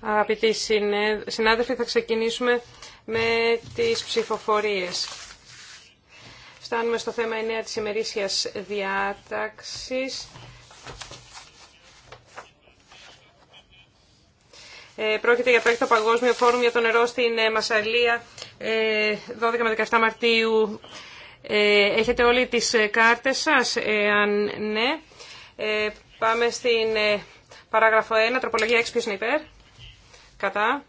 Αγαπητοί συνάδελφοι, θα ξεκινήσουμε με τις ψηφοφορίες. Φτάνουμε στο θέμα 9 της ημερήσιας διάταξης. Ε, πρόκειται για το Παγκόσμιο Φόρουμ για το νερό στην ε, Μασαλία, 12 ε, με 17 Μαρτίου. έχετε όλοι τις κάρτες σας, αν ναι. πάμε στην Παράγραφο 1, τροπολογία 6, ποιος είναι υπέρ. Κατά.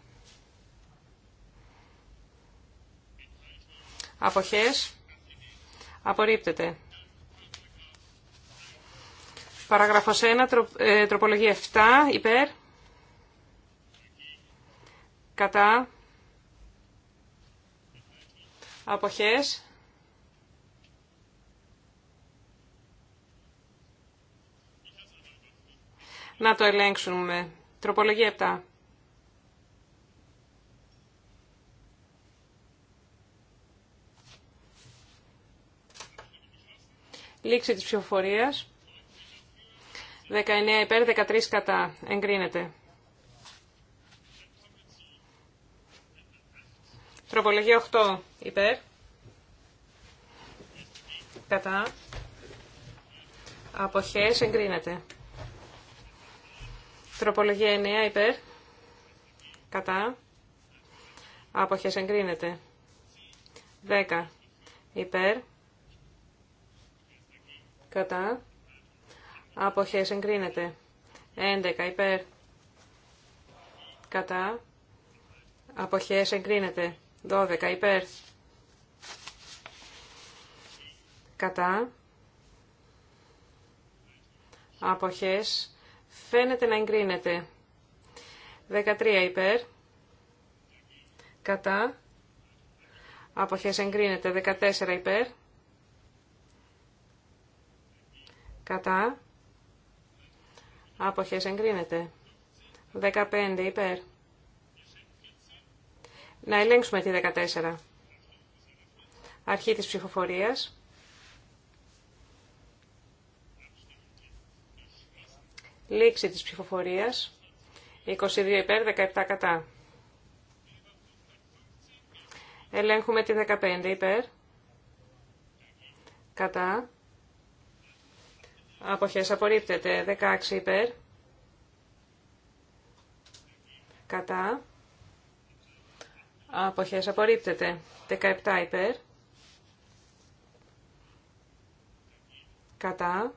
Αποχές. Απορρίπτεται. Παράγραφο 1, ε, τροπολογία 7, υπέρ. Κατά. Αποχές. Να το ελέγξουμε. Τροπολογία 7. Λήξη της ψηφοφορία. 19 υπέρ, 13 κατά. Εγκρίνεται. Τροπολογία 8 υπέρ. Κατά. Αποχές εγκρίνεται. Τροπολογία 9 υπέρ. Κατά. Άποχες εγκρίνεται. 10 υπέρ. Κατά. Άποχες εγκρίνεται. 11 υπέρ. Κατά. Αποχές εγκρίνεται. 12 υπέρ. Κατά. Αποχές Φαίνεται να εγκρίνεται. 13 υπέρ. Κατά. Αποχές εγκρίνεται. 14 υπέρ. Κατά. Αποχές εγκρίνεται. 15 υπέρ. Να ελέγξουμε τη 14. Αρχή της ψηφοφορίας. Λήξη της ψηφοφορίας. 22 υπέρ, 17 κατά. Ελέγχουμε τη 15 υπέρ. Κατά. Αποχές απορρίπτεται. 16 υπέρ. Κατά. Αποχές απορρίπτεται. 17 υπέρ. Κατά.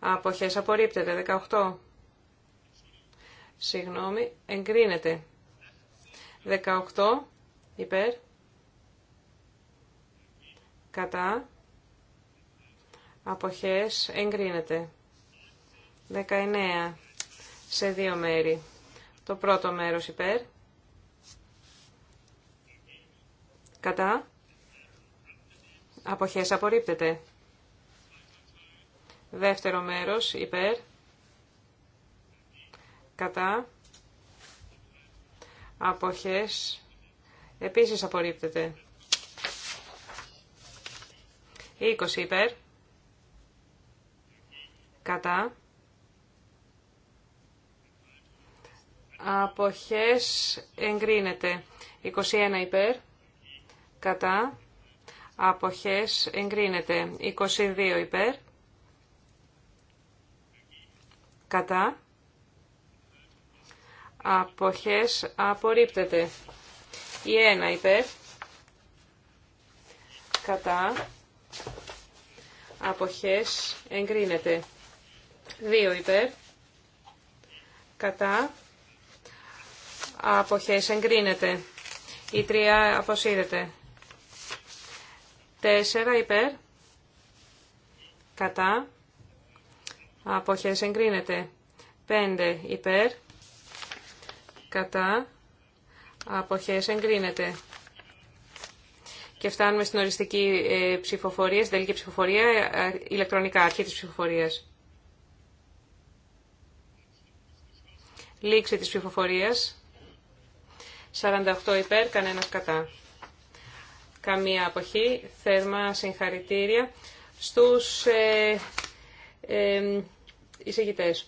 Αποχές απορρίπτεται. 18. Συγγνώμη. Εγκρίνεται. 18. Υπέρ. Κατά. Αποχές εγκρίνεται. 19. Σε δύο μέρη. Το πρώτο μέρος υπέρ. Κατά. Αποχές απορρίπτεται. Δεύτερο μέρος, υπέρ, κατά, αποχές, επίσης απορρίπτεται. 20 υπέρ, κατά, αποχές, εγκρίνεται. 21 υπέρ, κατά, αποχές, εγκρίνεται. 22 υπέρ, κατά, αποχές απορρίπτεται. Η 1 υπέρ, κατά, αποχές εγκρίνεται. 2 υπέρ, κατά, αποχές εγκρίνεται. Η 3 αποσύρεται. 4 υπέρ, κατά, Αποχές εγκρίνεται. 5 υπέρ. Κατά. Αποχές εγκρίνεται. Και φτάνουμε στην οριστική ε, ψηφοφορία, στην τελική ψηφοφορία, ε, ηλεκτρονικά, αρχή της ψηφοφορίας. Λήξη της ψηφοφορίας. 48 υπέρ, κανένας κατά. Καμία αποχή. Θέρμα συγχαρητήρια στους ε, εισηγητές.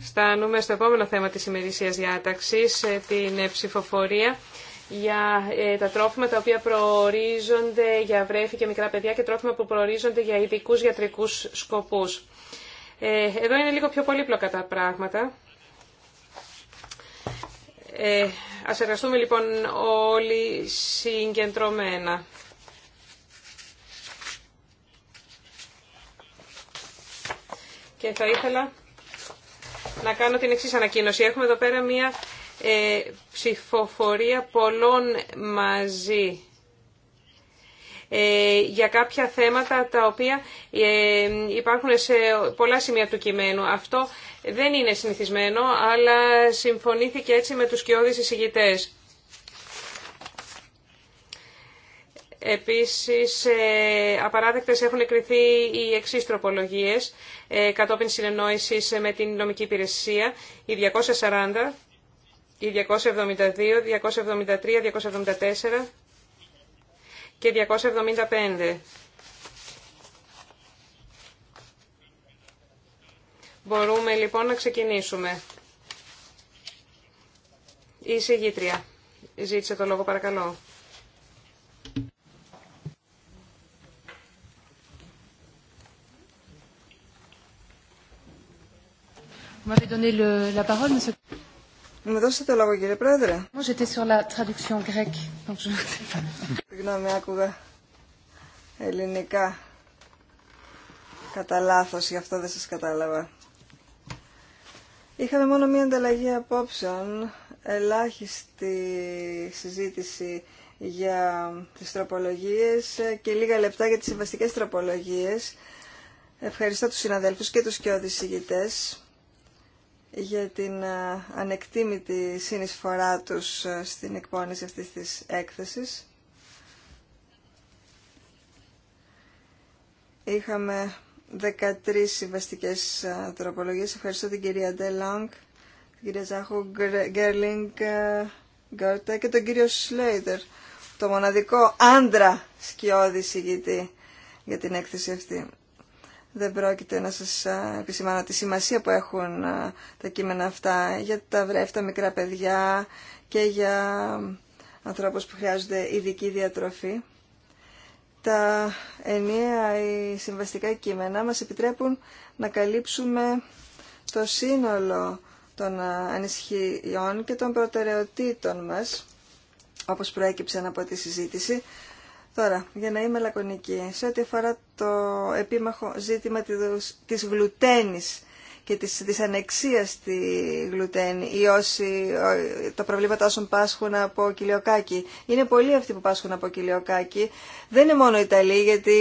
Στάνουμε στο επόμενο θέμα της ημερησίας διάταξη. Ε, την ε, ψηφοφορία για ε, τα τρόφιμα τα οποία προορίζονται για βρέφη και μικρά παιδιά και τρόφιμα που προορίζονται για ειδικού γιατρικούς σκοπούς. Εδώ είναι λίγο πιο πολύπλοκα τα πράγματα. Ε, ας εργαστούμε λοιπόν όλοι συγκεντρωμένα. Και θα ήθελα να κάνω την εξής ανακοίνωση. Έχουμε εδώ πέρα μία ε, ψηφοφορία πολλών μαζί. Ε, για κάποια θέματα τα οποία ε, υπάρχουν σε πολλά σημεία του κειμένου. Αυτό δεν είναι συνηθισμένο, αλλά συμφωνήθηκε έτσι με τους κοιόδης εισηγητές. Επίσης, ε, απαράδεκτες έχουν εκριθεί οι εξής τροπολογίες κατόπιν συνεννόησης με την νομική υπηρεσία, οι 240, οι 272, 273, 274 και 275. Μπορούμε λοιπόν να ξεκινήσουμε. Η συγγήτρια ζήτησε το λόγο παρακαλώ. Με δώσετε λόγο κύριε Πρόεδρε. Συγγνώμη, άκουγα ελληνικά. Κατά λάθο, γι' αυτό δεν σα κατάλαβα. Είχαμε μόνο μία ανταλλαγή απόψεων, ελάχιστη συζήτηση για τις τροπολογίες και λίγα λεπτά για τις συμβαστικές τροπολογίες. Ευχαριστώ τους συναδέλφους και τους και οδησηγητές για την ε, ανεκτήμητη συνεισφορά τους ε, στην εκπόνηση αυτής της έκθεσης. Είχαμε 13 συμβαστικέ ε, τροπολογίες. Ευχαριστώ την κυρία Λόγκ, την κυρία Ζάχου Γκέρλινγκ Γκόρτα και τον κύριο Σλέιτερ, το μοναδικό άντρα σκιώδη συγγητή για την έκθεση αυτή δεν πρόκειται να σας επισημάνω τη σημασία που έχουν τα κείμενα αυτά για τα βρέφτα μικρά παιδιά και για ανθρώπους που χρειάζονται ειδική διατροφή. Τα ενιαία ή συμβαστικά κείμενα μας επιτρέπουν να καλύψουμε το σύνολο των ανησυχιών και των προτεραιοτήτων μας, όπως προέκυψαν από τη συζήτηση, Τώρα, για να είμαι λακωνική, σε ό,τι αφορά το επίμαχο ζήτημα της γλουτένης και της, της ανεξίας στη γλουτένη ή όσοι, τα προβλήματα όσων πάσχουν από κοιλιοκάκι. Είναι πολλοί αυτοί που πάσχουν από κοιλιοκάκι. Δεν είναι μόνο Ιταλοί, γιατί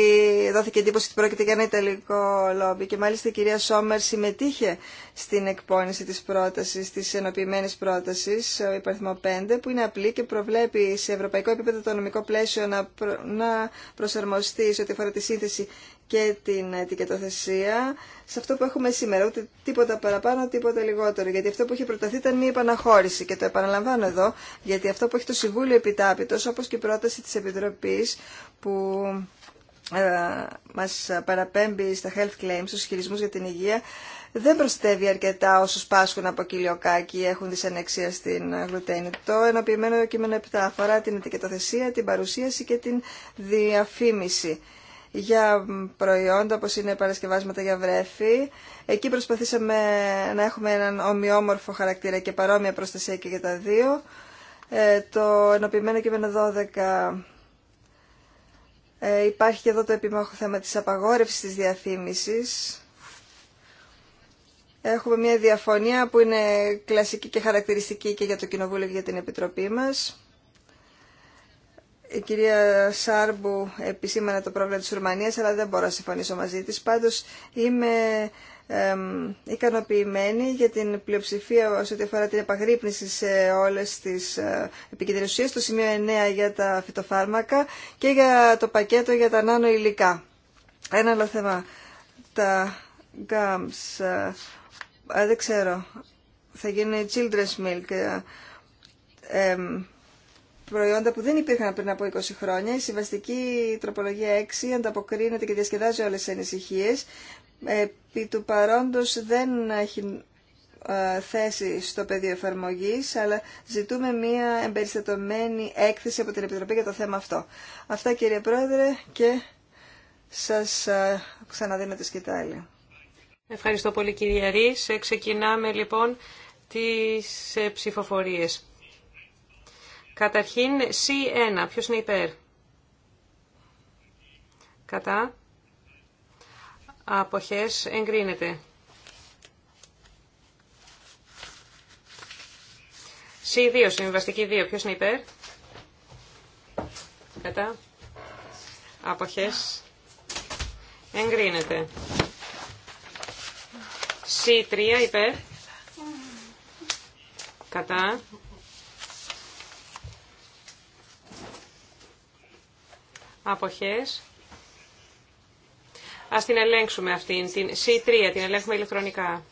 δόθηκε εντύπωση ότι πρόκειται για ένα Ιταλικό λόμπι και μάλιστα η κυρία Σόμερ συμμετείχε στην εκπόνηση της πρότασης, της ενοποιημένης πρότασης, υπαριθμό 5, που είναι απλή και προβλέπει σε ευρωπαϊκό επίπεδο το νομικό πλαίσιο να, προ... να προσαρμοστεί σε ό,τι αφορά τη σύνθεση και την ετικετοθεσία σε αυτό που έχουμε σήμερα. Ούτε τίποτα παραπάνω, τίποτα λιγότερο. Γιατί αυτό που έχει προταθεί ήταν η επαναχώρηση. Και το επαναλαμβάνω εδώ, γιατί αυτό που έχει το Συμβούλιο επιτάπητο, όπω και η πρόταση τη Επιτροπή που ε, μας παραπέμπει στα health claims, στους χειρισμούς για την υγεία, δεν προστεύει αρκετά όσου πάσχουν από κοιλιοκάκι ή έχουν δυσανεξία στην γλουτένη. Το ενοποιημένο κείμενο επτά αφορά την ετικετοθεσία, την παρουσίαση και την διαφήμιση για προϊόντα όπως είναι παρασκευάσματα για βρέφη. Εκεί προσπαθήσαμε να έχουμε έναν ομοιόμορφο χαρακτήρα και παρόμοια προστασία και για τα δύο. Ε, το ενοποιημένο κείμενο 12 ε, υπάρχει και εδώ το επιμάχο θέμα της απαγόρευσης της διαφήμισης. Έχουμε μια διαφωνία που είναι κλασική και χαρακτηριστική και για το Κοινοβούλιο και για την Επιτροπή μας. Η κυρία Σάρμπου επισήμανε το πρόβλημα της Ρουμανίας, αλλά δεν μπορώ να συμφωνήσω μαζί της. Πάντως είμαι εμ, ικανοποιημένη για την πλειοψηφία όσο ό,τι αφορά την επαγρύπνηση σε όλες τις ε, το σημείο 9 για τα φυτοφάρμακα και για το πακέτο για τα νάνο υλικά. Ένα άλλο θέμα, τα γκάμς. Ε, ε, δεν ξέρω, θα γίνει children's milk, Εμ... Ε, προϊόντα που δεν υπήρχαν πριν από 20 χρόνια. Η συμβαστική τροπολογία 6 ανταποκρίνεται και διασκεδάζει όλες τις ανησυχίε, Επί του παρόντος δεν έχει ε, θέση στο πεδίο εφαρμογή, αλλά ζητούμε μία εμπεριστατωμένη έκθεση από την Επιτροπή για το θέμα αυτό. Αυτά κύριε Πρόεδρε και σας ε, ξαναδίνω τη σκητάλη. Ευχαριστώ πολύ κυρία Ρίς. Ε, ξεκινάμε λοιπόν τις ψηφοφορίες. Καταρχήν, C1. Ποιος είναι υπέρ. Κατά. Αποχές εγκρίνεται. C2, συμβιβαστική 2. Ποιος είναι υπέρ. Κατά. Αποχές εγκρίνεται. C3 υπέρ. Κατά. αποχές. Ας την ελέγξουμε αυτήν, την C3, την ελέγχουμε ηλεκτρονικά.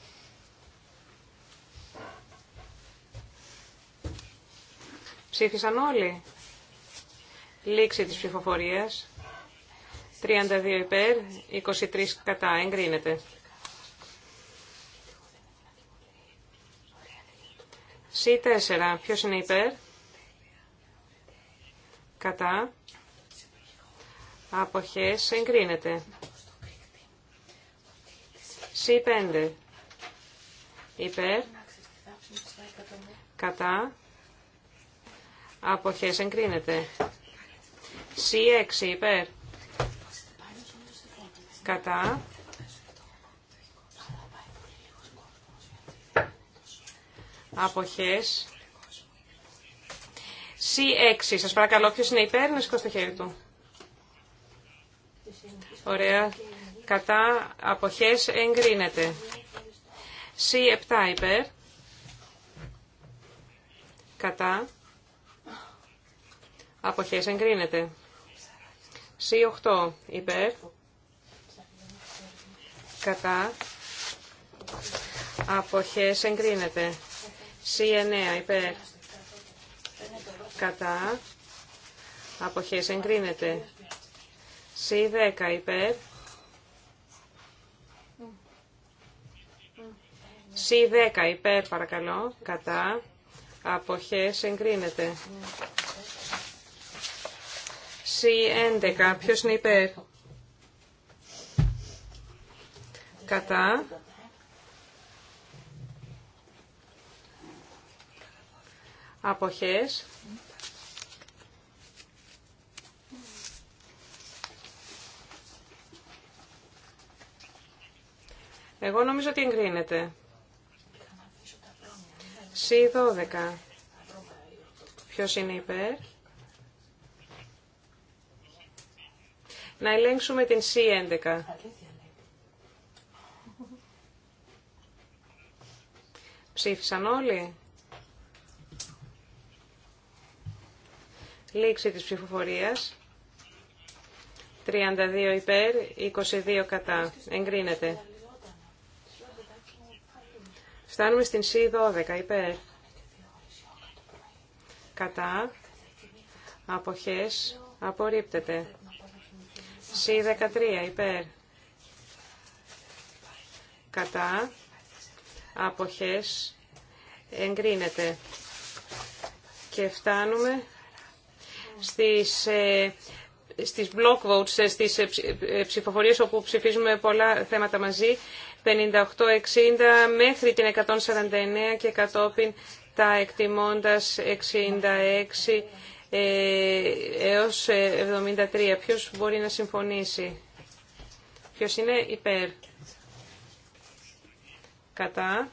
Ψήφισαν όλοι. Λήξη της ψηφοφορίας. 32 υπέρ, 23 κατά. Εγκρίνεται. C4. Ποιος είναι υπέρ. Κατά. Αποχές εγκρίνεται. C5. Υπέρ. Κατά. Αποχές εγκρίνεται. C6. Υπέρ. Κατά. Αποχές. C6. Σας παρακαλώ, ποιος είναι υπέρ, να σηκώσει το χέρι του. Ωραία. Κατά αποχές εγκρίνεται. C7 υπέρ. Κατά. Αποχές εγκρίνεται. C8 υπέρ. Κατά. Αποχές εγκρίνεται. C9 υπέρ. Κατά. Αποχές εγκρίνεται. Συ 10 υπέρ. Συ 10 υπέρ παρακαλώ. Κατά. Αποχές εγκρίνεται. Συ 11. Ποιος είναι υπέρ. Κατά. Αποχές. Εγώ νομίζω ότι εγκρίνεται. Συ 12. Ποιος είναι υπέρ. Να ελέγξουμε την C11. Ψήφισαν όλοι. Λήξη της ψηφοφορίας. 32 υπέρ, 22 κατά. Εγκρίνεται. Φτάνουμε στην C12 υπέρ. Κατά. Αποχές. Απορρίπτεται. C13 υπέρ. Κατά. Αποχές. Εγκρίνεται. Και φτάνουμε στις ε, στις block votes, ε, στις ε, ψηφοφορίες όπου ψηφίζουμε πολλά θέματα μαζί. 58-60 μέχρι την 149 και κατόπιν τα εκτιμώντας 66 ε, έως 73. Ε, Ποιος μπορεί να συμφωνήσει. Ποιος είναι υπέρ. Κατά.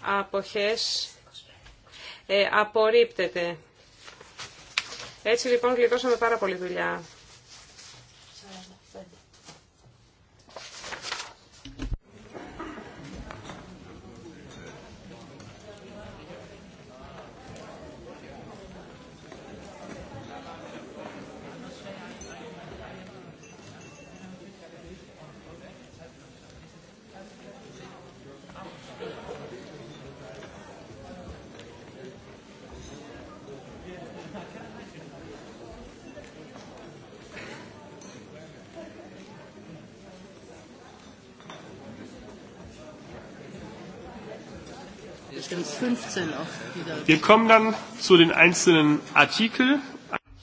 Αποχές. Ε, απορρίπτεται. Έτσι λοιπόν γλιτώσαμε πάρα πολύ δουλειά.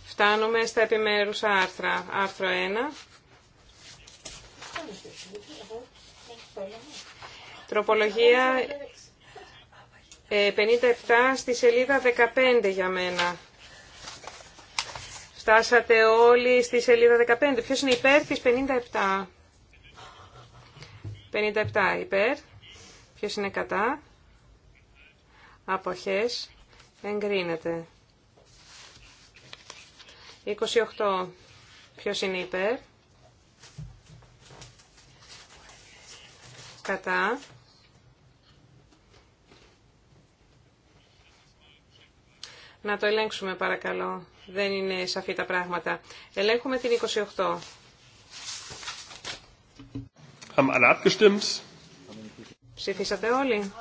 Φτάνουμε στα επιμέρους άρθρα. Άρθρο 1. Τροπολογία 57 ε, στη σελίδα 15 για μένα. Φτάσατε όλοι στη σελίδα 15. Ποιος είναι υπέρ της 57. 57 υπέρ. Ποιος είναι κατά. Αποχές. Εγκρίνεται. 28. Ποιος είναι υπέρ. Κατά. Να το ελέγξουμε παρακαλώ. Δεν είναι σαφή τα πράγματα. Ελέγχουμε την 28. Ψηφίσατε όλοι.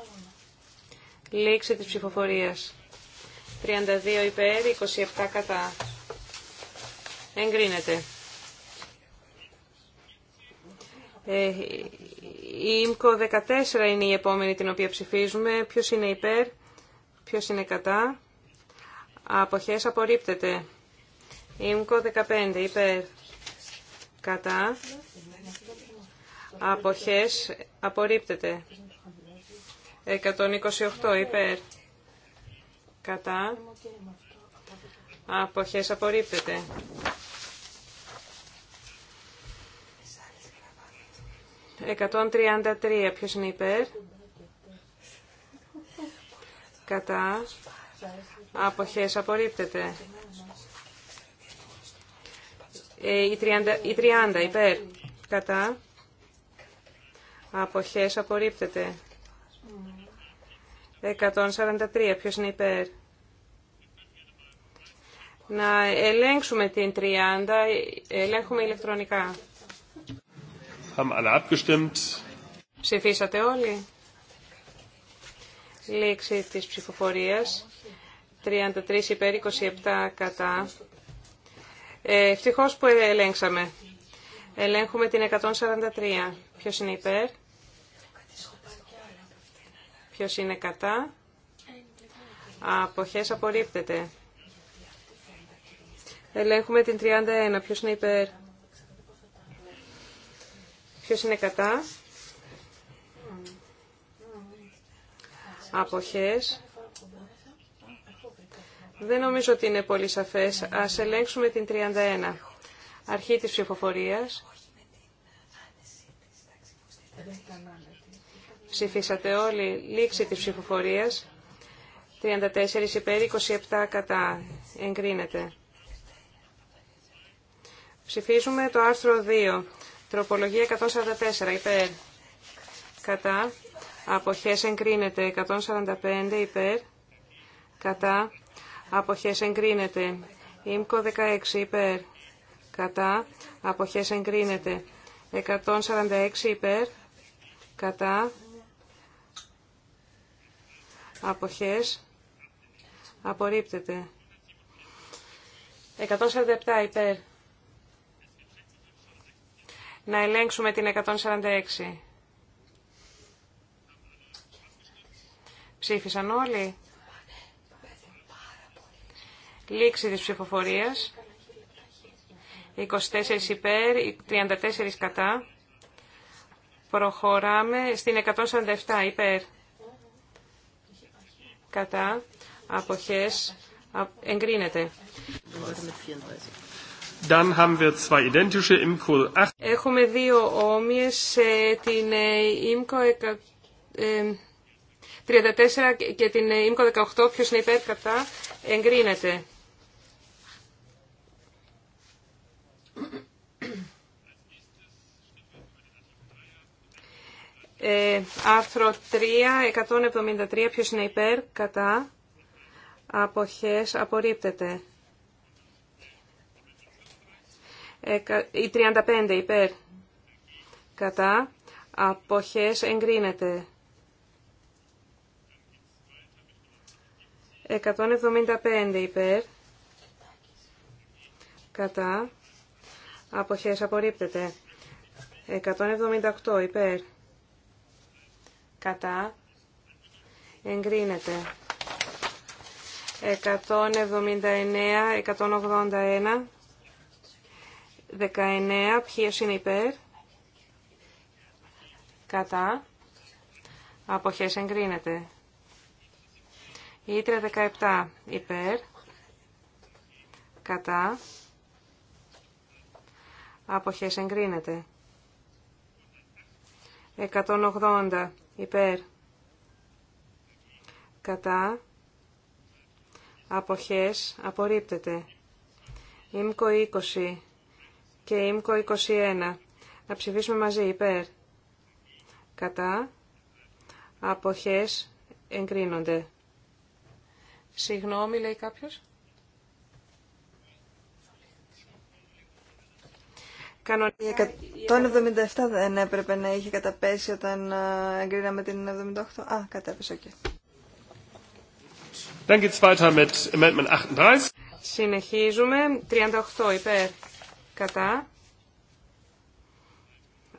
Λήξη της ψηφοφορίας. 32 υπέρ, 27 κατά. Εγκρίνεται. Ε, η ΙΜΚΟ 14 είναι η επόμενη την οποία ψηφίζουμε. Ποιος είναι υπέρ, ποιος είναι κατά. Αποχές απορρίπτεται. ΙΜΚΟ 15 υπέρ, κατά. Αποχές απορρίπτεται. 128 υπέρ, κατά Αποχέ απορρίπτεται. 133, 133. Ποιος είναι υπέρ. Κατά. Αποχέ απορρίπτεται. Ε, η 30, η 30 υπέρ. Κατά. Αποχές απορρίπτεται. 143. Ποιος είναι υπέρ. Να ελέγξουμε την 30. Ελέγχουμε ηλεκτρονικά. Ψηφίσατε όλοι. Λήξη της ψηφοφορίας. 33 υπέρ 27 κατά. Ε, ευτυχώς που ελέγξαμε. Ελέγχουμε την 143. Ποιος είναι υπέρ. Ποιος είναι κατά. Αποχές απορρίπτεται. Ελέγχουμε την 31. Ποιος είναι υπέρ. Ποιος είναι κατά. Αποχές. Δεν νομίζω ότι είναι πολύ σαφές. Ας ελέγξουμε την 31. Αρχή της ψηφοφορίας. Ψηφίσατε όλοι. Λήξη της ψηφοφορίας. 34 υπέρ, 27 κατά. Εγκρίνεται. Ψηφίζουμε το άρθρο 2. Τροπολογία 144 υπέρ. Κατά. Αποχές εγκρίνεται. 145 υπέρ. Κατά. Αποχές εγκρίνεται. Ήμκο 16 υπέρ. Κατά. Αποχές εγκρίνεται. 146 υπέρ. Κατά αποχές απορρίπτεται. 147 υπέρ. Να ελέγξουμε την 146. Ψήφισαν όλοι. Λήξη της ψηφοφορίας. 24 υπέρ, 34 κατά. Προχωράμε στην 147 υπέρ κατά, αποχές, εγκρίνεται. Dann haben wir zwei identische IMCO 8. Έχουμε δύο όμοιες, την IMCO ε, 34 ε, και την IMCO ε, 18, ποιος είναι υπέρ κατά, εγκρίνεται. Ε, άρθρο 3, 173, ποιος είναι υπέρ, κατά, αποχές, απορρίπτεται. Ε, η 35 υπέρ, κατά, αποχές, εγκρίνεται. 175 υπέρ, κατά, αποχές, απορρίπτεται. 178 υπέρ, κατά εγκρίνεται. 179, 181, 19, ποιος είναι υπέρ, κατά, αποχές εγκρίνεται. Ήτρα 17, υπέρ, κατά, αποχές εγκρίνεται. 180, υπέρ κατά αποχές απορρίπτεται. Ήμκο 20 και Ήμκο 21. Να ψηφίσουμε μαζί υπέρ. Κατά αποχές εγκρίνονται. Συγγνώμη λέει κάποιος. Το 77 δεν έπρεπε να είχε καταπέσει όταν εγκρίναμε την 78. Α, κατάπεσε, οκ. Συνεχίζουμε. 38 υπέρ κατά.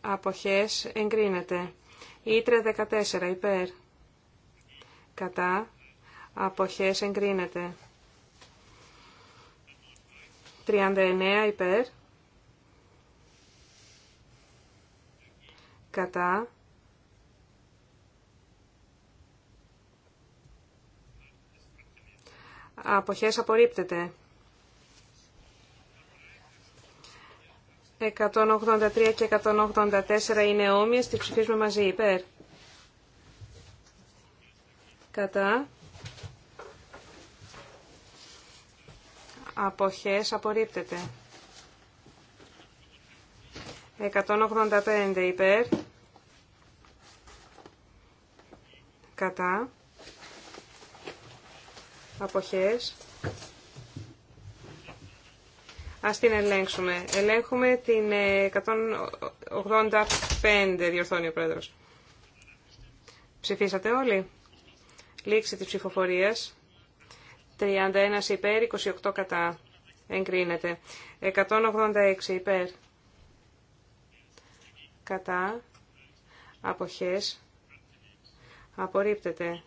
Αποχές εγκρίνεται. Ήτρε 14 υπέρ κατά. Αποχές εγκρίνεται. 39 υπέρ κατά αποχές απορρίπτεται 183 και 184 είναι όμοιες τη ψηφίζουμε μαζί υπέρ κατά αποχές απορρίπτεται 185 υπέρ. Κατά. Αποχές. Ας την ελέγξουμε. Ελέγχουμε την 185, ε, διορθώνει ο πρόεδρος. Ψηφίσατε όλοι. Λήξη της ψηφοφορίας. 31 υπέρ, 28 κατά. Εγκρίνεται. 186 υπέρ κατά αποχές απορρίπτεται.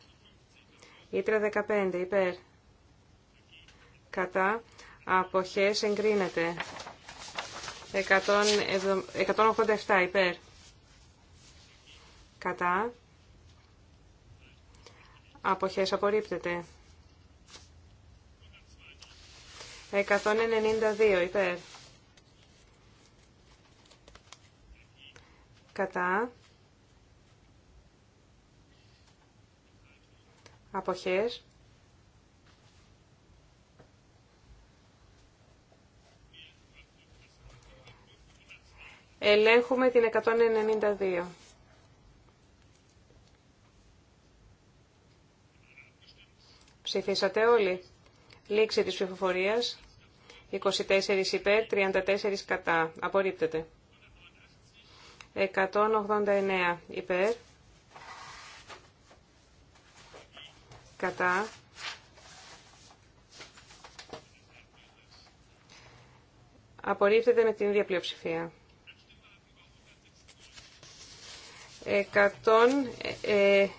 Ήτρα 15 υπέρ κατά αποχές εγκρίνεται. 187 υπέρ κατά αποχές απορρίπτεται. 192 υπέρ κατά αποχές ελέγχουμε την 192 Ψηφίσατε όλοι. Λήξη της ψηφοφορίας. 24 υπέρ, 34 κατά. Απορρίπτεται. 189 υπέρ, κατά, απορρίπτεται με την ίδια πλειοψηφία.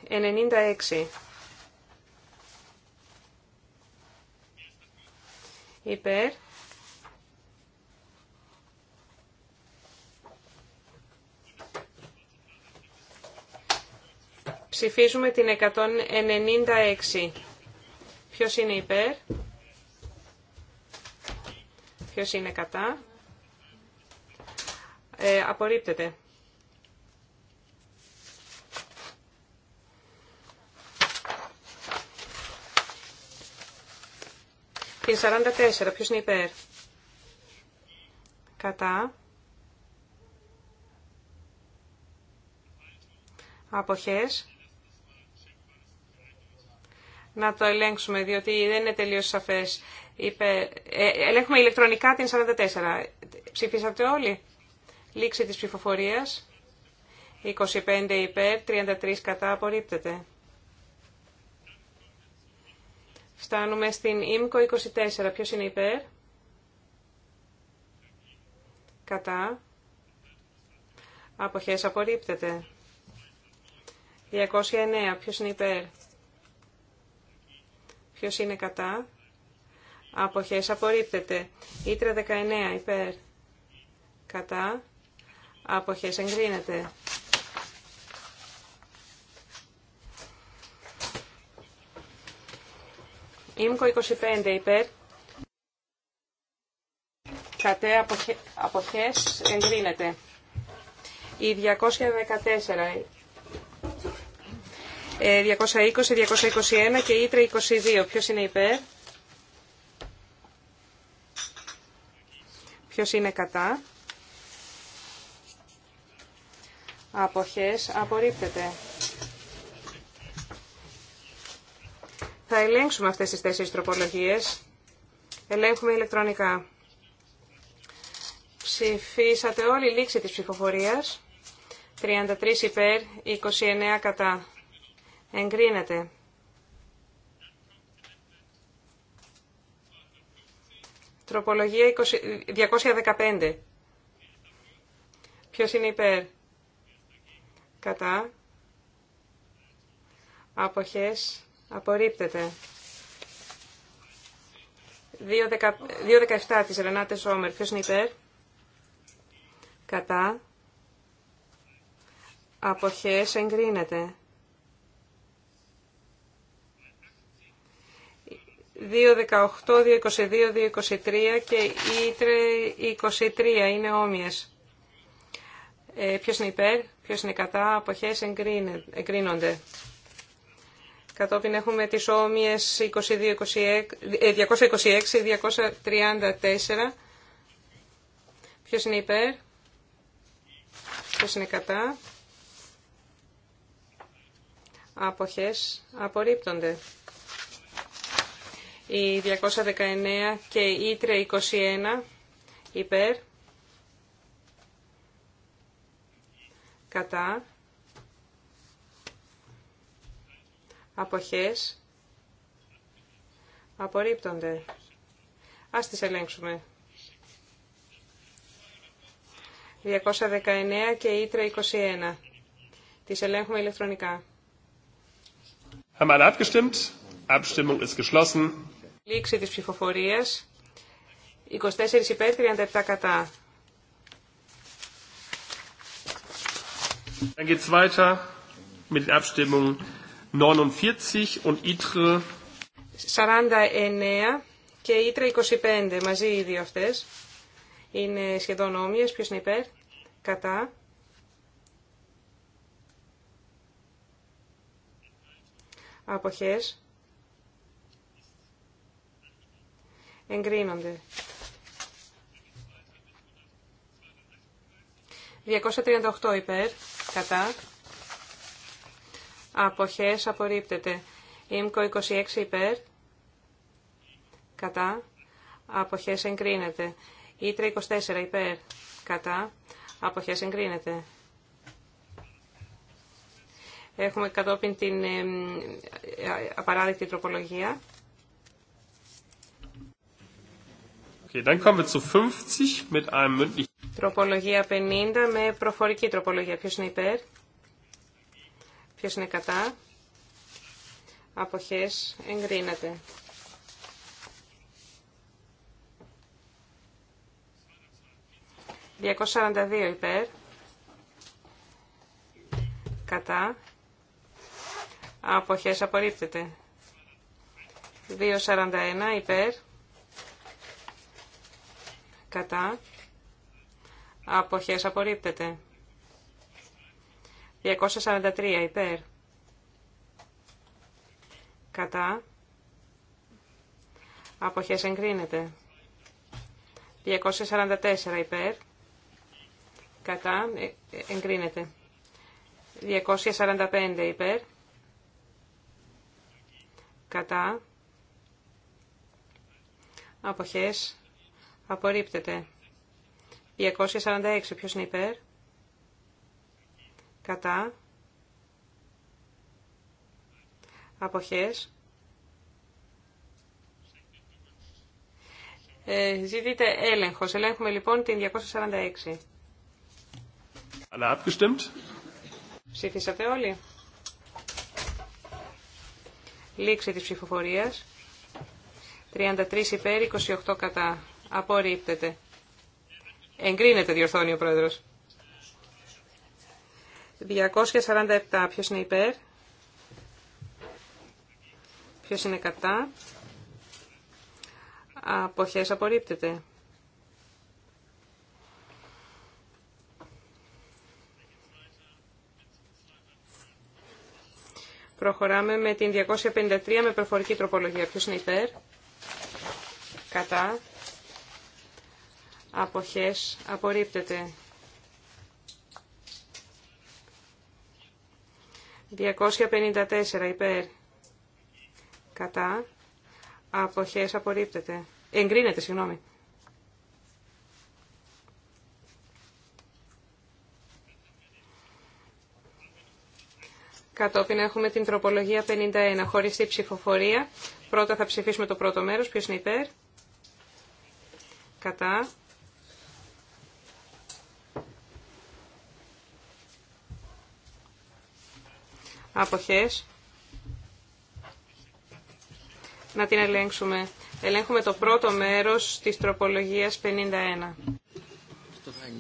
196 υπέρ, Ψηφίζουμε την 196. Ποιος είναι υπέρ. Ποιος είναι κατά. Ε, απορρίπτεται. Την 44. Ποιος είναι υπέρ. Κατά. Αποχές να το ελέγξουμε, διότι δεν είναι τελείως σαφές. Είπε, ε, ελέγχουμε ηλεκτρονικά την 44. Ψηφίσατε όλοι. Λήξη της ψηφοφορίας. 25 υπέρ, 33 κατά απορρίπτεται. Φτάνουμε στην ΙΜΚΟ 24. Ποιος είναι υπέρ? Κατά. Αποχές απορρίπτεται. 209. Ποιος είναι υπέρ? Ποιος είναι κατά. Αποχές απορρίπτεται. Ήτρα 19 υπέρ. Κατά. Αποχές εγκρίνεται. Ήμκο 25 υπέρ. Κατέ αποχές εγκρίνεται. Η 214 220, ε, 221 και ήτρε 22. Ποιος είναι υπέρ. Ποιος είναι κατά. Αποχές απορρίπτεται. Θα ελέγξουμε αυτές τις τέσσερις τροπολογίες. Ελέγχουμε ηλεκτρονικά. Ψηφίσατε η λήξη της ψηφοφορίας. 33 υπέρ, 29 κατά. Εγκρίνεται. τροπολογία 215. Ποιος είναι υπέρ. Κατά. Αποχές. Απορρίπτεται. 2.17 της Ρενάτε Όμερ. Ποιος είναι υπέρ. Κατά. Αποχές εγκρίνεται. 2.18, 2.22, 2.23 και η 23 είναι όμοιες. Ε, ποιος είναι υπέρ, ποιος είναι κατά, αποχές εγκρίνονται. Κατόπιν έχουμε τις όμοιες 226, 234. Ε, ποιος είναι υπέρ, ποιος είναι κατά. Αποχές απορρίπτονται η 219 και η 321 υπέρ κατά αποχές απορρίπτονται. Ας τις ελέγξουμε. 219 και ήτρα 21. Τις ελέγχουμε ηλεκτρονικά. Haben alle abgestimmt? Abstimmung ist geschlossen. Λήξη της ψηφοφορίας. 24 υπέρ, 37 κατά. Dann geht's weiter mit den Abstimmungen 49 und ITRE 49 και ήτρα 25, μαζί οι δύο αυτές. Είναι σχεδόν όμοιες, ποιος είναι υπέρ, κατά. Αποχές. εγκρίνονται. 238 υπέρ, κατά. Αποχές απορρίπτεται. Ήμκο 26 υπέρ, κατά. Αποχές εγκρίνεται. Ήτρα 24 υπέρ, κατά. Αποχές εγκρίνεται. Έχουμε κατόπιν την ε, ε απαράδεκτη τροπολογία. Τροπολογία 50 με προφορική τροπολογία. Ποιος είναι υπέρ, ποιος είναι κατά, αποχές, εγκρίνεται. 242 υπέρ, κατά, αποχές απορρίπτεται. 241 υπέρ, κατά, αποχές απορρίπτεται. 243 υπέρ, κατά, αποχές εγκρίνεται. 244 υπέρ, κατά, ε, ε, εγκρίνεται. 245 υπέρ, κατά, αποχές Απορρίπτεται. 246. Ποιος είναι υπέρ. Κατά. Αποχές. Ε, ζητείτε έλεγχος. Ελέγχουμε λοιπόν την 246. Αλλά abgestimmt. Ψήφισατε όλοι. Λήξη της ψηφοφορίας. 33 υπέρ, 28 κατά. Απορρίπτεται. Εγκρίνεται, διορθώνει ο πρόεδρος. 247. Ποιος είναι υπέρ. Ποιος είναι κατά. Αποχές απορρίπτεται. Προχωράμε με την 253 με προφορική τροπολογία. Ποιος είναι υπέρ. Κατά αποχές απορρίπτεται. 254 υπέρ κατά αποχές απορρίπτεται. Εγκρίνεται, συγγνώμη. Κατόπιν έχουμε την τροπολογία 51, χωριστή ψηφοφορία. Πρώτα θα ψηφίσουμε το πρώτο μέρος. Ποιος είναι υπέρ. Κατά. αποχές. Να την ελέγξουμε. Ελέγχουμε το πρώτο μέρος της τροπολογίας 51. Ah,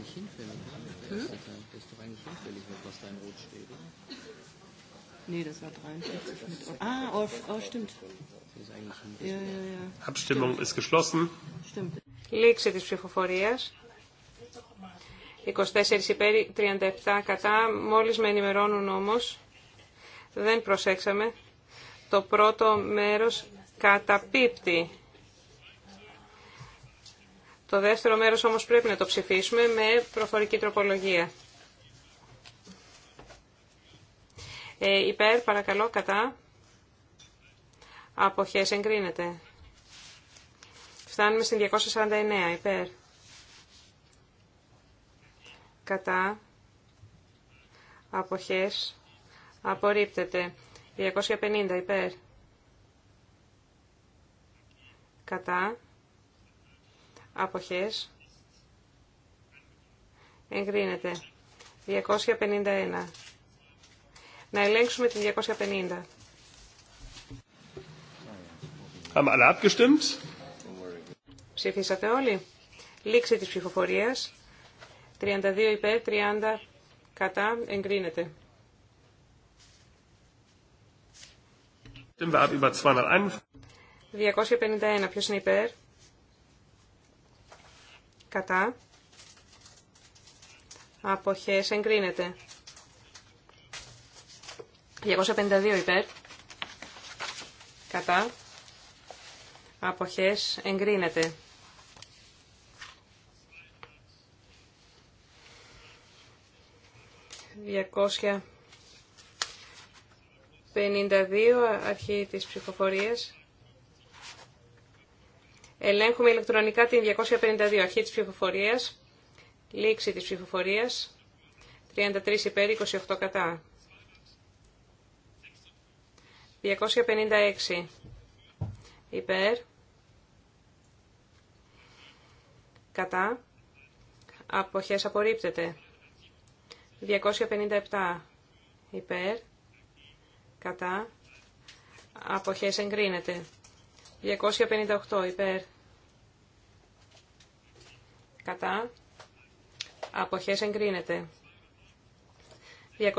Λήξη της ψηφοφορίας. 24 υπέρ, 37 κατά. Μόλις με ενημερώνουν όμως δεν προσέξαμε. Το πρώτο μέρος καταπίπτει. Το δεύτερο μέρος όμως πρέπει να το ψηφίσουμε με προφορική τροπολογία. Ε, υπέρ, παρακαλώ, κατά. Αποχές εγκρίνεται. Φτάνουμε στην 249, υπέρ. Κατά. Αποχές Απορρίπτεται. 250 υπέρ. Κατά. Αποχές. Εγκρίνεται. 251. Να ελέγξουμε την 250. Ψηφίσατε όλοι. Λήξη της ψηφοφορίας. 32 υπέρ, 30 κατά, εγκρίνεται. 251. Ποιος είναι υπέρ. Κατά. Αποχές εγκρίνεται. 252 υπέρ. Κατά. Αποχές εγκρίνεται. 253 52 αρχή της ψηφοφορίας. Ελέγχουμε ηλεκτρονικά την 252 αρχή της ψηφοφορίας. Λήξη της ψηφοφορίας. 33 υπέρ, 28 κατά. 256 υπέρ. Κατά. Αποχές απορρίπτεται. 257 υπέρ κατά, αποχές εγκρίνεται. 258 υπέρ, κατά, αποχές εγκρίνεται. 259-260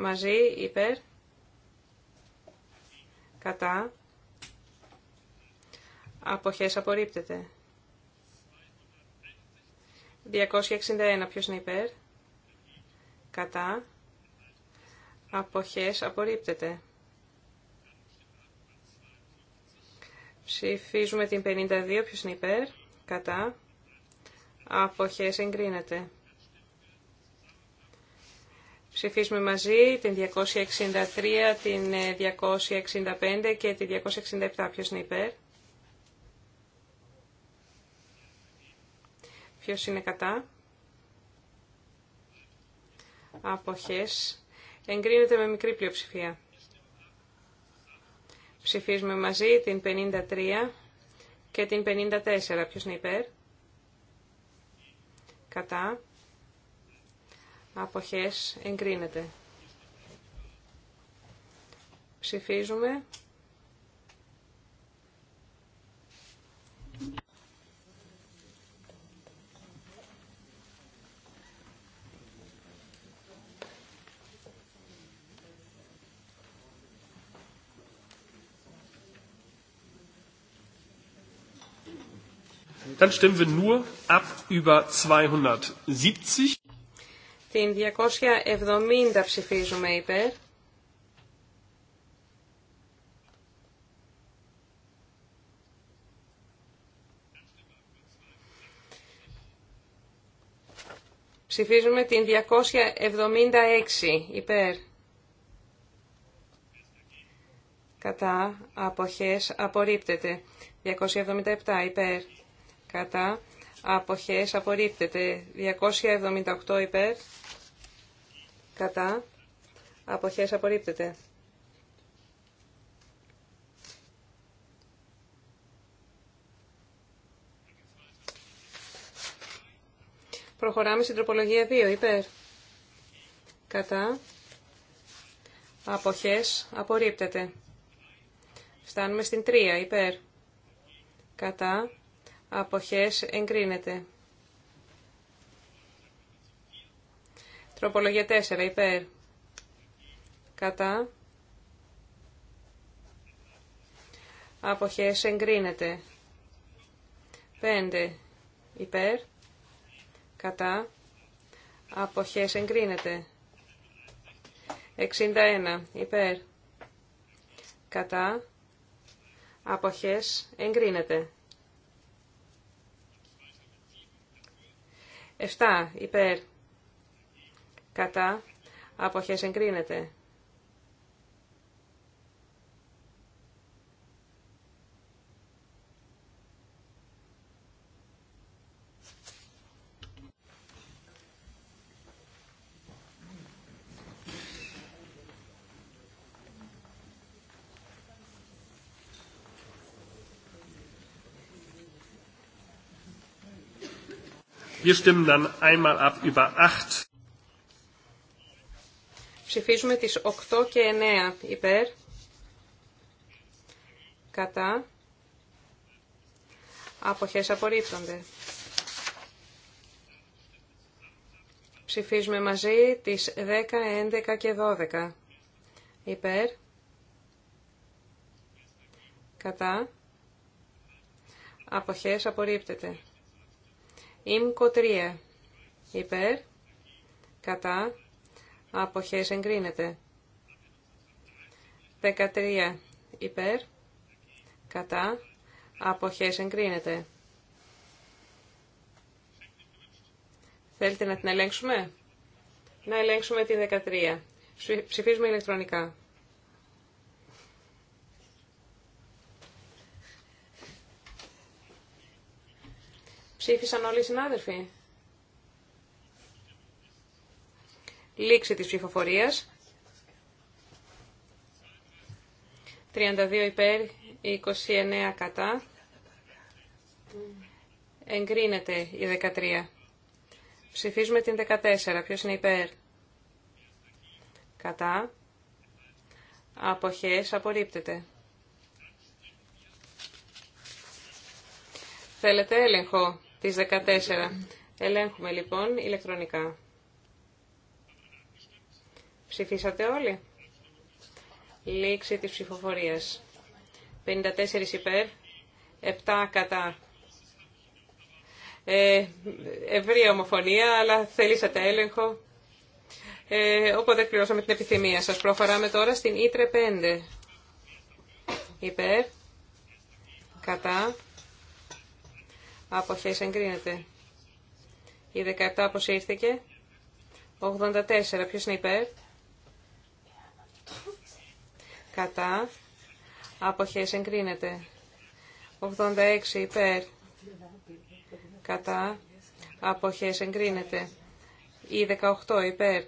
μαζί υπέρ, κατά, αποχές απορρίπτεται. 261 ποιος είναι υπέρ, κατά, αποχές απορρίπτεται. Ψηφίζουμε την 52, ποιος είναι υπέρ, κατά, αποχές εγκρίνεται. Ψηφίζουμε μαζί την 263, την 265 ε, και την 267, ποιος είναι υπέρ. Ποιος είναι κατά. Αποχές εγκρίνεται με μικρή πλειοψηφία. Ψηφίζουμε μαζί την 53 και την 54. Ποιος είναι υπέρ. Κατά. Αποχές εγκρίνεται. Ψηφίζουμε Dann stimmen wir nur ab über 270. Την 270 ψηφίζουμε υπέρ. Ψηφίζουμε την 276 υπέρ. Κατά αποχές απορρίπτεται. 277 υπέρ κατά αποχές απορρίπτεται 278 υπέρ κατά αποχές απορρίπτεται Προχωράμε στην τροπολογία 2 υπέρ κατά αποχές απορρίπτεται Φτάνουμε στην 3 υπέρ κατά αποχές εγκρίνεται. Τροπολογία 4 υπέρ κατά αποχές εγκρίνεται. 5 υπέρ κατά αποχές εγκρίνεται. 61 υπέρ κατά αποχές εγκρίνεται. 7 υπέρ κατά αποχές εγκρίνεται. Wir stimmen dann einmal ab über 8. Ψηφίζουμε τις 8 και 9 υπέρ, κατά, αποχές απορρίπτονται. Ψηφίζουμε μαζί τις 10, 11 και 12 υπέρ, κατά, αποχές απορρίπτεται. Ήμκο 3. Υπέρ. Κατά. Αποχές εγκρίνεται. 13. Υπέρ. Κατά. Αποχές εγκρίνεται. Θέλετε να την ελέγξουμε. Να ελέγξουμε τη 13. Ψηφίζουμε ηλεκτρονικά. Ψήφισαν όλοι οι συνάδελφοι. Λήξη της ψηφοφορίας. 32 υπέρ, 29 κατά. Εγκρίνεται η 13. Ψηφίζουμε την 14. Ποιος είναι υπέρ. Κατά. Αποχές απορρίπτεται. Θέλετε έλεγχο Τις 14. Ελέγχουμε λοιπόν ηλεκτρονικά. Ψηφίσατε όλοι. Λήξη της ψηφοφορίας. 54 υπέρ, 7 κατά. Ε, ευρία ομοφωνία, αλλά θελήσατε έλεγχο. Ε, οπότε εκπληρώσαμε την επιθυμία σας. Προχωράμε τώρα στην Ήτρε 5. Υπέρ, κατά, Αποχές εγκρίνεται. Η 17 αποσύρθηκε. 84. Ποιο είναι υπέρ. Κατά. Αποχές εγκρίνεται. 86. Υπέρ. Κατά. Αποχές εγκρίνεται. Η 18. Υπέρ.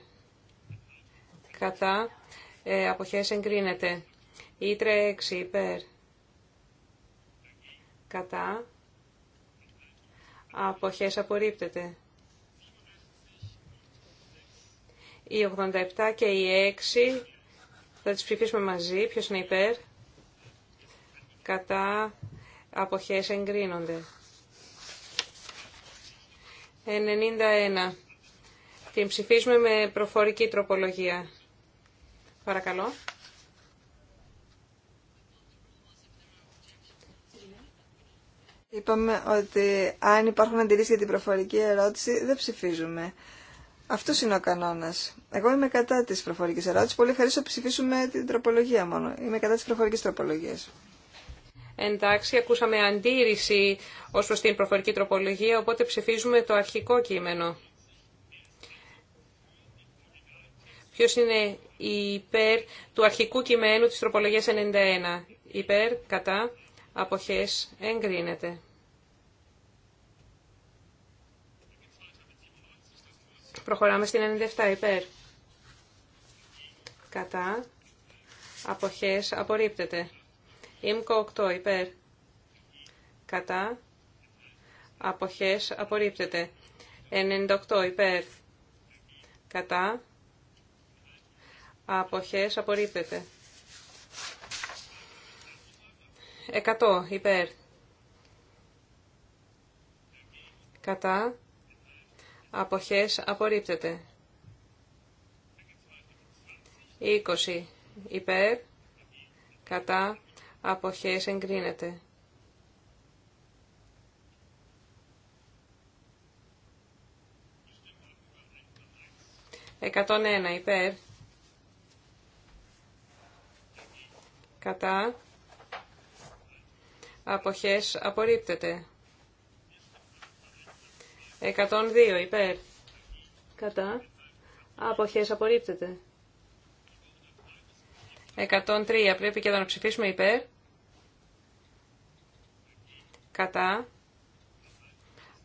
Κατά. Ε, αποχές εγκρίνεται. Η 36. Υπέρ. Κατά αποχές απορρίπτεται. Οι 87 και οι 6 θα τις ψηφίσουμε μαζί. Ποιος είναι υπέρ. Κατά αποχές εγκρίνονται. 91. Την ψηφίσουμε με προφορική τροπολογία. Παρακαλώ. Είπαμε ότι αν υπάρχουν αντιρρήσει για την προφορική ερώτηση δεν ψηφίζουμε. Αυτό είναι ο κανόνα. Εγώ είμαι κατά τη προφορική ερώτηση. Πολύ χαρίσω ψηφίσουμε την τροπολογία μόνο. Είμαι κατά τη προφορική τροπολογία. Εντάξει, ακούσαμε αντίρρηση ω προ την προφορική τροπολογία, οπότε ψηφίζουμε το αρχικό κείμενο. Ποιο είναι υπέρ του αρχικού κειμένου τη τροπολογία 91. Υπέρ, κατά, αποχές εγκρίνεται. Προχωράμε στην 97 υπέρ. Κατά. Αποχές απορρίπτεται. Ήμκο 8 υπέρ. Κατά. Αποχές απορρίπτεται. 98 υπέρ. Κατά. Αποχές απορρίπτεται. 100 υπέρ. Κατά. Αποχές απορρίπτεται. 20 υπέρ. Κατά. Αποχές εγκρίνεται. 101 υπέρ. Κατά αποχές απορρίπτεται. 102 υπέρ. Κατά. Αποχές απορρίπτεται. 103 πρέπει και εδώ να ψηφίσουμε υπέρ. Κατά.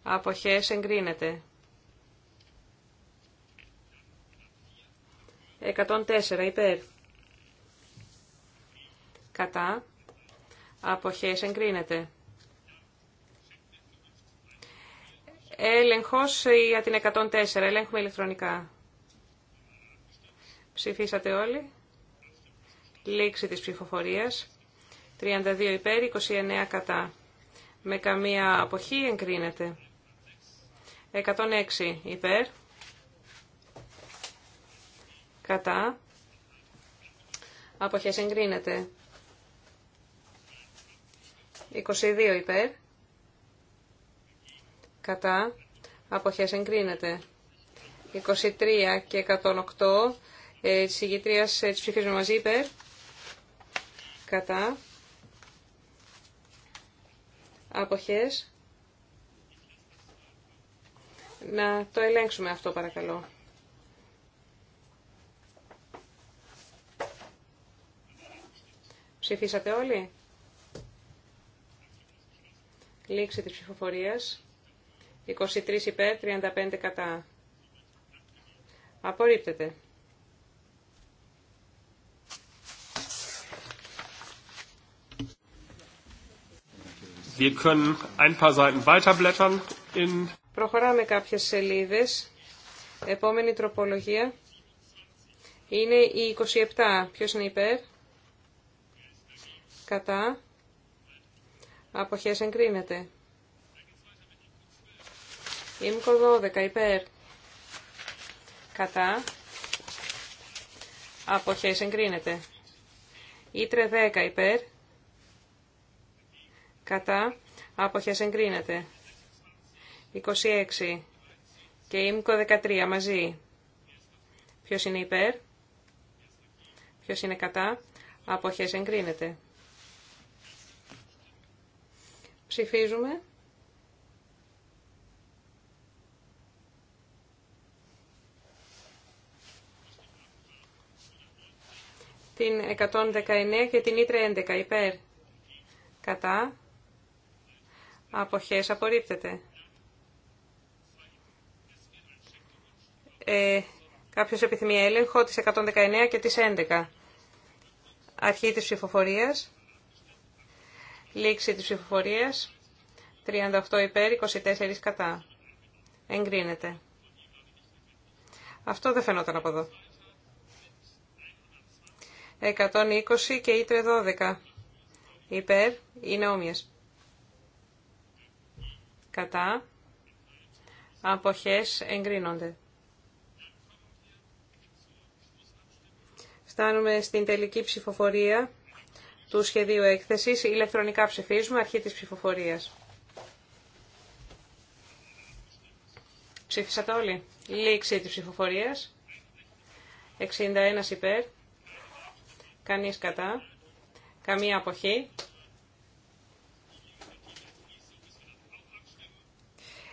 Αποχές εγκρίνεται. 104 υπέρ. Κατά. Αποχές εγκρίνεται. Έλεγχος για την 104. Ελέγχουμε ηλεκτρονικά. Ψηφίσατε όλοι. Λήξη της ψηφοφορίας. 32 υπέρ, 29 κατά. Με καμία αποχή εγκρίνεται. 106 υπέρ. Κατά. Αποχές εγκρίνεται. 22 υπέρ. Κατά. Αποχές εγκρίνεται. 23 και 108 ε, της ηγητρίας ε, ψηφίζουμε μαζί υπέρ. Κατά. Αποχές. Να το ελέγξουμε αυτό παρακαλώ. Ψηφίσατε όλοι. Λήξη της ψηφοφορίας. 23 υπέρ, 35 κατά. Απορρίπτεται. Προχωράμε κάποιες σελίδες. Επόμενη τροπολογία είναι η 27. Ποιος είναι υπέρ? Κατά. Αποχές εγκρίνεται. Ήμκο 12 υπέρ. Κατά. Αποχές εγκρίνεται. Ήτρε 10 υπέρ. Κατά. Αποχές εγκρίνεται. 26 και ΙΜΚΟ 13 μαζί. Ποιος είναι υπέρ, ποιος είναι κατά, αποχές εγκρίνεται. Ψηφίζουμε. Την 119 και την Ήτρα 11 υπέρ. Κατά. Αποχές απορρίπτεται. Ε, κάποιος επιθυμεί έλεγχο της 119 και της 11. Αρχή της ψηφοφορίας. Λήξη της ψηφοφορίας. 38 υπέρ, 24 κατά. Εγκρίνεται. Αυτό δεν φαινόταν από εδώ. 120 και ήτρε 12. Υπέρ είναι όμοιες. Κατά. Αποχές εγκρίνονται. Φτάνουμε στην τελική ψηφοφορία του σχεδίου έκθεση Ηλεκτρονικά ψηφίζουμε αρχή τη ψηφοφορία. Ψήφισατε όλοι. Λήξη τη ψηφοφορία. 61 υπέρ. Κανεί κατά. Καμία αποχή.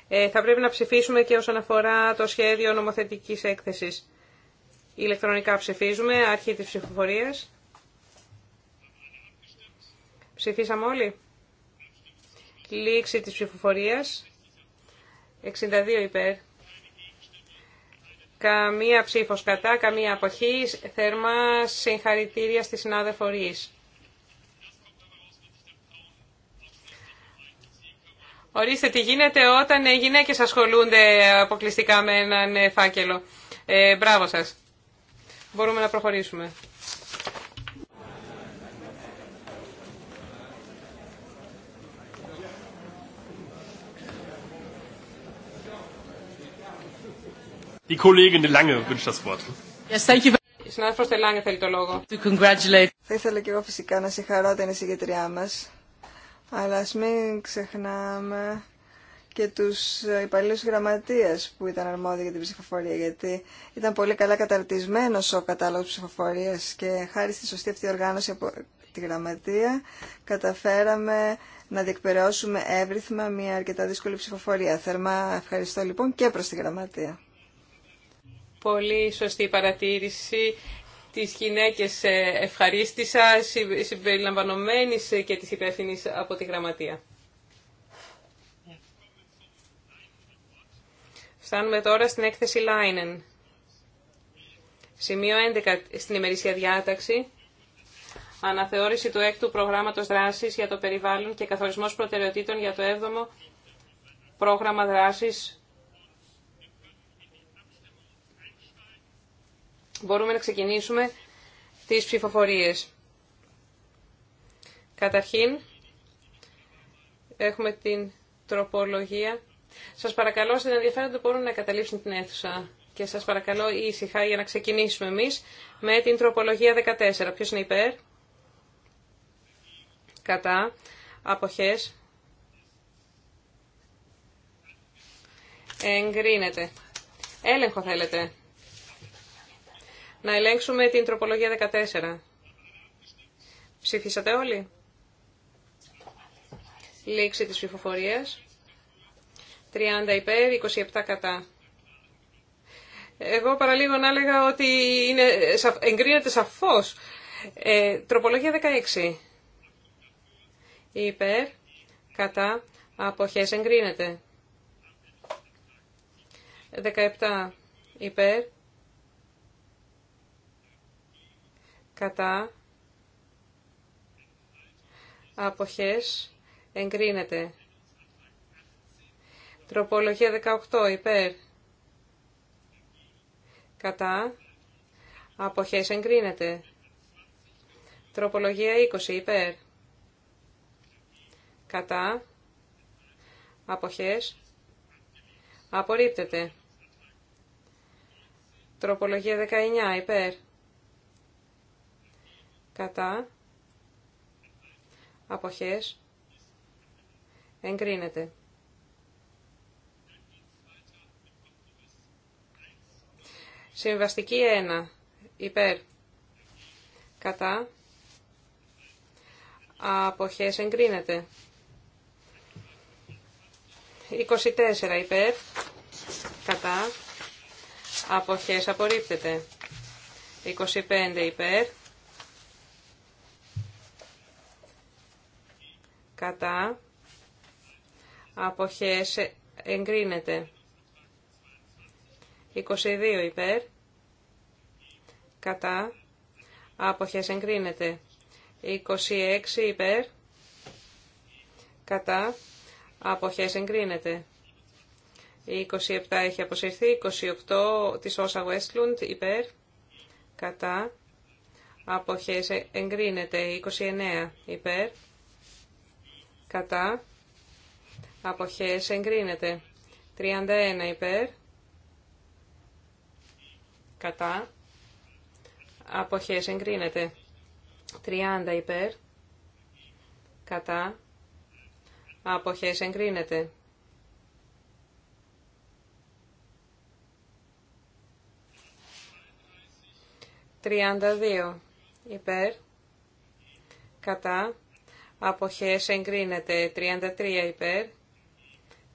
Ε, θα πρέπει να ψηφίσουμε και όσον αφορά το σχέδιο νομοθετικής έκθεση. Ηλεκτρονικά ψηφίζουμε, αρχή της ψηφοφορίας. Ψηφίσαμε όλοι. Λήξη της ψηφοφορίας. 62 υπέρ. Καμία ψήφος κατά, καμία αποχή. Θερμά συγχαρητήρια στη συνάδελφο Ορίστε τι γίνεται όταν οι γυναίκες ασχολούνται αποκλειστικά με έναν φάκελο. Ε, μπράβο σας. Μπορούμε να προχωρήσουμε. Η συνάδελφος θέλει το λόγο. Θα ήθελα και εγώ φυσικά να συγχαρώ την εισηγητριά μα, Αλλά α μην ξεχνάμε και του υπαλλήλους γραμματεία που ήταν αρμόδιοι για την ψηφοφορία γιατί ήταν πολύ καλά καταρτισμένος ο κατάλογος ψηφοφορία, και χάρη στη σωστή αυτή οργάνωση από τη γραμματεία καταφέραμε να διεκπαιρεώσουμε εύρυθμα μια αρκετά δύσκολη ψηφοφορία. Θερμά ευχαριστώ λοιπόν και προ τη γραμματεία. Πολύ σωστή παρατήρηση. τι γυναίκες ε, ευχαρίστησα, συμπεριλαμβανομένης ε, και της υπεύθυνη από τη Γραμματεία. Φτάνουμε τώρα στην έκθεση Λάινεν. Σημείο 11 στην ημερήσια διάταξη. Αναθεώρηση του έκτου προγράμματος δράσης για το περιβάλλον και καθορισμός προτεραιοτήτων για το 7ο πρόγραμμα δράσης μπορούμε να ξεκινήσουμε τις ψηφοφορίες. Καταρχήν, έχουμε την τροπολογία. Σας παρακαλώ, στην ενδιαφέροντα μπορούν να καταλήψουν την αίθουσα. Και σας παρακαλώ ήσυχα για να ξεκινήσουμε εμείς με την τροπολογία 14. Ποιος είναι υπέρ? Κατά. Αποχές. Εγκρίνεται. Έλεγχο θέλετε. Να ελέγξουμε την τροπολογία 14. Ψήφισατε όλοι. Λήξη της ψηφοφορίας. 30 υπέρ, 27 κατά. Εγώ παραλίγο να έλεγα ότι είναι, εγκρίνεται σαφώς. Ε, τροπολογία 16. Υπέρ, κατά, αποχές εγκρίνεται. 17. Υπέρ, κατά αποχές εγκρίνεται. Τροπολογία 18 υπέρ κατά αποχές εγκρίνεται. Τροπολογία 20 υπέρ κατά αποχές απορρίπτεται. Τροπολογία 19 υπέρ κατά αποχές εγκρίνεται. Συμβαστική 1. Υπέρ. Κατά. Αποχές εγκρίνεται. 24. Υπέρ. Κατά. Αποχές απορρίπτεται. 25. Υπέρ. κατά αποχές ε, εγκρίνεται. 22 υπέρ κατά αποχές εγκρίνεται. 26 υπέρ κατά αποχές εγκρίνεται. 27 έχει αποσυρθεί, 28 της Όσα Westlund υπέρ, κατά, αποχές ε, εγκρίνεται, 29 υπέρ, κατά, αποχές εγκρίνεται. 31 υπέρ, κατά, αποχές εγκρίνεται. 30 υπέρ, κατά, αποχές εγκρίνεται. 32 υπέρ, κατά, αποχές εγκρίνεται. 33 υπέρ,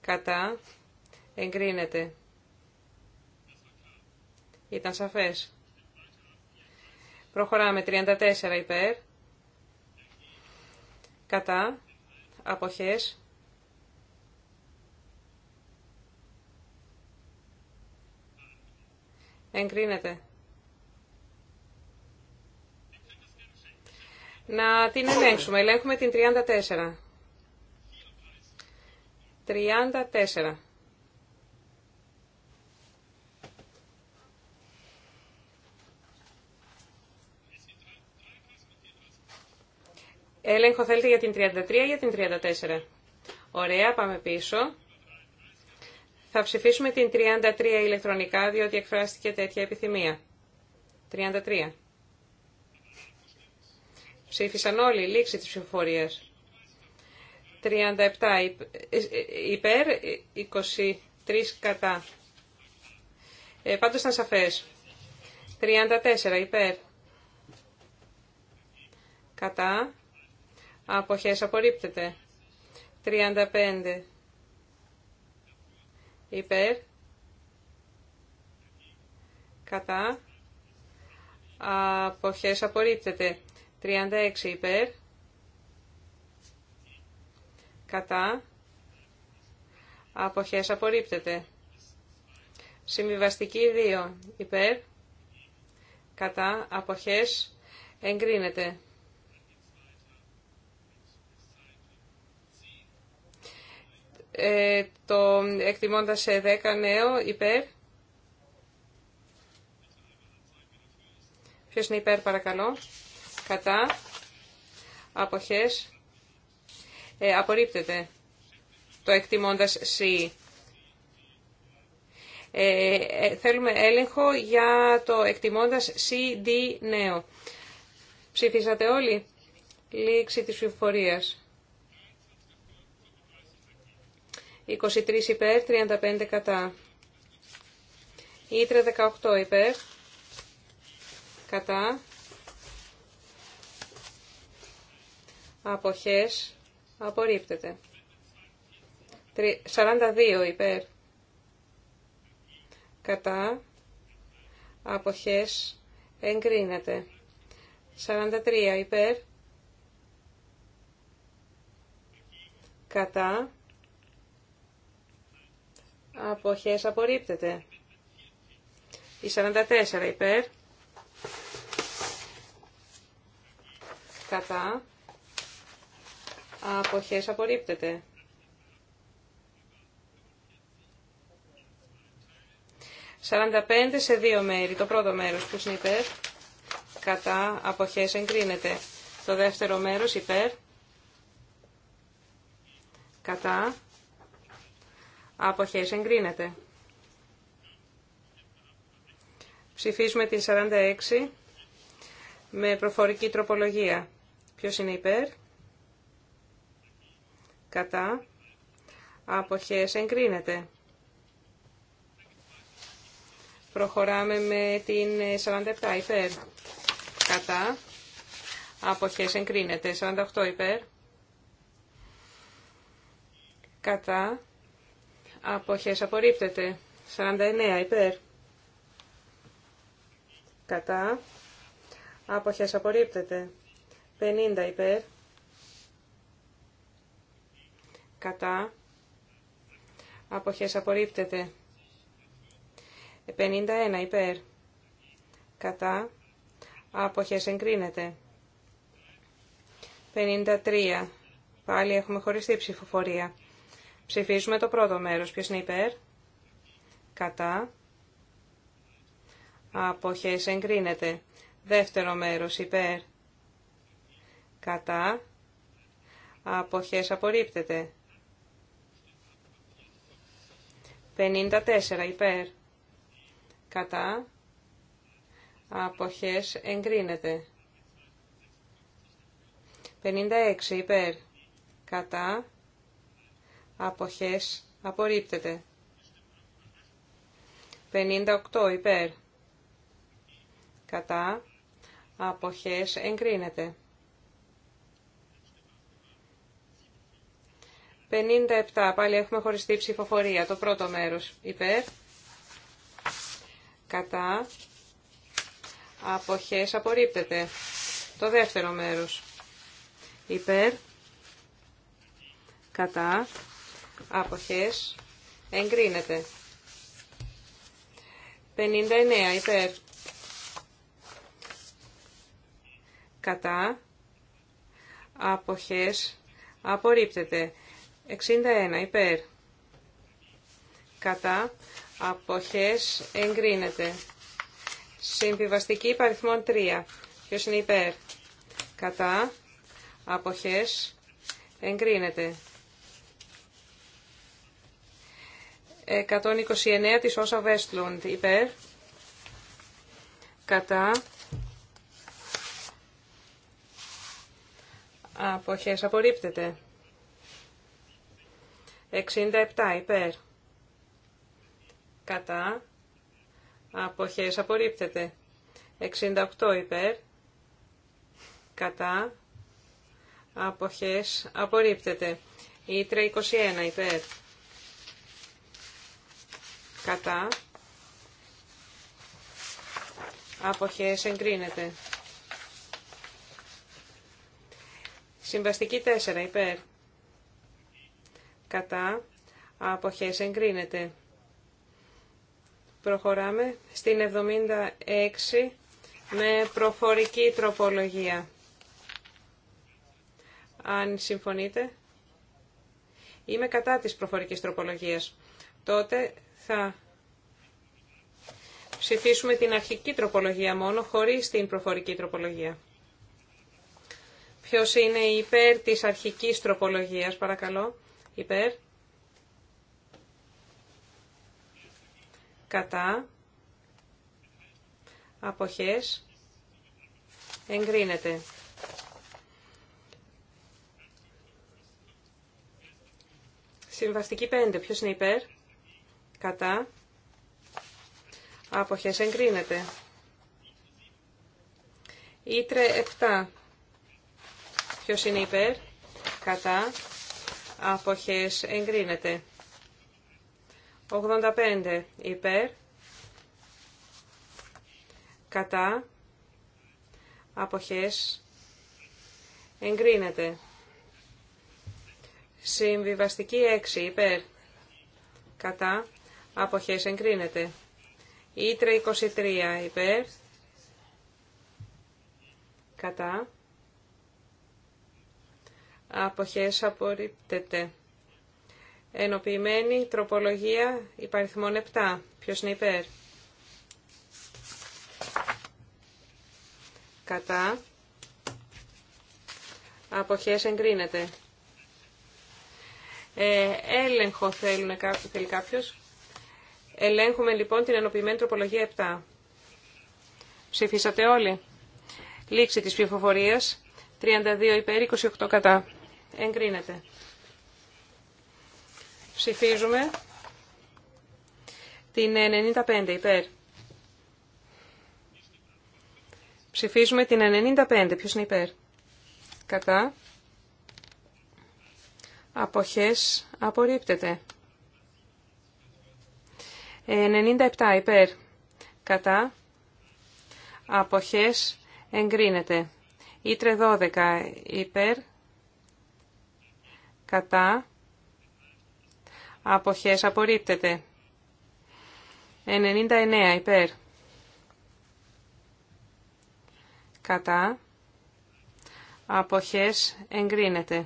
κατά, εγκρίνεται. Ήταν σαφές. Προχωράμε. 34 υπέρ, κατά, αποχές, εγκρίνεται. Να την ελέγξουμε. Ελέγχουμε την 34. 34. Έλεγχο θέλετε για την 33 ή για την 34. Ωραία, πάμε πίσω. Θα ψηφίσουμε την 33 ηλεκτρονικά, διότι εκφράστηκε τέτοια επιθυμία. 33. Ψήφισαν όλοι. Λήξη της ψηφοφορίας. 37 ε, ε, υπέρ, 23 κατά. Ε, πάντως ήταν σαφές. 34 υπέρ. Κατά. Αποχές απορρίπτεται. 35 υπέρ. Κατά. Αποχές απορρίπτεται. 36 υπέρ. Κατά. Αποχές απορρίπτεται. Συμβιβαστική 2 υπέρ. Κατά. Αποχές εγκρίνεται. Ε, το εκτιμώντας σε 10 νέο υπέρ. Ποιος είναι υπέρ παρακαλώ κατά, αποχές, ε, απορρίπτεται το εκτιμώντας C. Ε, ε, θέλουμε έλεγχο για το εκτιμώντας CD νέο. Ψηφίσατε όλοι. Λήξη της ψηφοφορίας. 23 υπέρ, 35 κατά. Ήτρε 18 υπέρ, κατά, αποχές απορρίπτεται. 42 υπέρ κατά αποχές εγκρίνεται. 43 υπέρ κατά αποχές απορρίπτεται. Η 44 υπέρ κατά αποχές απορρίπτεται. Σαράντα σε δύο μέρη. Το πρώτο μέρος που είναι υπέρ, κατά, αποχές εγκρίνεται. Το δεύτερο μέρος υπέρ, κατά, αποχές εγκρίνεται. Ψηφίζουμε την 46 με προφορική τροπολογία. Ποιος είναι υπέρ κατά, αποχές εγκρίνεται. Προχωράμε με την 47 ε, υπέρ, κατά, αποχές εγκρίνεται. 48 υπέρ, κατά, αποχές απορρίπτεται. 49 υπέρ, κατά, αποχές απορρίπτεται. 50 υπέρ, κατά, αποχές απορρίπτεται. 51 υπέρ, κατά, αποχές εγκρίνεται. 53. Πάλι έχουμε χωριστή ψηφοφορία. Ψηφίζουμε το πρώτο μέρος. Ποιος είναι υπέρ, κατά, αποχές εγκρίνεται. Δεύτερο μέρος υπέρ, κατά, αποχές απορρίπτεται. 54 υπέρ. Κατά. Αποχές εγκρίνεται. 56 υπέρ. Κατά. Αποχές απορρίπτεται. 58 υπέρ. Κατά. Αποχές εγκρίνεται. 57. Πάλι έχουμε χωριστή ψηφοφορία. Το πρώτο μέρος υπέρ. Κατά. Αποχές απορρίπτεται. Το δεύτερο μέρος υπέρ. Κατά. Αποχές εγκρίνεται. 59 υπέρ. Κατά. Αποχές απορρίπτεται. 61 υπέρ. Κατά αποχές εγκρίνεται. Συμβιβαστική υπαριθμών 3. Ποιος είναι υπέρ. Κατά αποχές εγκρίνεται. 129 της Όσα Βέστλουντ υπέρ. Κατά αποχές απορρίπτεται. 67 υπέρ. Κατά. Αποχές απορρίπτεται. 68 υπέρ. Κατά. Αποχές απορρίπτεται. Ήτρα 21 υπέρ. Κατά. Αποχές εγκρίνεται. Συμβαστική 4 υπέρ κατά, αποχές εγκρίνεται. Προχωράμε στην 76 με προφορική τροπολογία. Αν συμφωνείτε, είμαι κατά της προφορικής τροπολογίας. Τότε θα ψηφίσουμε την αρχική τροπολογία μόνο, χωρίς την προφορική τροπολογία. Ποιος είναι υπέρ της αρχικής τροπολογίας, παρακαλώ υπέρ, κατά, αποχές, εγκρίνεται. Συμβαστική 5. Ποιος είναι υπέρ, κατά, αποχές, εγκρίνεται. Ήτρε 7. Ποιος είναι υπέρ, κατά, αποχές εγκρίνεται. 85 υπέρ, κατά, αποχές εγκρίνεται. Συμβιβαστική 6 υπέρ, κατά, αποχές εγκρίνεται. Ήτρε 23 υπέρ, κατά, αποχές απορρίπτεται. Ενοποιημένη τροπολογία υπαριθμών 7. Ποιος είναι υπέρ. Κατά. Αποχές εγκρίνεται. Ε, έλεγχο θέλουν, θέλει κάποιος. Ελέγχουμε λοιπόν την ενοποιημένη τροπολογία 7. Ψηφίσατε όλοι. Λήξη της ψηφοφορίας. 32 υπέρ, 28 κατά. Εγκρίνεται. Ψηφίζουμε την 95 υπέρ. Ψηφίζουμε την 95. Ποιος είναι υπέρ. Κατά. Αποχές απορρίπτεται. 97 υπέρ. Κατά. Αποχές εγκρίνεται. Ήτρε 12 υπέρ, κατά, αποχές απορρίπτεται. 99 υπέρ, κατά, αποχές εγκρίνεται.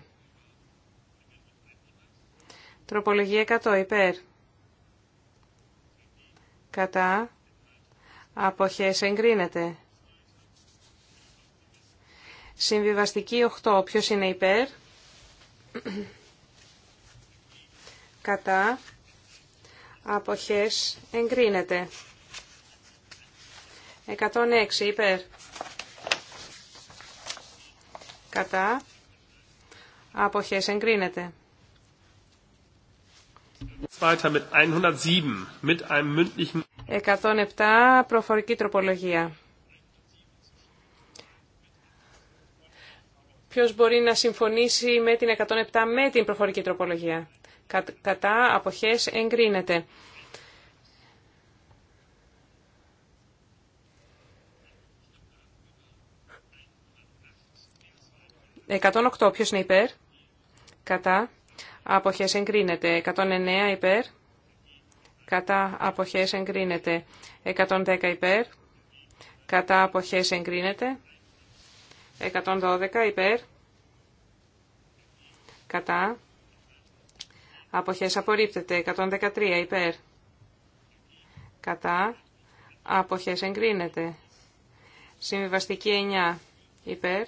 Τροπολογία 100 υπέρ, κατά, αποχές εγκρίνεται. Συμβιβαστική 8. Ποιος είναι υπέρ. Κατά. Αποχές εγκρίνεται. 106 υπέρ. Κατά. Αποχές εγκρίνεται. Weiter mit 107 mit einem mündlichen 107 προφορική τροπολογία. Ποιο μπορεί να συμφωνήσει με την 107 με την προφορική τροπολογία. Κατά αποχές εγκρίνεται. 108. Ποιος είναι υπέρ. Κατά. Αποχές εγκρίνεται. 109 υπέρ. Κατά αποχές εγκρίνεται. 110 υπέρ. Κατά αποχές εγκρίνεται. 112 υπέρ. Κατά. Αποχές απορρίπτεται. 113 υπέρ. Κατά. Αποχές εγκρίνεται. Συμβιβαστική 9 υπέρ.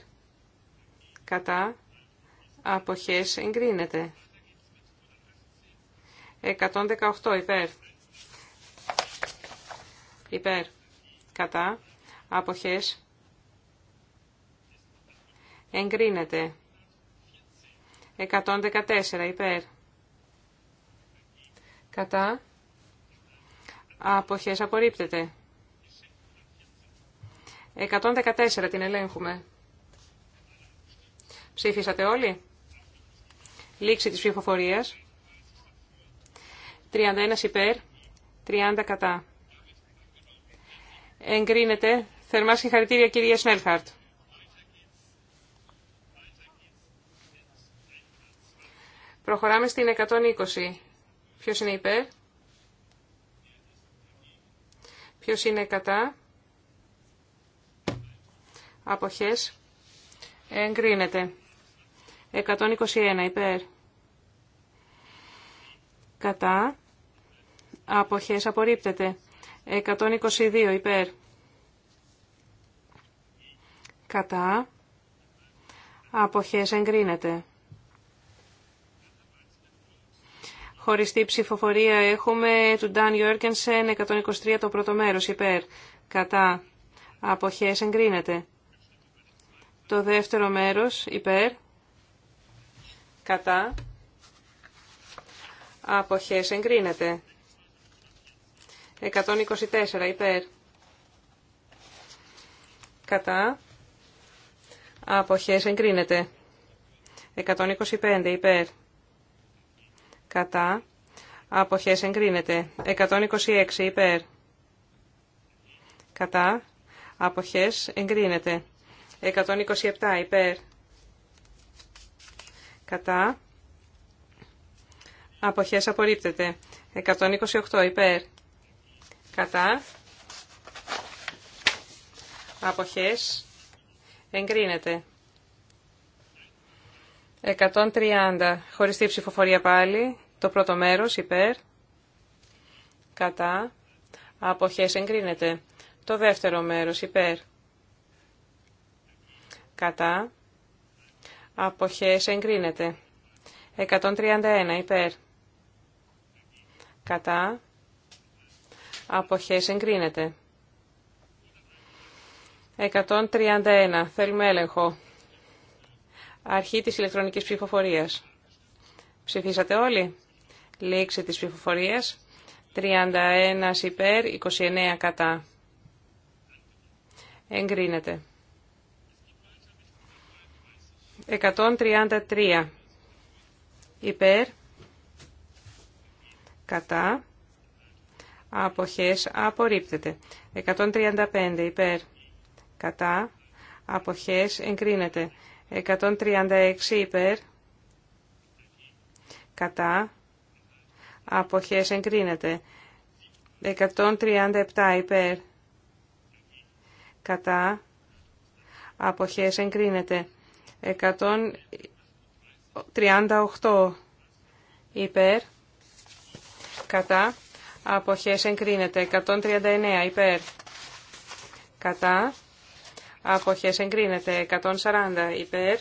Κατά. Αποχές εγκρίνεται. 118 υπέρ. Υπέρ. Κατά. Αποχές Εγκρίνεται. 114 υπέρ. Κατά. Αποχές απορρίπτεται. 114 την ελέγχουμε. Ψήφισατε όλοι. Λήξη της ψηφοφορίας. 31 υπέρ, 30 κατά. Εγκρίνεται. Θερμά συγχαρητήρια κυρία Σνέλχαρτ. Προχωράμε στην 120. Ποιος είναι υπέρ. Ποιος είναι κατά. Αποχές. Εγκρίνεται. 121 υπέρ. Κατά. Αποχές απορρίπτεται. 122 υπέρ. Κατά. Αποχές εγκρίνεται. Χωριστή ψηφοφορία έχουμε του Ντάν Γιόρκενσεν 123 το πρώτο μέρος υπέρ. Κατά. Αποχές εγκρίνεται. Το δεύτερο μέρος υπέρ. Κατά. Αποχές εγκρίνεται. 124 υπέρ. Κατά. Αποχές εγκρίνεται. 125 υπέρ κατά, αποχές εγκρίνεται. 126 υπέρ, κατά, αποχές εγκρίνεται. 127 υπέρ, κατά, αποχές απορρίπτεται. 128 υπέρ, κατά, αποχές εγκρίνεται. 130. Χωριστή ψηφοφορία πάλι. Το πρώτο μέρος υπέρ. Κατά. Αποχές εγκρίνεται. Το δεύτερο μέρος υπέρ. Κατά. Αποχές εγκρίνεται. 131 υπέρ. Κατά. Αποχές εγκρίνεται. 131. Θέλουμε έλεγχο. Αρχή της ηλεκτρονικής ψηφοφορίας. Ψηφίσατε όλοι. Λήξη της ψηφοφορίας. 31 υπέρ, 29 κατά. Εγκρίνεται. 133 υπέρ, κατά, αποχές, απορρίπτεται. 135 υπέρ, κατά, αποχές, εγκρίνεται. 136 υπέρ. Κατά. Αποχές εγκρίνεται. 137 υπέρ. Κατά. Αποχές εγκρίνεται. 138 υπέρ. Κατά. Αποχές εγκρίνεται. 139 υπέρ. Κατά αποχές εγκρίνεται 140 υπέρ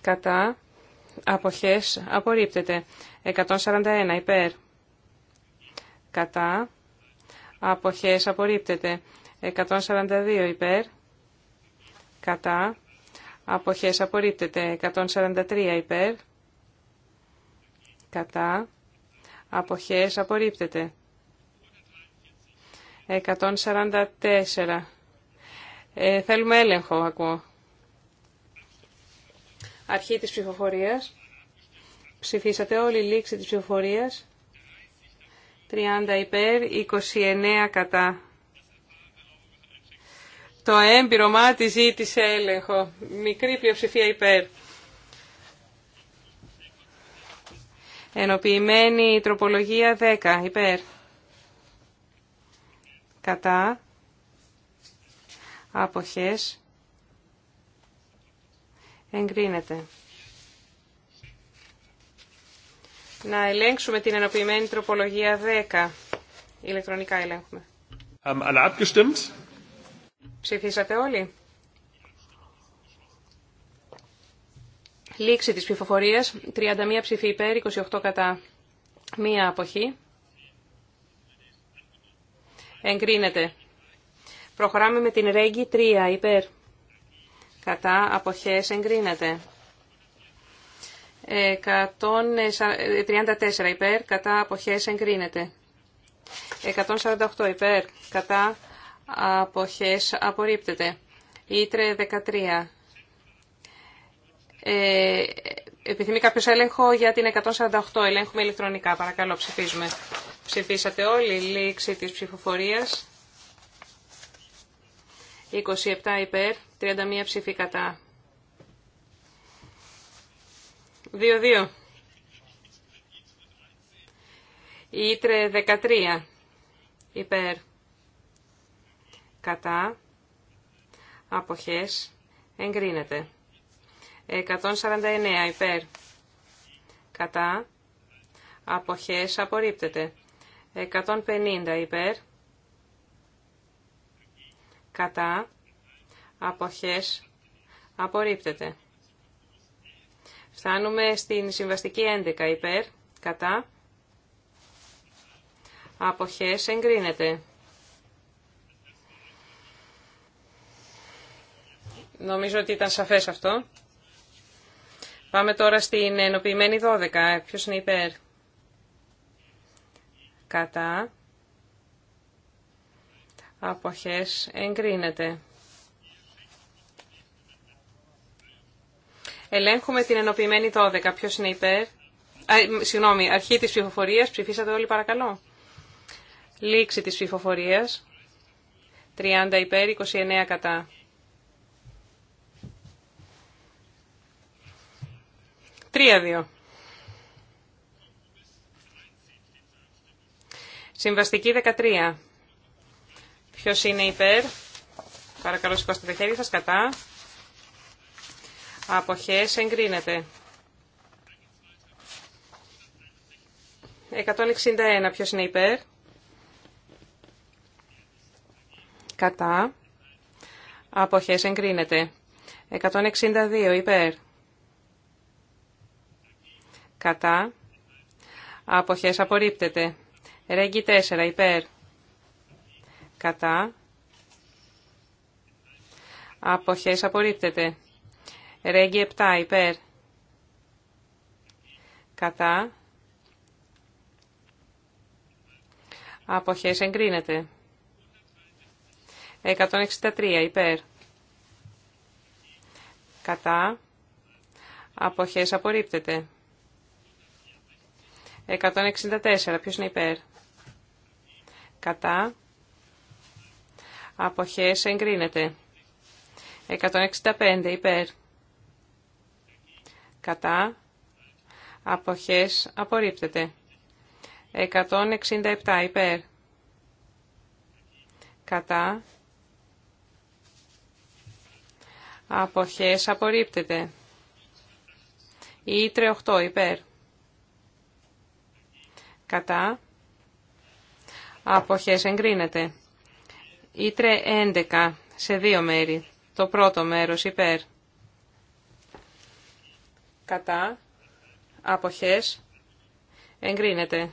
κατά αποχές απορρίπτεται 141 υπέρ κατά αποχές απορρίπτεται 142 υπέρ κατά αποχές απορρίπτεται 143 υπέρ κατά αποχές απορρίπτεται 144 ε, θέλουμε έλεγχο, ακούω. Αρχή της ψηφοφορίας. Ψηφίσατε η λήξη της ψηφοφορίας. 30 υπέρ, 29 κατά. Το έμπειρο μάτι ζήτησε έλεγχο. Μικρή πλειοψηφία υπέρ. Ενοποιημένη τροπολογία 10 υπέρ. Κατά αποχές εγκρίνεται. Να ελέγξουμε την ενοποιημένη τροπολογία 10. Ηλεκτρονικά ελέγχουμε. Ψηφίσατε όλοι. Λήξη της ψηφοφορία. 31 ψηφί υπέρ, 28 κατά. Μία αποχή. Εγκρίνεται. Προχωράμε με την Ρέγγι 3 υπέρ. Κατά αποχές εγκρίνεται. 134 ε, υπέρ. Κατά αποχές εγκρίνεται. 148 υπέρ. Κατά αποχές απορρίπτεται. Ήτρε 13. Ε, επιθυμεί κάποιο έλεγχο για την 148. Ελέγχουμε ηλεκτρονικά. Παρακαλώ, ψηφίζουμε. Ψηφίσατε όλοι. Λήξη της ψηφοφορίας. 27 υπέρ, 31 ψήφοι κατά. 2-2. Ήτρε 13 υπέρ, κατά, αποχές, εγκρίνεται. 149 υπέρ, κατά, αποχές, απορρίπτεται. 150 υπέρ, κατά, αποχές, απορρίπτεται. Φτάνουμε στην συμβαστική 11 υπέρ, κατά, αποχές, εγκρίνεται. Νομίζω ότι ήταν σαφές αυτό. Πάμε τώρα στην ενοποιημένη 12. Ποιος είναι υπέρ. Κατά αποχές εγκρίνεται. Ελέγχουμε την ενοποιημένη 12. Ποιος είναι υπέρ. Α, ε, συγγνώμη, αρχή της ψηφοφορίας. Ψηφίσατε όλοι παρακαλώ. Λήξη της ψηφοφορίας. 30 υπέρ, 29 κατά. Τρία δύο. Συμβαστική 13. Ποιο είναι υπέρ. Παρακαλώ σηκώστε τα χέρια σας κατά. Αποχές εγκρίνεται. 161. Ποιος είναι υπέρ. Κατά. Αποχές εγκρίνεται. 162. Υπέρ. Κατά. Αποχές απορρίπτεται. Ρέγγι 4. Υπέρ κατά, αποχές απορρίπτεται. Ρέγγι 7 υπέρ, κατά, αποχές εγκρίνεται. 163 υπέρ, κατά, αποχές απορρίπτεται. 164. Ποιος είναι υπέρ. Κατά. Αποχές εγκρίνεται. 165 υπέρ. Κατά. Αποχές απορρίπτεται. 167 υπέρ. Κατά. Αποχές απορρίπτεται. Ήτρε 8 υπέρ. Κατά. Αποχές εγκρίνεται. Ήτρε 11 σε δύο μέρη. Το πρώτο μέρος υπέρ. Κατά. Αποχές. Εγκρίνεται.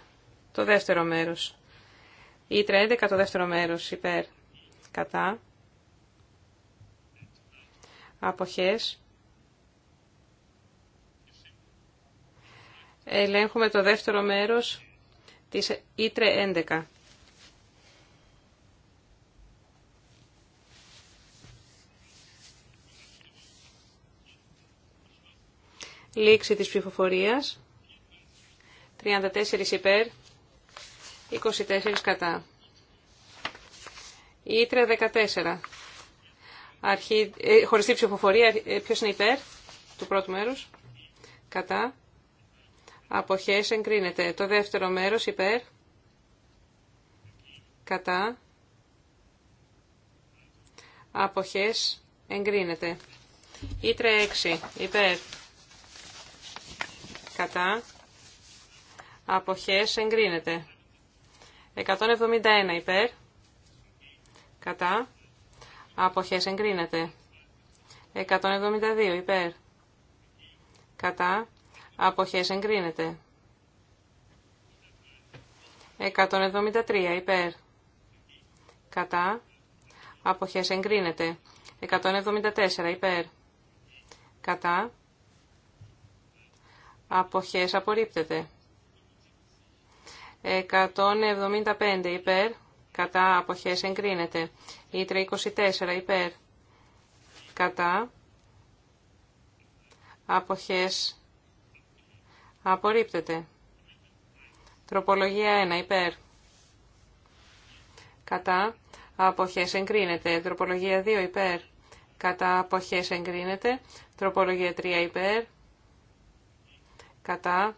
Το δεύτερο μέρος. Ήτρε 11 το δεύτερο μέρος υπέρ. Κατά. Αποχές. Ελέγχουμε το δεύτερο μέρος της Ήτρε 11. Λήξη της ψηφοφορίας. 34 υπέρ, 24 κατά. Ήτρε 14. Αρχή, ε, χωριστή ψηφοφορία, ε, ποιος είναι υπέρ του πρώτου μέρους. Κατά. Αποχές εγκρίνεται. Το δεύτερο μέρος υπέρ. Κατά. Αποχές εγκρίνεται. Ήτρε 6 υπέρ κατά, αποχές εγκρίνεται. 171 υπέρ, κατά, αποχές εγκρίνεται. 172 υπέρ, κατά, αποχές εγκρίνεται. 173 υπέρ, κατά, αποχές εγκρίνεται. 174 υπέρ, κατά, αποχές απορρίπτεται. 175 υπέρ, κατά αποχές εγκρίνεται. Η 24 υπέρ, κατά αποχές απορρίπτεται. Τροπολογία 1 υπέρ, κατά αποχές εγκρίνεται. Τροπολογία 2 υπέρ, κατά αποχές εγκρίνεται. Τροπολογία 3 υπέρ, κατά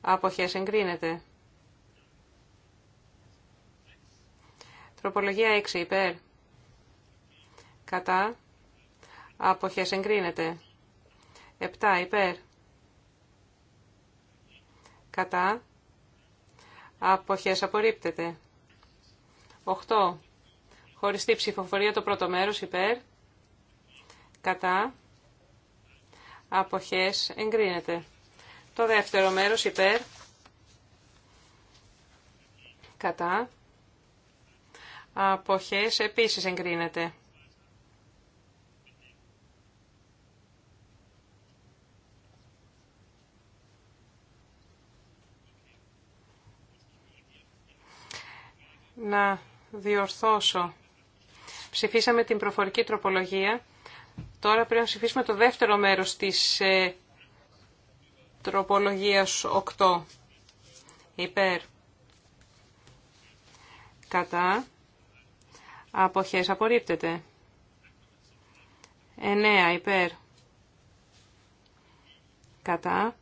αποχές εγκρίνεται. Τροπολογία 6 υπέρ κατά αποχές εγκρίνεται. 7 υπέρ κατά αποχές απορρίπτεται. 8. Χωριστή ψηφοφορία το πρώτο μέρος υπέρ κατά αποχές εγκρίνεται. Το δεύτερο μέρος υπέρ, κατά, αποχές επίσης εγκρίνεται. Να διορθώσω. Ψηφίσαμε την προφορική τροπολογία Τώρα πρέπει να ψηφίσουμε το δεύτερο μέρος της ε, 8. Υπέρ. Κατά. Αποχές απορρίπτεται. 9. Υπέρ. Κατά.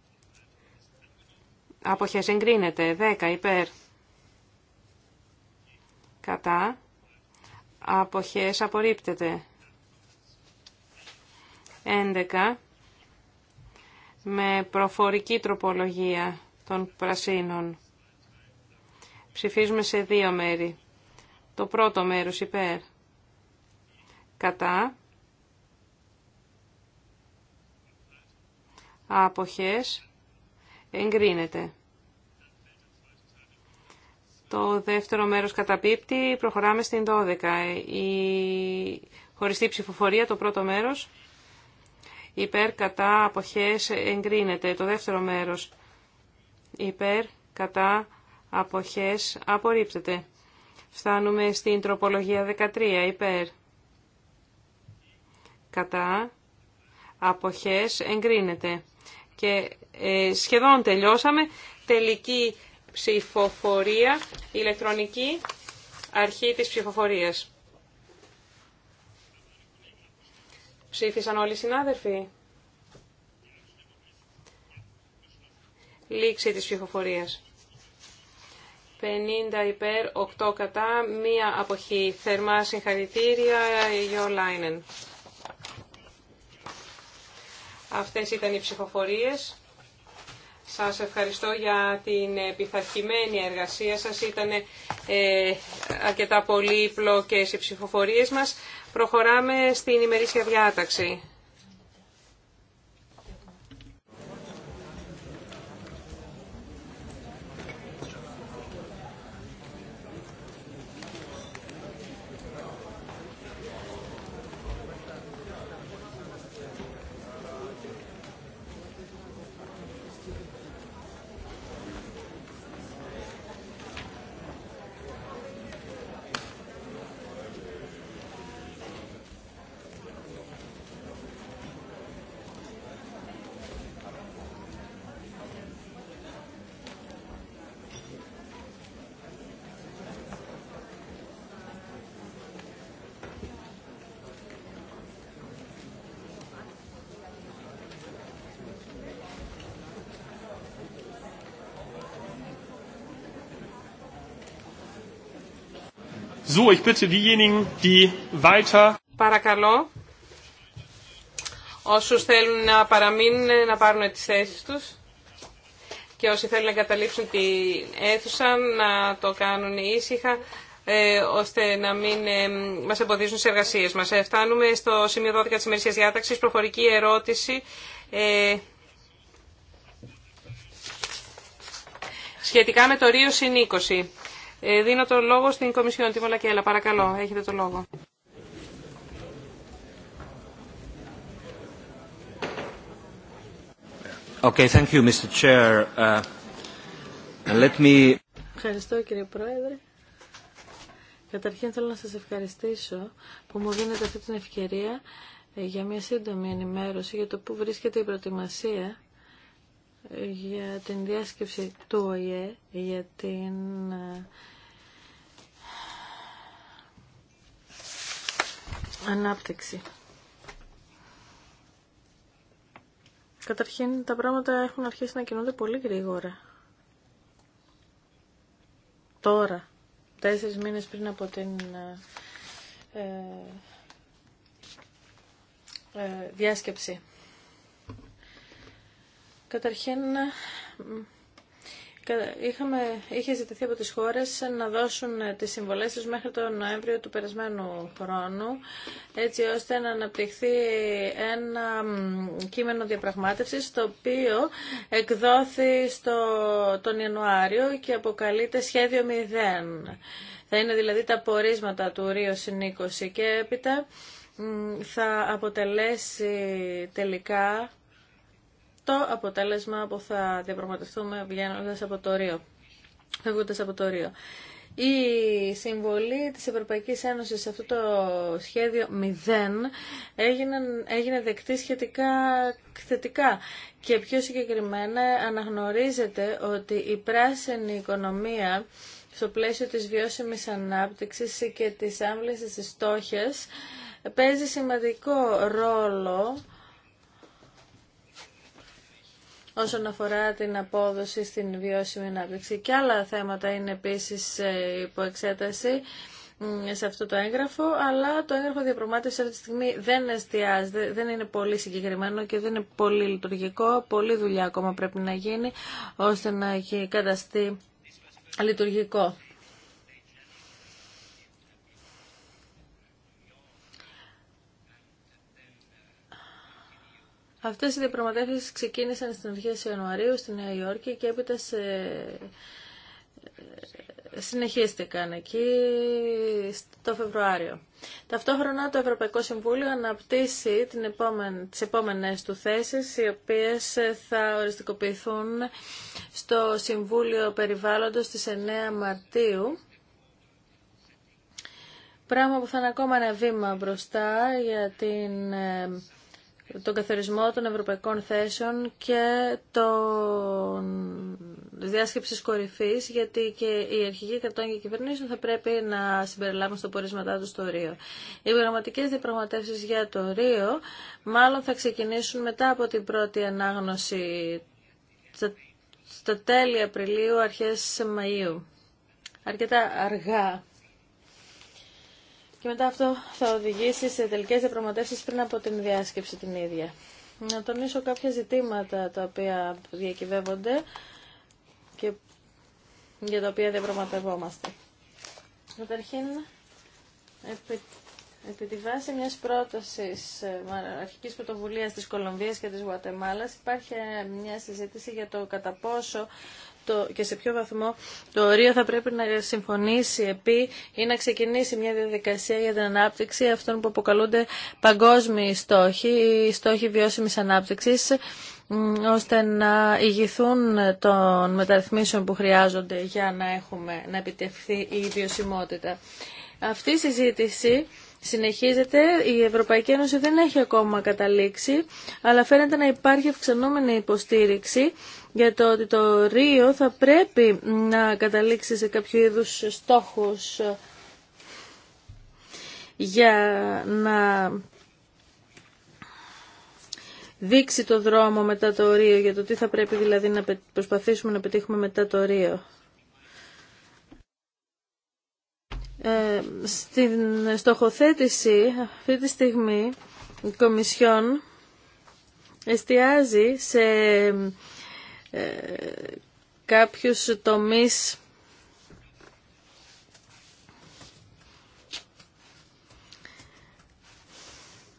Αποχές εγκρίνεται. 10. Υπέρ. Κατά. Αποχές απορρίπτεται. 11 με προφορική τροπολογία των πρασίνων. Ψηφίζουμε σε δύο μέρη. Το πρώτο μέρος υπέρ. Κατά. Άποχες. Εγκρίνεται. Το δεύτερο μέρος καταπίπτει. Προχωράμε στην 12. Η χωριστή ψηφοφορία, το πρώτο μέρος υπέρ κατά αποχές εγκρίνεται. Το δεύτερο μέρος υπέρ κατά αποχές απορρίπτεται. Φτάνουμε στην τροπολογία 13 υπέρ κατά αποχές εγκρίνεται. Και ε, σχεδόν τελειώσαμε. Τελική ψηφοφορία ηλεκτρονική αρχή της ψηφοφορίας. Ψήφισαν όλοι οι συνάδελφοι. Λήξη της ψηφοφορίας. 50 υπέρ, 8 κατά, μία αποχή. Θερμά συγχαρητήρια, Γιώ Λάινεν. Αυτές ήταν οι ψηφοφορίες. Σας ευχαριστώ για την επιθαρχημένη εργασία σας. Ήταν ε, αρκετά πολύπλοκες οι ψηφοφορίες μας. Προχωράμε στην ημερήσια διάταξη. So, ich bitte diejenigen, die weiter... Παρακαλώ, όσους θέλουν να παραμείνουν να πάρουν τις θέσεις τους και όσοι θέλουν να καταλήξουν την αίθουσα να το κάνουν ήσυχα ε, ώστε να μην ε, μας εμποδίζουν στι εργασίες μας. Ε, φτάνουμε στο σημείο 12 της ημερησίας διάταξης, προφορική ερώτηση ε, σχετικά με το Ρίο συνήκωση. Ε, δίνω το λόγο στην Κομισιόν, τη Μολακέλα. Παρακαλώ, έχετε το λόγο. Okay, thank you, Mr. Chair. Uh, let me... Ευχαριστώ κύριε Πρόεδρε. Καταρχήν θέλω να σας ευχαριστήσω που μου δίνετε αυτή την ευκαιρία ε, για μια σύντομη ενημέρωση για το πού βρίσκεται η προετοιμασία ε, για την διάσκεψη του ΟΗΕ για την ανάπτυξη. Καταρχήν τα πράγματα έχουν αρχίσει να κινούνται πολύ γρήγορα. Τώρα, τέσσερις μήνες πριν από την ε, ε, διάσκεψη. Καταρχήν Είχαμε, είχε ζητηθεί από τις χώρες να δώσουν ε, τις συμβολές τους μέχρι τον Νοέμβριο του περασμένου χρόνου, έτσι ώστε να αναπτυχθεί ένα κείμενο διαπραγμάτευσης, το οποίο εκδόθη στο, τον Ιανουάριο και αποκαλείται σχέδιο 0. Θα είναι δηλαδή τα πορίσματα του Ρίο και έπειτα θα αποτελέσει τελικά το αποτέλεσμα που θα διαπραγματευτούμε βγαίνοντα από το Ρίο. από το Η συμβολή της Ευρωπαϊκής Ένωσης σε αυτό το σχέδιο μηδέν έγινε, έγινε δεκτή σχετικά θετικά και πιο συγκεκριμένα αναγνωρίζεται ότι η πράσινη οικονομία στο πλαίσιο της βιώσιμης ανάπτυξης και της άμβλησης της στόχες παίζει σημαντικό ρόλο όσον αφορά την απόδοση στην βιώσιμη ανάπτυξη. Και άλλα θέματα είναι επίσης ε, υπό εξέταση σε αυτό το έγγραφο, αλλά το έγγραφο διαπραγμάτευση αυτή τη στιγμή δεν εστιάζεται, δεν είναι πολύ συγκεκριμένο και δεν είναι πολύ λειτουργικό. Πολύ δουλειά ακόμα πρέπει να γίνει ώστε να έχει καταστεί λειτουργικό. Αυτές οι διαπραγματεύσεις ξεκίνησαν στην αρχή Ιανουαρίου στη Νέα Υόρκη και έπειτα σε... Ε, συνεχίστηκαν εκεί το Φεβρουάριο. Ταυτόχρονα το Ευρωπαϊκό Συμβούλιο αναπτύσσει την επόμενη, τις επόμενες του θέσεις οι οποίες θα οριστικοποιηθούν στο Συμβούλιο Περιβάλλοντος στις 9 Μαρτίου πράγμα που θα είναι ακόμα ένα βήμα μπροστά για την ε, τον καθορισμό των ευρωπαϊκών θέσεων και τον διάσκεψης κορυφής, γιατί και οι αρχηγοί κρατών και κυβερνήσεων θα πρέπει να συμπεριλάβουν στο πορίσματά του το Ρίο. Οι πραγματικές διαπραγματεύσεις για το Ρίο μάλλον θα ξεκινήσουν μετά από την πρώτη ανάγνωση στα τέλη Απριλίου, αρχές Μαΐου. Αρκετά αργά και μετά αυτό θα οδηγήσει σε τελικέ διαπραγματεύσει πριν από την διάσκεψη την ίδια. Να τονίσω κάποια ζητήματα τα οποία διακυβεύονται και για τα οποία διαπραγματευόμαστε. Καταρχήν, επί, επί τη βάση μιας πρότασης ε, αρχικής πρωτοβουλίας της Κολομβίας και της Γουατεμάλα, υπάρχει ε, μια συζήτηση για το κατά πόσο το, και σε ποιο βαθμό το ορίο θα πρέπει να συμφωνήσει επί ή να ξεκινήσει μια διαδικασία για την ανάπτυξη αυτών που αποκαλούνται παγκόσμιοι στόχοι ή στόχοι βιώσιμης ανάπτυξης ώστε να ηγηθούν των μεταρρυθμίσεων που χρειάζονται για να, έχουμε, να επιτευχθεί η βιωσιμότητα. Αυτή η συζήτηση συνεχίζεται. Η Ευρωπαϊκή Ένωση δεν έχει ακόμα καταλήξει, αλλά φαίνεται να υπάρχει αυξανόμενη υποστήριξη για το ότι το Ρίο θα πρέπει να καταλήξει σε κάποιο είδους στόχους για να δείξει το δρόμο μετά το Ρίο, για το τι θα πρέπει δηλαδή να προσπαθήσουμε να πετύχουμε μετά το Ρίο. Ε, στην στοχοθέτηση αυτή τη στιγμή η Κομισιόν εστιάζει σε ε, κάποιους τομείς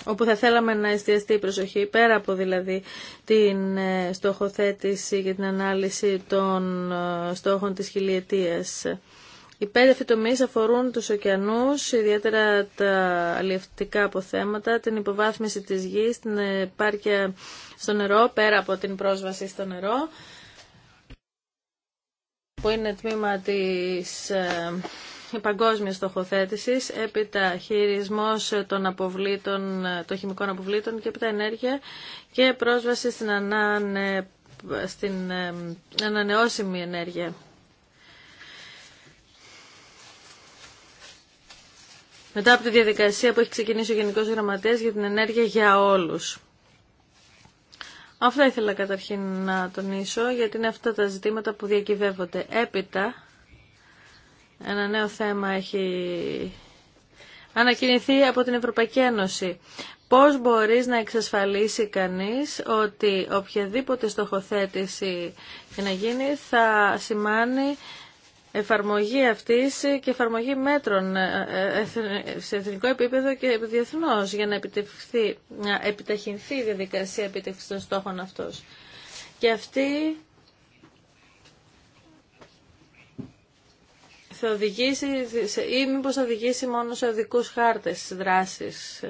όπου θα θέλαμε να εστιαστεί η προσοχή, πέρα από δηλαδή την ε, στοχοθέτηση και την ανάλυση των στόχων της χιλιετίας. Οι πέντε φυτομείς αφορούν τους ωκεανούς, ιδιαίτερα τα αλληλευτικά αποθέματα, την υποβάθμιση της γης, την επάρκεια στο νερό, πέρα από την πρόσβαση στο νερό, που είναι τμήμα της ε, παγκόσμιας στοχοθέτησης, έπειτα χειρισμός των, αποβλήτων, των χημικών αποβλήτων και έπειτα ενέργεια και πρόσβαση στην, ανανε, στην ε, ανανεώσιμη ενέργεια. μετά από τη διαδικασία που έχει ξεκινήσει ο Γενικός Γραμματέας για την ενέργεια για όλους. Αυτά ήθελα καταρχήν να τονίσω, γιατί είναι αυτά τα ζητήματα που διακυβεύονται. Έπειτα, ένα νέο θέμα έχει ανακοινηθεί από την Ευρωπαϊκή Ένωση. Πώς μπορείς να εξασφαλίσει κανείς ότι οποιαδήποτε στοχοθέτηση να γίνει θα σημάνει εφαρμογή αυτής και εφαρμογή μέτρων ε, ε, σε εθνικό επίπεδο και διεθνώς για να, επιτευχθεί, να επιταχυνθεί η διαδικασία επιτευχής των στόχων αυτός. Και αυτή θα οδηγήσει ή μήπως θα οδηγήσει μόνο σε οδικούς χάρτες δράσεις.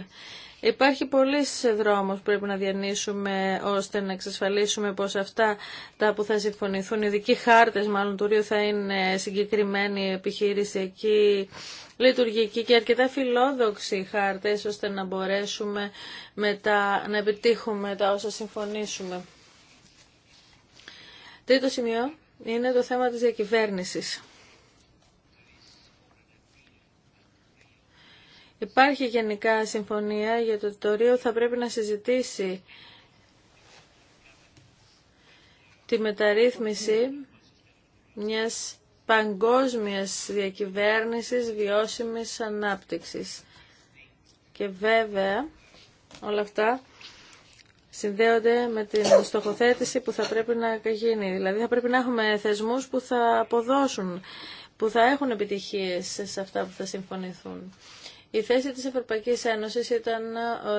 Υπάρχει πολλή δρόμο που πρέπει να διανύσουμε ώστε να εξασφαλίσουμε πως αυτά τα που θα συμφωνηθούν, ειδικοί χάρτες μάλλον του Ρίου θα είναι επιχείρηση εκεί λειτουργική και αρκετά φιλόδοξη χάρτες ώστε να μπορέσουμε μετά να επιτύχουμε τα όσα συμφωνήσουμε. Τρίτο σημείο είναι το θέμα της διακυβέρνησης. Υπάρχει γενικά συμφωνία για το τωρίο θα πρέπει να συζητήσει τη μεταρρύθμιση μιας παγκόσμιας διακυβέρνησης βιώσιμης ανάπτυξης. Και βέβαια όλα αυτά συνδέονται με την στοχοθέτηση που θα πρέπει να γίνει. Δηλαδή θα πρέπει να έχουμε θεσμούς που θα αποδώσουν, που θα έχουν επιτυχίες σε αυτά που θα συμφωνηθούν. Η θέση της Ευρωπαϊκής Ένωσης ήταν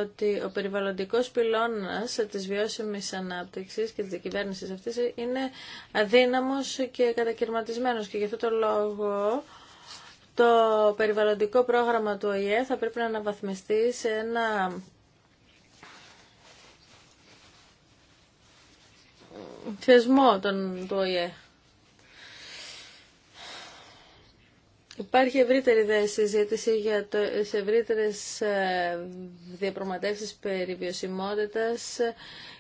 ότι ο περιβαλλοντικός πυλώνας της βιώσιμης ανάπτυξης και της κυβέρνησης αυτής είναι αδύναμος και κατακαιρματισμένος και γι' αυτό το λόγο το περιβαλλοντικό πρόγραμμα του ΟΗΕ θα πρέπει να αναβαθμιστεί σε ένα θεσμό του ΟΗΕ Υπάρχει ευρύτερη συζήτηση για το, σε ευρύτερες ε, διαπραγματεύσει περί βιωσιμότητα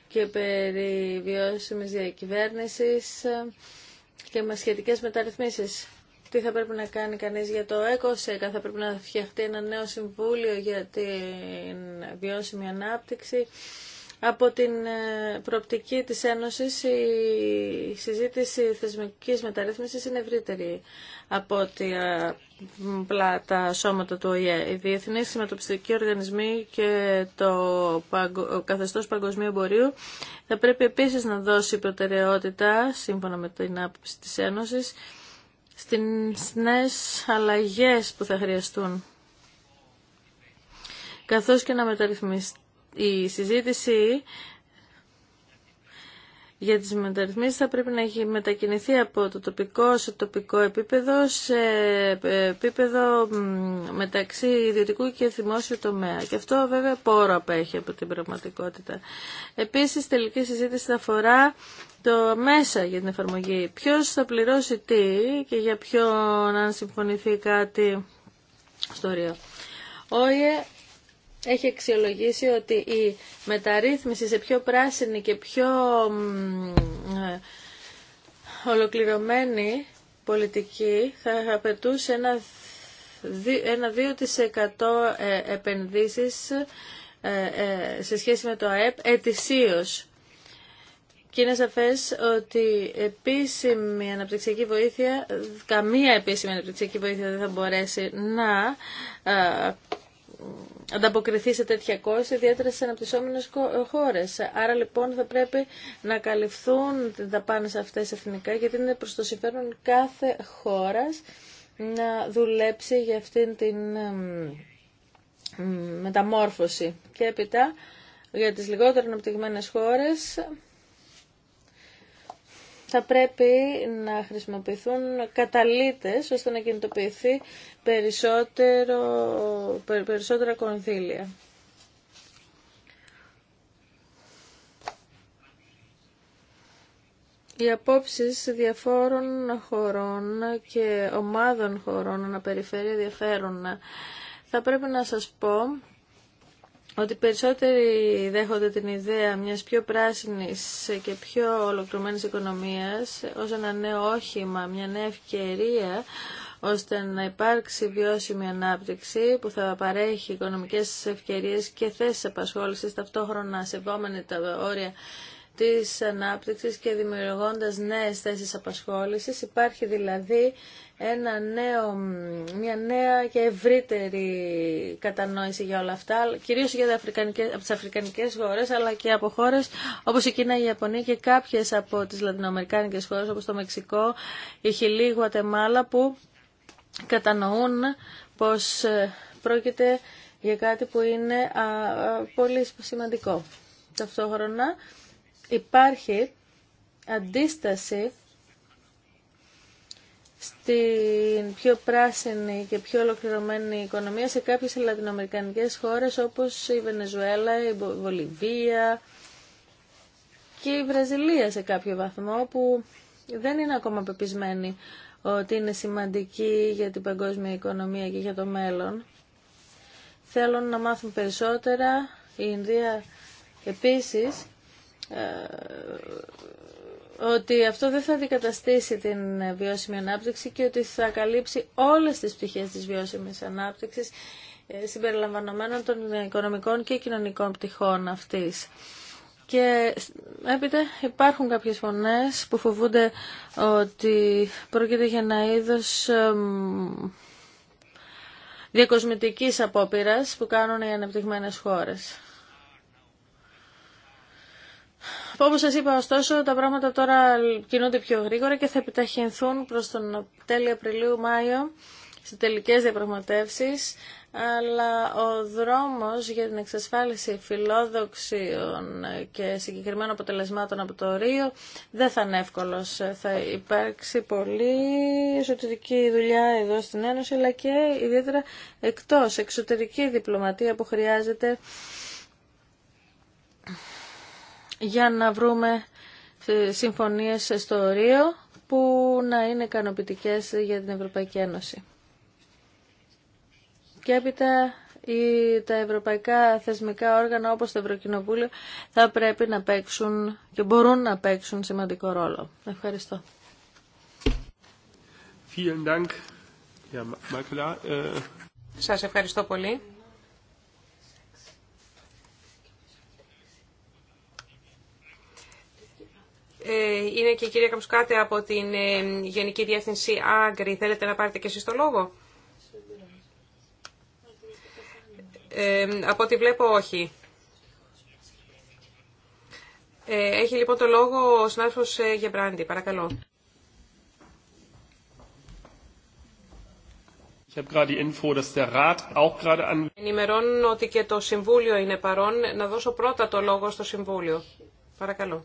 και περί βιώσιμη διακυβέρνησης και με σχετικέ μεταρρυθμίσεις. Τι θα πρέπει να κάνει κανείς για το ΕΚΟΣΕΚ, θα πρέπει να φτιαχτεί ένα νέο συμβούλιο για την βιώσιμη ανάπτυξη από την ε, προοπτική της Ένωσης η συζήτηση θεσμικής μεταρρύθμισης είναι ευρύτερη από ότι ε, απλά τα σώματα του ΟΗΕ. Οι διεθνείς σηματοπιστικοί οργανισμοί και το καθεστώς παγκοσμίου εμπορίου θα πρέπει επίσης να δώσει προτεραιότητα, σύμφωνα με την άποψη της Ένωσης, στις νέες αλλαγές που θα χρειαστούν καθώς και να μεταρρυθμιστεί η συζήτηση για τις μεταρρυθμίσεις θα πρέπει να έχει μετακινηθεί από το τοπικό σε τοπικό επίπεδο σε επίπεδο μεταξύ ιδιωτικού και δημόσιου τομέα. Και αυτό βέβαια πόρο απέχει από την πραγματικότητα. Επίσης τελική συζήτηση θα αφορά το μέσα για την εφαρμογή. Ποιος θα πληρώσει τι και για ποιον αν συμφωνηθεί κάτι στο Ρίο έχει αξιολογήσει ότι η μεταρρύθμιση σε πιο πράσινη και πιο ε, ολοκληρωμένη πολιτική θα απαιτούσε ένα ένα 2% ε, επενδύσεις ε, σε σχέση με το ΑΕΠ ετησίως. Και είναι σαφέ ότι επίσημη αναπτυξιακή βοήθεια, καμία επίσημη αναπτυξιακή βοήθεια δεν θα μπορέσει να ανταποκριθεί σε τέτοια κόστη, ιδιαίτερα στι αναπτυσσόμενε χώρε. Άρα λοιπόν θα πρέπει να καλυφθούν τα δαπάνε αυτέ εθνικά, γιατί είναι προ το συμφέρον κάθε χώρα να δουλέψει για αυτήν την μεταμόρφωση. Και έπειτα για τις λιγότερο αναπτυγμένες χώρες θα πρέπει να χρησιμοποιηθούν καταλύτες ώστε να κινητοποιηθεί περισσότερο, περισσότερα κονδύλια. Οι απόψεις διαφόρων χωρών και ομάδων χωρών αναπεριφέρει ενδιαφέρον. Θα πρέπει να σας πω ότι περισσότεροι δέχονται την ιδέα μιας πιο πράσινης και πιο ολοκληρωμένης οικονομίας ως ένα νέο όχημα, μια νέα ευκαιρία ώστε να υπάρξει βιώσιμη ανάπτυξη που θα παρέχει οικονομικές ευκαιρίες και θέσεις απασχόλησης ταυτόχρονα σεβόμενη τα όρια της ανάπτυξης και δημιουργώντας νέες θέσεις απασχόλησης. Υπάρχει δηλαδή ένα νέο, μια νέα και ευρύτερη κατανόηση για όλα αυτά, κυρίως για τα αφρικανικές, από τις αφρικανικές χώρες, αλλά και από χώρες όπως η Κίνα, η Ιαπωνία και κάποιες από τις λατινοαμερικάνικες χώρες όπως το Μεξικό, η Χιλή, η Γουατεμάλα, που κατανοούν πως ε, πρόκειται για κάτι που είναι πολύ σημαντικό. Ταυτόχρονα, υπάρχει αντίσταση στην πιο πράσινη και πιο ολοκληρωμένη οικονομία σε κάποιες λατινοαμερικανικές χώρες όπως η Βενεζουέλα, η Βολιβία και η Βραζιλία σε κάποιο βαθμό που δεν είναι ακόμα πεπισμένη ότι είναι σημαντική για την παγκόσμια οικονομία και για το μέλλον. Θέλουν να μάθουν περισσότερα. Η Ινδία επίσης ε, ότι αυτό δεν θα αντικαταστήσει την βιώσιμη ανάπτυξη και ότι θα καλύψει όλες τις πτυχές της βιώσιμης ανάπτυξης ε, συμπεριλαμβανομένων των οικονομικών και κοινωνικών πτυχών αυτής. Και έπειτα υπάρχουν κάποιες φωνές που φοβούνται ότι πρόκειται για ένα είδος διακοσμητικής απόπειρας που κάνουν οι ανεπτυγμένες χώρες. Όπω σα είπα ωστόσο, τα πράγματα τώρα κινούνται πιο γρήγορα και θα επιταχυνθούν προς τον τέλειο Απριλίου-Μάιο στις τελικές διαπραγματεύσει, αλλά ο δρόμος για την εξασφάλιση φιλόδοξιων και συγκεκριμένων αποτελεσμάτων από το Ρίο δεν θα είναι εύκολος. Θα υπάρξει πολύ εσωτερική δουλειά εδώ στην Ένωση, αλλά και ιδιαίτερα εκτός εξωτερική διπλωματία που χρειάζεται για να βρούμε ε, συμφωνίες στο Ρίο που να είναι ικανοποιητικές για την Ευρωπαϊκή Ένωση. Και έπειτα τα ευρωπαϊκά θεσμικά όργανα όπως το Ευρωκοινοβούλιο θα πρέπει να παίξουν και μπορούν να παίξουν σημαντικό ρόλο. Ευχαριστώ. Äh, Σας ευχαριστώ πολύ. Ε, είναι και η κυρία Καμσκάτε από την ε, Γενική Διεύθυνση Άγκρη. Θέλετε να πάρετε και εσείς το λόγο. Ε, από ό,τι βλέπω όχι. έχει λοιπόν το λόγο ο συνάδελφος Γεμπράντη. Παρακαλώ. Ενημερώνω ότι και το Συμβούλιο είναι παρόν. Να δώσω πρώτα το λόγο στο Συμβούλιο. Παρακαλώ.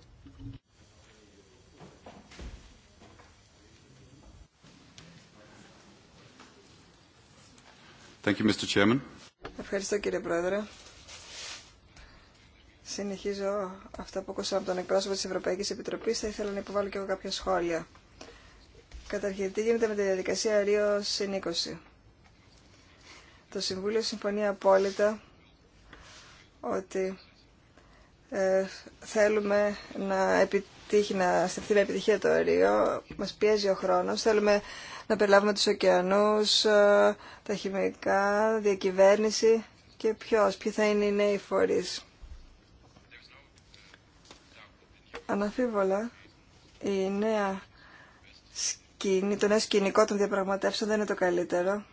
Ευχαριστώ κύριε Πρόεδρε. Συνεχίζω αυτά που ακούσαμε από τον εκπρόσωπο της Ευρωπαϊκής Επιτροπής. Θα ήθελα να υποβάλω και εγώ κάποια σχόλια. Καταρχήν, τι γίνεται με τη διαδικασία Ρίο συν 20. Το Συμβούλιο συμφωνεί απόλυτα ότι ε, θέλουμε να επιτύχει, να στεφθεί με επιτυχία το Ρίο. Μας πιέζει ο χρόνος. Θέλουμε να περιλάβουμε τους ωκεανούς, ε, τα χημικά, διακυβέρνηση και ποιος, ποιοι θα είναι οι νέοι φορείς. Αναφίβολα, η νέα σκηνή, το νέο σκηνικό των διαπραγματεύσεων δεν είναι το καλύτερο.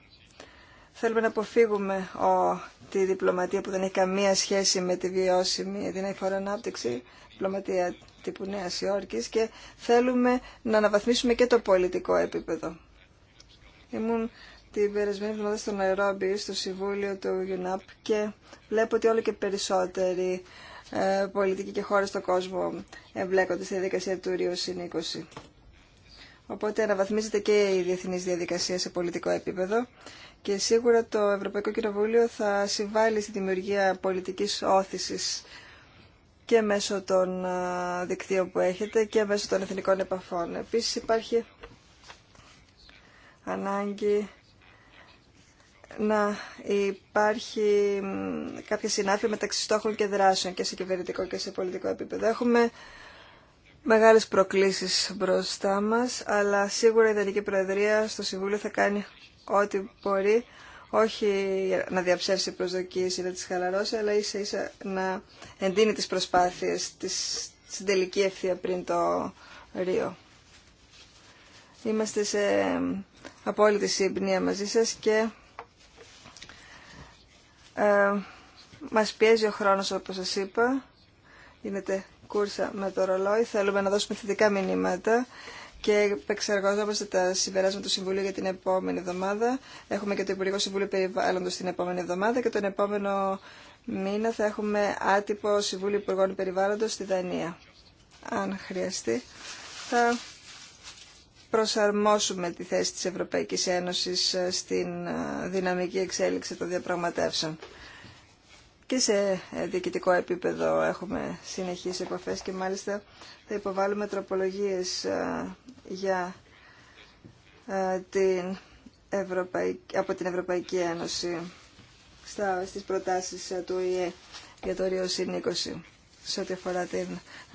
Θέλουμε να αποφύγουμε ο, τη διπλωματία που δεν έχει καμία σχέση με τη βιώσιμη, την φοροανάπτυξη, ανάπτυξη, διπλωματία τύπου νέα Υόρκη, και θέλουμε να αναβαθμίσουμε και το πολιτικό επίπεδο. Ήμουν την περασμένη εβδομάδα στο Ναϊρόμπι, στο Συμβούλιο του UNAP και βλέπω ότι όλο και περισσότεροι ε, πολιτικοί και χώρες στον κόσμο εμπλέκονται στη διαδικασία του Ρίου συν 20. Οπότε αναβαθμίζεται και η διεθνής διαδικασία σε πολιτικό επίπεδο και σίγουρα το Ευρωπαϊκό Κοινοβούλιο θα συμβάλλει στη δημιουργία πολιτικής όθησης και μέσω των ε, δικτύων που έχετε και μέσω των εθνικών επαφών. Επίσης υπάρχει ανάγκη να υπάρχει κάποια συνάφεια μεταξύ στόχων και δράσεων και σε κυβερνητικό και σε πολιτικό επίπεδο. Έχουμε μεγάλες προκλήσεις μπροστά μας, αλλά σίγουρα η Ιδανική Προεδρία στο Συμβούλιο θα κάνει ό,τι μπορεί, όχι να διαψεύσει προσδοκίες ή να τις χαλαρώσει, αλλά ίσα ίσα να εντείνει τις προσπάθειες της, στην τελική ευθεία πριν το Ρίο. Είμαστε σε απόλυτη συμπνία μαζί σας και ε, μας πιέζει ο χρόνος όπως σας είπα. Γίνεται κούρσα με το ρολόι. Θέλουμε να δώσουμε θετικά μηνύματα και επεξεργαζόμαστε τα συμπεράσματα του Συμβουλίου για την επόμενη εβδομάδα. Έχουμε και το Υπουργικό Συμβούλιο Περιβάλλοντος την επόμενη εβδομάδα και τον επόμενο μήνα θα έχουμε άτυπο Συμβούλιο Υπουργών Περιβάλλοντος στη Δανία. Αν χρειαστεί προσαρμόσουμε τη θέση της Ευρωπαϊκής Ένωσης ε, στην ε, δυναμική εξέλιξη των διαπραγματεύσεων. Και σε διοικητικό επίπεδο έχουμε συνεχείς επαφές και μάλιστα θα υποβάλουμε τροπολογίες ε, για την Ευρωπαϊκή, από την Ευρωπαϊκή Ένωση στα, στις προτάσεις του ΙΕ για το Ρίο σε ό,τι αφορά την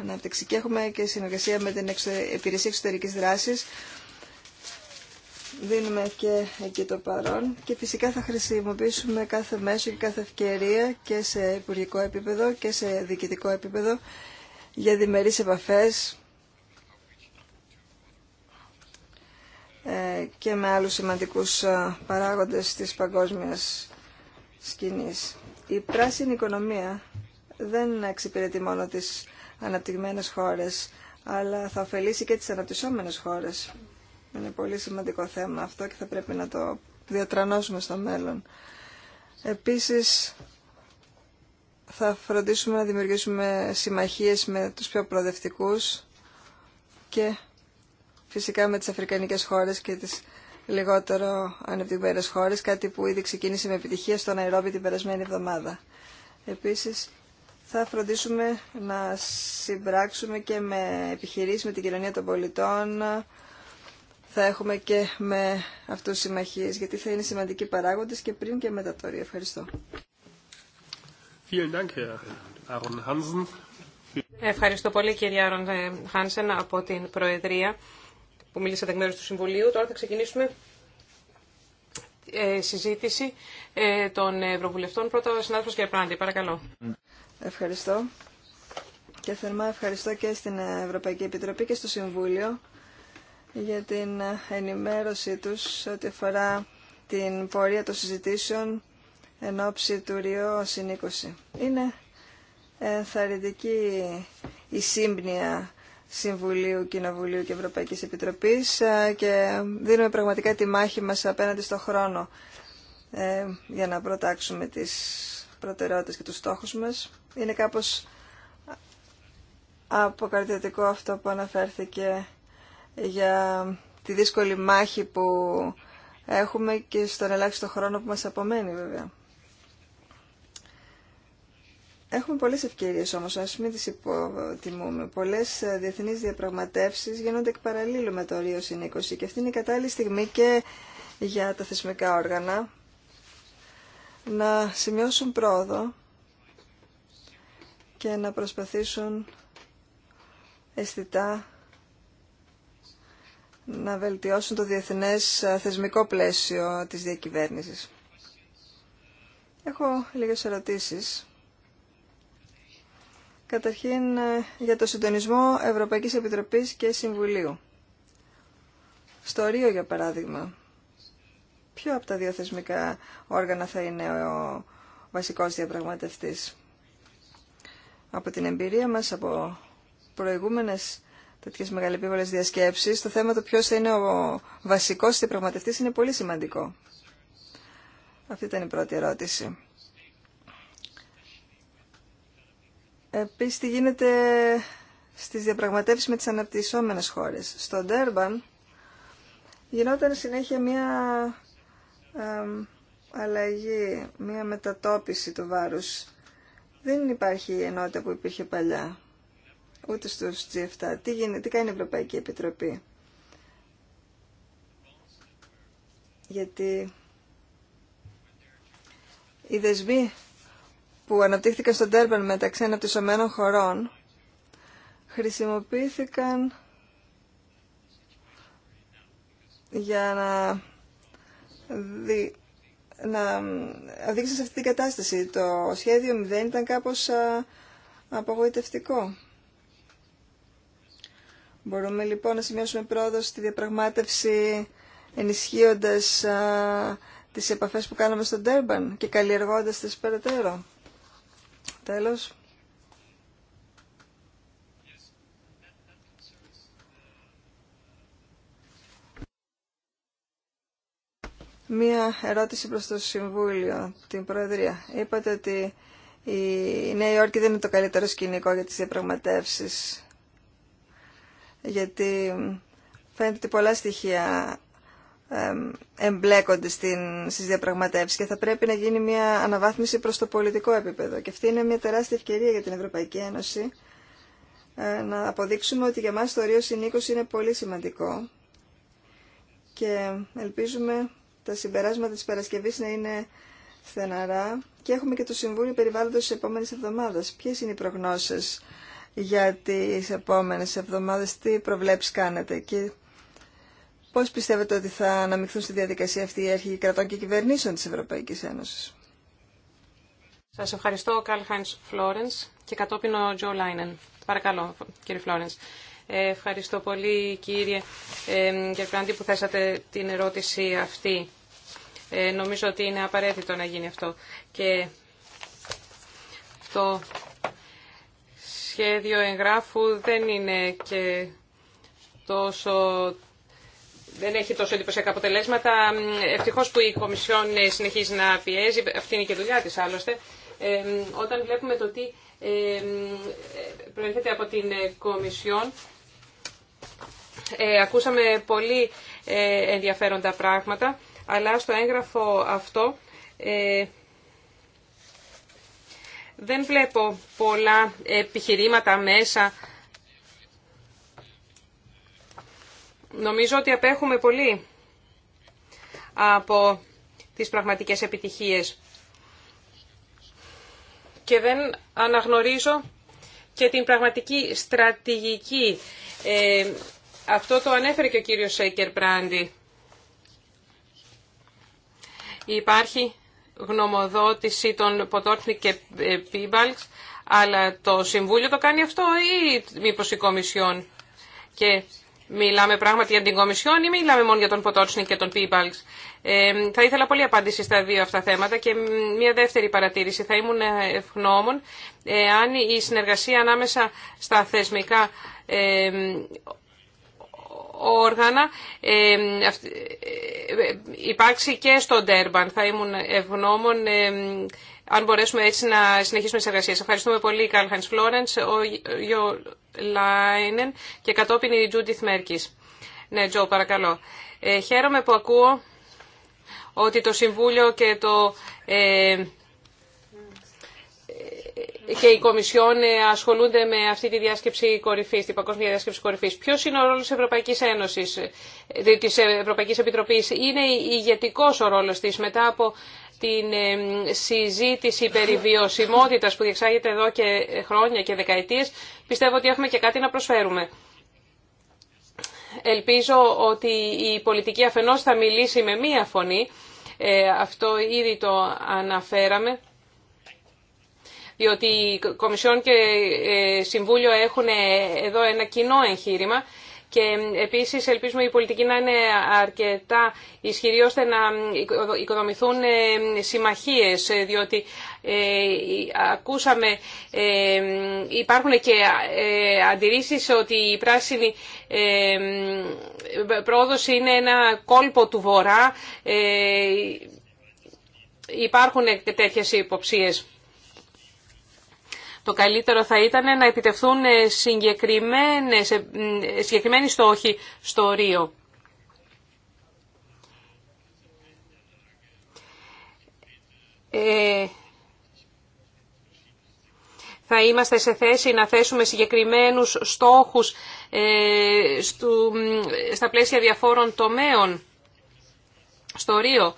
ανάπτυξη. Και έχουμε και συνεργασία με την Υπηρεσία Εξωτερικής Δράσης. Δίνουμε και εκεί το παρόν και φυσικά θα χρησιμοποιήσουμε κάθε μέσο και κάθε ευκαιρία και σε υπουργικό επίπεδο και σε διοικητικό επίπεδο για διμερείς επαφές ε, και με άλλους σημαντικούς ε, παράγοντες της παγκόσμιας σκηνής. Η πράσινη οικονομία δεν εξυπηρετεί μόνο τις αναπτυγμένες χώρες, αλλά θα ωφελήσει και τις αναπτυσσόμενες χώρες. Είναι πολύ σημαντικό θέμα αυτό και θα πρέπει να το διατρανώσουμε στο μέλλον. Επίσης, θα φροντίσουμε να δημιουργήσουμε συμμαχίες με τους πιο προοδευτικούς και φυσικά με τις αφρικανικές χώρες και τις λιγότερο ανεπτυγμένες χώρες, κάτι που ήδη ξεκίνησε με επιτυχία στο Ναϊρόμπι την περασμένη εβδομάδα. Επίσης, θα φροντίσουμε να συμπράξουμε και με επιχειρήσεις, με την κοινωνία των πολιτών, θα έχουμε και με αυτούς συμμαχίες, γιατί θα είναι σημαντικοί παράγοντες και πριν και μετά τώρα. Ευχαριστώ. Ευχαριστώ πολύ κύριε Άρον Χάνσεν από την Προεδρία που μίλησε εκ μέρους του Συμβουλίου. Τώρα θα ξεκινήσουμε ε, συζήτηση ε, των Ευρωβουλευτών. Πρώτα ο συνάδελφος Γερπράντη, παρακαλώ. Ευχαριστώ. Και θερμά ευχαριστώ και στην Ευρωπαϊκή Επιτροπή και στο Συμβούλιο για την ενημέρωσή τους ό,τι αφορά την πορεία των συζητήσεων εν ώψη του Ριό Συνήκωση. Είναι ενθαρρυντική η σύμπνοια Συμβουλίου, Κοινοβουλίου και Ευρωπαϊκής Επιτροπής ε, και δίνουμε πραγματικά τη μάχη μας απέναντι στο χρόνο ε, για να προτάξουμε τις προτεραιότητες και τους στόχους μας. Είναι κάπως αποκαρδιωτικό αυτό που αναφέρθηκε για τη δύσκολη μάχη που έχουμε και στον ελάχιστο χρόνο που μας απομένει βέβαια. Έχουμε πολλές ευκαιρίες όμως, ας μην τις υποτιμούμε. Πολλές ε, διεθνείς διαπραγματεύσεις γίνονται εκ παραλίλου με το Ρίο και αυτή είναι η κατάλληλη στιγμή και για τα θεσμικά όργανα να σημειώσουν πρόοδο και να προσπαθήσουν αισθητά να βελτιώσουν το διεθνές θεσμικό πλαίσιο της διακυβέρνησης. Έχω λίγες ερωτήσεις. Καταρχήν ε, για το συντονισμό Ευρωπαϊκής Επιτροπής και Συμβουλίου. Στο Ρίο, για παράδειγμα, Ποιο από τα δύο θεσμικά όργανα θα είναι ο βασικός διαπραγματευτής. Από την εμπειρία μας, από προηγούμενες τέτοιες μεγαλεπίβολες διασκέψεις, το θέμα του ποιος θα είναι ο βασικός διαπραγματευτής είναι πολύ σημαντικό. Αυτή ήταν η πρώτη ερώτηση. Επίσης, τι γίνεται στις διαπραγματεύσεις με τις αναπτυσσόμενες χώρες. Στο Ντέρμπαν γινόταν συνέχεια μια αλλαγή, μία μετατόπιση του βάρους. Δεν υπάρχει η ενότητα που υπήρχε παλιά, ούτε στο G7. Τι, γίνει, τι κάνει η Ευρωπαϊκή Επιτροπή. Γιατί οι δεσμοί που αναπτύχθηκαν στον Τέρμπαν μεταξύ αναπτυσσομένων χωρών χρησιμοποιήθηκαν για να να δείξει αυτή την κατάσταση. Το σχέδιο 0 ήταν κάπως απογοητευτικό. Μπορούμε λοιπόν να σημειώσουμε πρόοδο στη διαπραγμάτευση ενισχύοντας α, τις επαφές που κάναμε στον Τέρμπαν και καλλιεργώντας τις περαιτέρω. Τέλος, Μία ερώτηση προς το Συμβούλιο, την Προεδρία. Είπατε ότι η Νέα Υόρκη δεν είναι το καλύτερο σκηνικό για τις διαπραγματεύσει. γιατί φαίνεται ότι πολλά στοιχεία εμπλέκονται στην, στις διαπραγματεύσεις και θα πρέπει να γίνει μια αναβάθμιση προς το πολιτικό επίπεδο. Και αυτή είναι μια τεράστια ευκαιρία για την Ευρωπαϊκή Ένωση ε, να αποδείξουμε ότι για μας το Ρίο Συνήκος είναι πολύ σημαντικό και ελπίζουμε τα συμπεράσματα της Παρασκευής να είναι στεναρά και έχουμε και το Συμβούλιο Περιβάλλοντος της επόμενης εβδομάδας. Ποιες είναι οι προγνώσεις για τις επόμενες εβδομάδες, τι προβλέψεις κάνετε και πώς πιστεύετε ότι θα αναμειχθούν στη διαδικασία αυτή η αρχηγοί κρατών και κυβερνήσεων της Ευρωπαϊκής Ένωσης. Σας ευχαριστώ Φλόρενς και κατόπιν ο Τζο Λάινεν. Παρακαλώ κύριε Φλόρενς. Ευχαριστώ πολύ κύριε Γερκράντη που θέσατε την ερώτηση αυτή. Ε, νομίζω ότι είναι απαραίτητο να γίνει αυτό. Και το σχέδιο εγγράφου δεν είναι και τόσο δεν έχει τόσο εντυπωσιακά αποτελέσματα. Ευτυχώς που η Κομισιόν ε, συνεχίζει να πιέζει, αυτή είναι και η δουλειά της άλλωστε. Ε, όταν βλέπουμε το τι ε, προέρχεται από την ε, Κομισιόν, ε, ακούσαμε πολύ ε, ενδιαφέροντα πράγματα, αλλά στο έγγραφο αυτό ε, δεν βλέπω πολλά επιχειρήματα μέσα. Νομίζω ότι απέχουμε πολύ από τις πραγματικές επιτυχίες. Και δεν αναγνωρίζω και την πραγματική στρατηγική αυτό το ανέφερε και ο κύριος Σέικερ Πράντι. Υπάρχει γνωμοδότηση των Ποτόρθνικ και ε, Πίμπαλξ, αλλά το Συμβούλιο το κάνει αυτό ή μήπως η Κομισιόν. Και μιλάμε πράγματι για την Κομισιόν ή μιλάμε μόνο για τον Ποτόρθνικ και τον Πίμπαλξ. Ε, θα ήθελα πολύ απάντηση στα δύο αυτά θέματα και μια δεύτερη παρατήρηση. Θα ήμουν ευγνώμων ε, αν η συνεργασία ανάμεσα στα θεσμικά ε, όργανα ε, ε, υπάρξει και στο Ντέρμπαν. Θα ήμουν ευγνώμων ε, αν μπορέσουμε έτσι να συνεχίσουμε τις εργασίες. Ευχαριστούμε πολύ η Καλχάνης Φλόρενς, ο Γιώ Λάινεν και κατόπιν η Τζούντιθ Μέρκης. Ναι, Τζο, παρακαλώ. Ε, χαίρομαι που ακούω ότι το Συμβούλιο και το και οι Κομισιόν ε, ασχολούνται με αυτή τη διάσκεψη κορυφή, την παγκόσμια διάσκεψη κορυφή. Ποιο είναι ο ρόλο τη Ευρωπαϊκή Ένωση, ε, τη Ευρωπαϊκή Επιτροπή, είναι ηγετικό ο ρόλο τη μετά από την ε, συζήτηση περί βιωσιμότητα που διεξάγεται εδώ και χρόνια και δεκαετίε, πιστεύω ότι έχουμε και κάτι να προσφέρουμε. Ελπίζω ότι η πολιτική αφενός θα μιλήσει με μία φωνή, αυτό ήδη το αναφέραμε, διότι η Κομισιόν και ε, Συμβούλιο έχουν ε, εδώ ένα κοινό εγχείρημα και επίσης ελπίζουμε η πολιτική να είναι αρκετά ισχυρή ώστε να οικοδομηθούν ε, συμμαχίες, διότι ακούσαμε, ε, υπάρχουν και ε, ότι η πράσινη ε, είναι ένα κόλπο του βορρά. υπάρχουν τέτοιες υποψίες. Το καλύτερο θα ήταν να επιτευθούν ε, ε, ε, συγκεκριμένοι στόχοι στο Ρίο. θα είμαστε σε θέση να θέσουμε συγκεκριμένους στόχους στα πλαίσια διαφόρων τομέων στο Ρίο.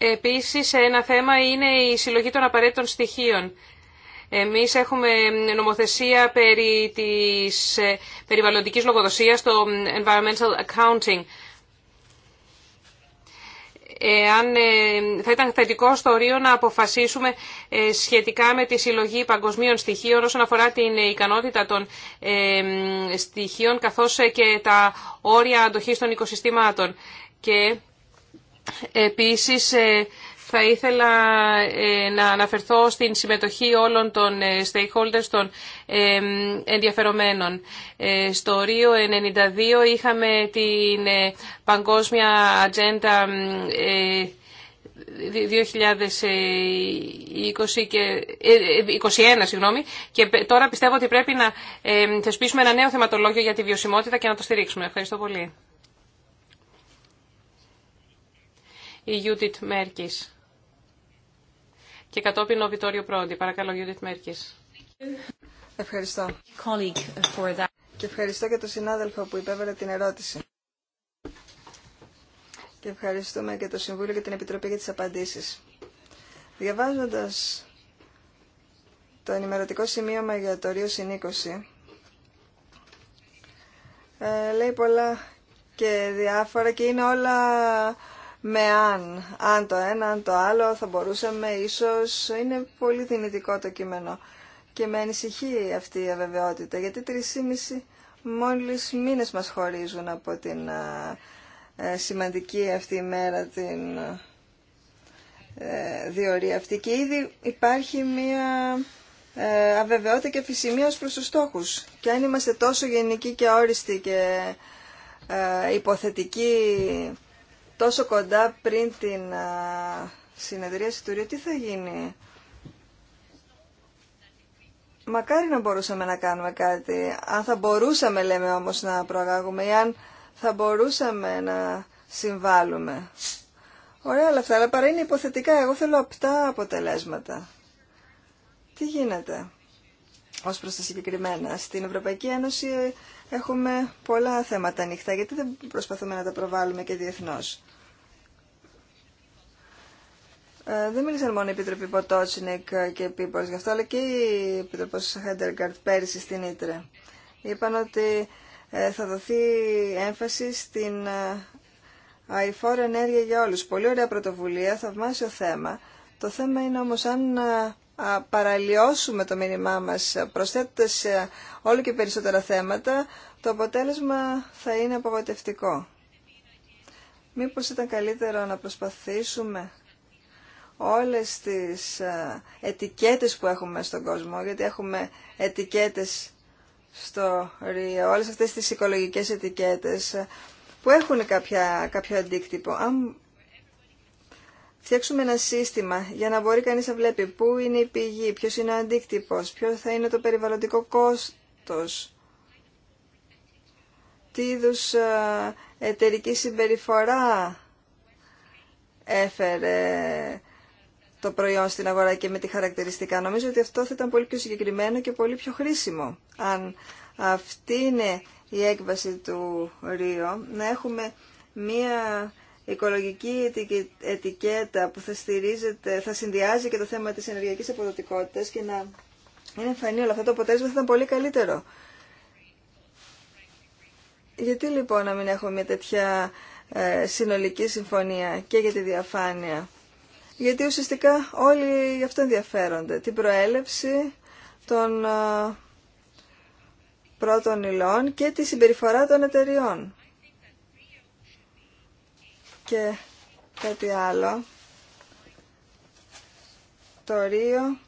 Επίσης, ένα θέμα είναι η συλλογή των απαραίτητων στοιχείων. Εμείς έχουμε νομοθεσία περί της ε, περιβαλλοντικής λογοδοσίας, το Environmental Accounting. Εάν ε, θα ήταν θετικό στο ορίο να αποφασίσουμε ε, σχετικά με τη συλλογή παγκοσμίων στοιχείων όσον αφορά την ικανότητα των στοιχείων καθώς και τα όρια αντοχής των οικοσυστημάτων. Και Επίσης, ε, θα ήθελα ε, να αναφερθώ στην συμμετοχή όλων των ε, stakeholders, των ενδιαφερομένων. Στο Ρίο 92 είχαμε την Παγκόσμια Ατζέντα 2020 και, 21 συγγνώμη, και τώρα πιστεύω ότι πρέπει να θεσπίσουμε ένα νέο θεματολόγιο για τη βιωσιμότητα και να το στηρίξουμε. Ευχαριστώ πολύ. η Γιούτιτ Μέρκη. Και κατόπιν ο Βιτόριο Πρόντι. Παρακαλώ, Γιούτιτ Μέρκη. Ευχαριστώ. Και ευχαριστώ και τον συνάδελφο που υπέβαλε την ερώτηση. Και ευχαριστούμε και το Συμβούλιο και την Επιτροπή για τις απαντήσεις. Διαβάζοντας το ενημερωτικό σημείωμα για το Ρίο ε, λέει πολλά και διάφορα και είναι όλα με αν. Αν το ένα, αν το άλλο, θα μπορούσαμε ίσως, είναι πολύ δυνητικό το κείμενο. Και με ανησυχεί αυτή η αβεβαιότητα, γιατί 3,5 μόλις μήνες μας χωρίζουν από την ε, σημαντική αυτή ημέρα, την ε, διορία αυτή. Και ήδη υπάρχει μία ε, αβεβαιότητα και αφησιμία ως προς τους στόχους. Και αν είμαστε τόσο γενικοί και όριστοι και ε, υποθετικοί τόσο κοντά πριν την συνεδρίαση του Ρίου, τι θα γίνει. Μακάρι να μπορούσαμε να κάνουμε κάτι. Αν θα μπορούσαμε, λέμε όμως, να προαγάγουμε ή αν θα μπορούσαμε να συμβάλλουμε. Ωραία όλα αυτά, αλλά παρά είναι υποθετικά. Εγώ θέλω απτά αποτελέσματα. Τι γίνεται ως προς τα συγκεκριμένα. Στην Ευρωπαϊκή Ένωση έχουμε πολλά θέματα ανοιχτά, γιατί δεν προσπαθούμε να τα προβάλλουμε και διεθνώς. Ε, δεν μίλησαν μόνο οι Επίτροποι Ποτότσινικ και Πίπορς γι' αυτό, αλλά και η Επίτροπος Χέντεργκάρτ πέρυσι στην Ήτρε. Είπαν ότι ε, θα δοθεί έμφαση στην ε, αηφόρο ενέργεια για όλους. Πολύ ωραία πρωτοβουλία, θαυμάσιο θέμα. Το θέμα είναι όμως αν παραλυώσουμε το μήνυμά μας προσθέτοντας όλο και περισσότερα θέματα, το αποτέλεσμα θα είναι απογοτευτικό. Μήπως ήταν καλύτερο να προσπαθήσουμε όλες τις ε, ετικέτες που έχουμε στον κόσμο, γιατί έχουμε ετικέτες στο ΡΙΟ, όλες αυτές τις οικολογικές ετικέτες ε, που έχουν κάποια, κάποιο αντίκτυπο. Αν φτιάξουμε ένα σύστημα για να μπορεί κανείς να βλέπει πού είναι η πηγή, ποιος είναι ο αντίκτυπος, ποιο θα είναι το περιβαλλοντικό κόστος, τι είδου ε, εταιρική συμπεριφορά έφερε το προϊόν στην αγορά και με τη χαρακτηριστικά. Νομίζω ότι αυτό θα ήταν πολύ πιο συγκεκριμένο και πολύ πιο χρήσιμο. Αν αυτή είναι η έκβαση του Ρίο, να έχουμε μία οικολογική ετικέτα που θα στηρίζεται, θα συνδυάζει και το θέμα της ενεργειακής αποδοτικότητας και να είναι εμφανή όλα αυτό το αποτέλεσμα θα ήταν πολύ καλύτερο. Γιατί λοιπόν να μην έχουμε μια τέτοια ε, συνολική συμφωνία και για τη διαφάνεια γιατί ουσιαστικά όλοι γι' αυτό ενδιαφέρονται. Την προέλευση των ε, πρώτων υλών και τη συμπεριφορά των εταιριών. Και κάτι άλλο. Το Ρίο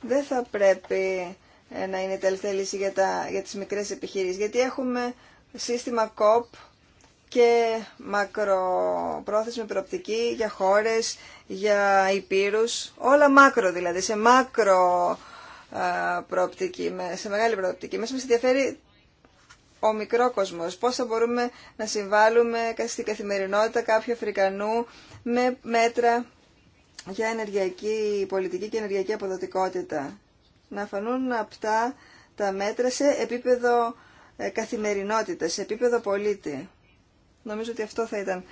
δεν θα πρέπει ε, να είναι τελευταία λύση για, τα, για τις μικρές επιχειρήσεις, γιατί έχουμε σύστημα COP και μακροπρόθεσμη προοπτική για χώρες, για υπήρους, όλα μάκρο δηλαδή, σε μάκρο προοπτική, σε μεγάλη προοπτική. Μέσα μας ενδιαφέρει ο μικρό κόσμος, πώς θα μπορούμε να συμβάλλουμε στην καθημερινότητα κάποιου Αφρικανού με μέτρα για ενεργειακή πολιτική και ενεργειακή αποδοτικότητα. Να φανούν αυτά τα μέτρα σε επίπεδο ε, καθημερινότητα, σε επίπεδο πολίτη. Νομίζω ότι αυτό θα ήταν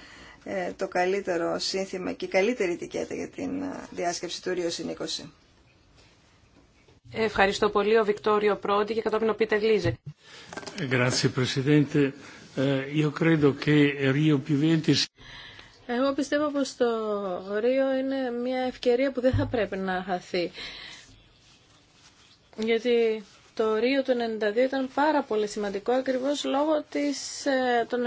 ε, το καλύτερο σύνθημα και η καλύτερη ετικέτα για την ε, διάσκεψη του Ρίου Ευχαριστώ πολύ ο Βικτόριο Πρόντι και κατόπιν ο Πίτερ Λίζε. Ε, Εγώ πιστεύω πως το Ρίο είναι μια ευκαιρία που δεν θα πρέπει να χαθεί. Γιατί το Ρίο του 92 ήταν πάρα πολύ σημαντικό ακριβώς λόγω της, ε, των,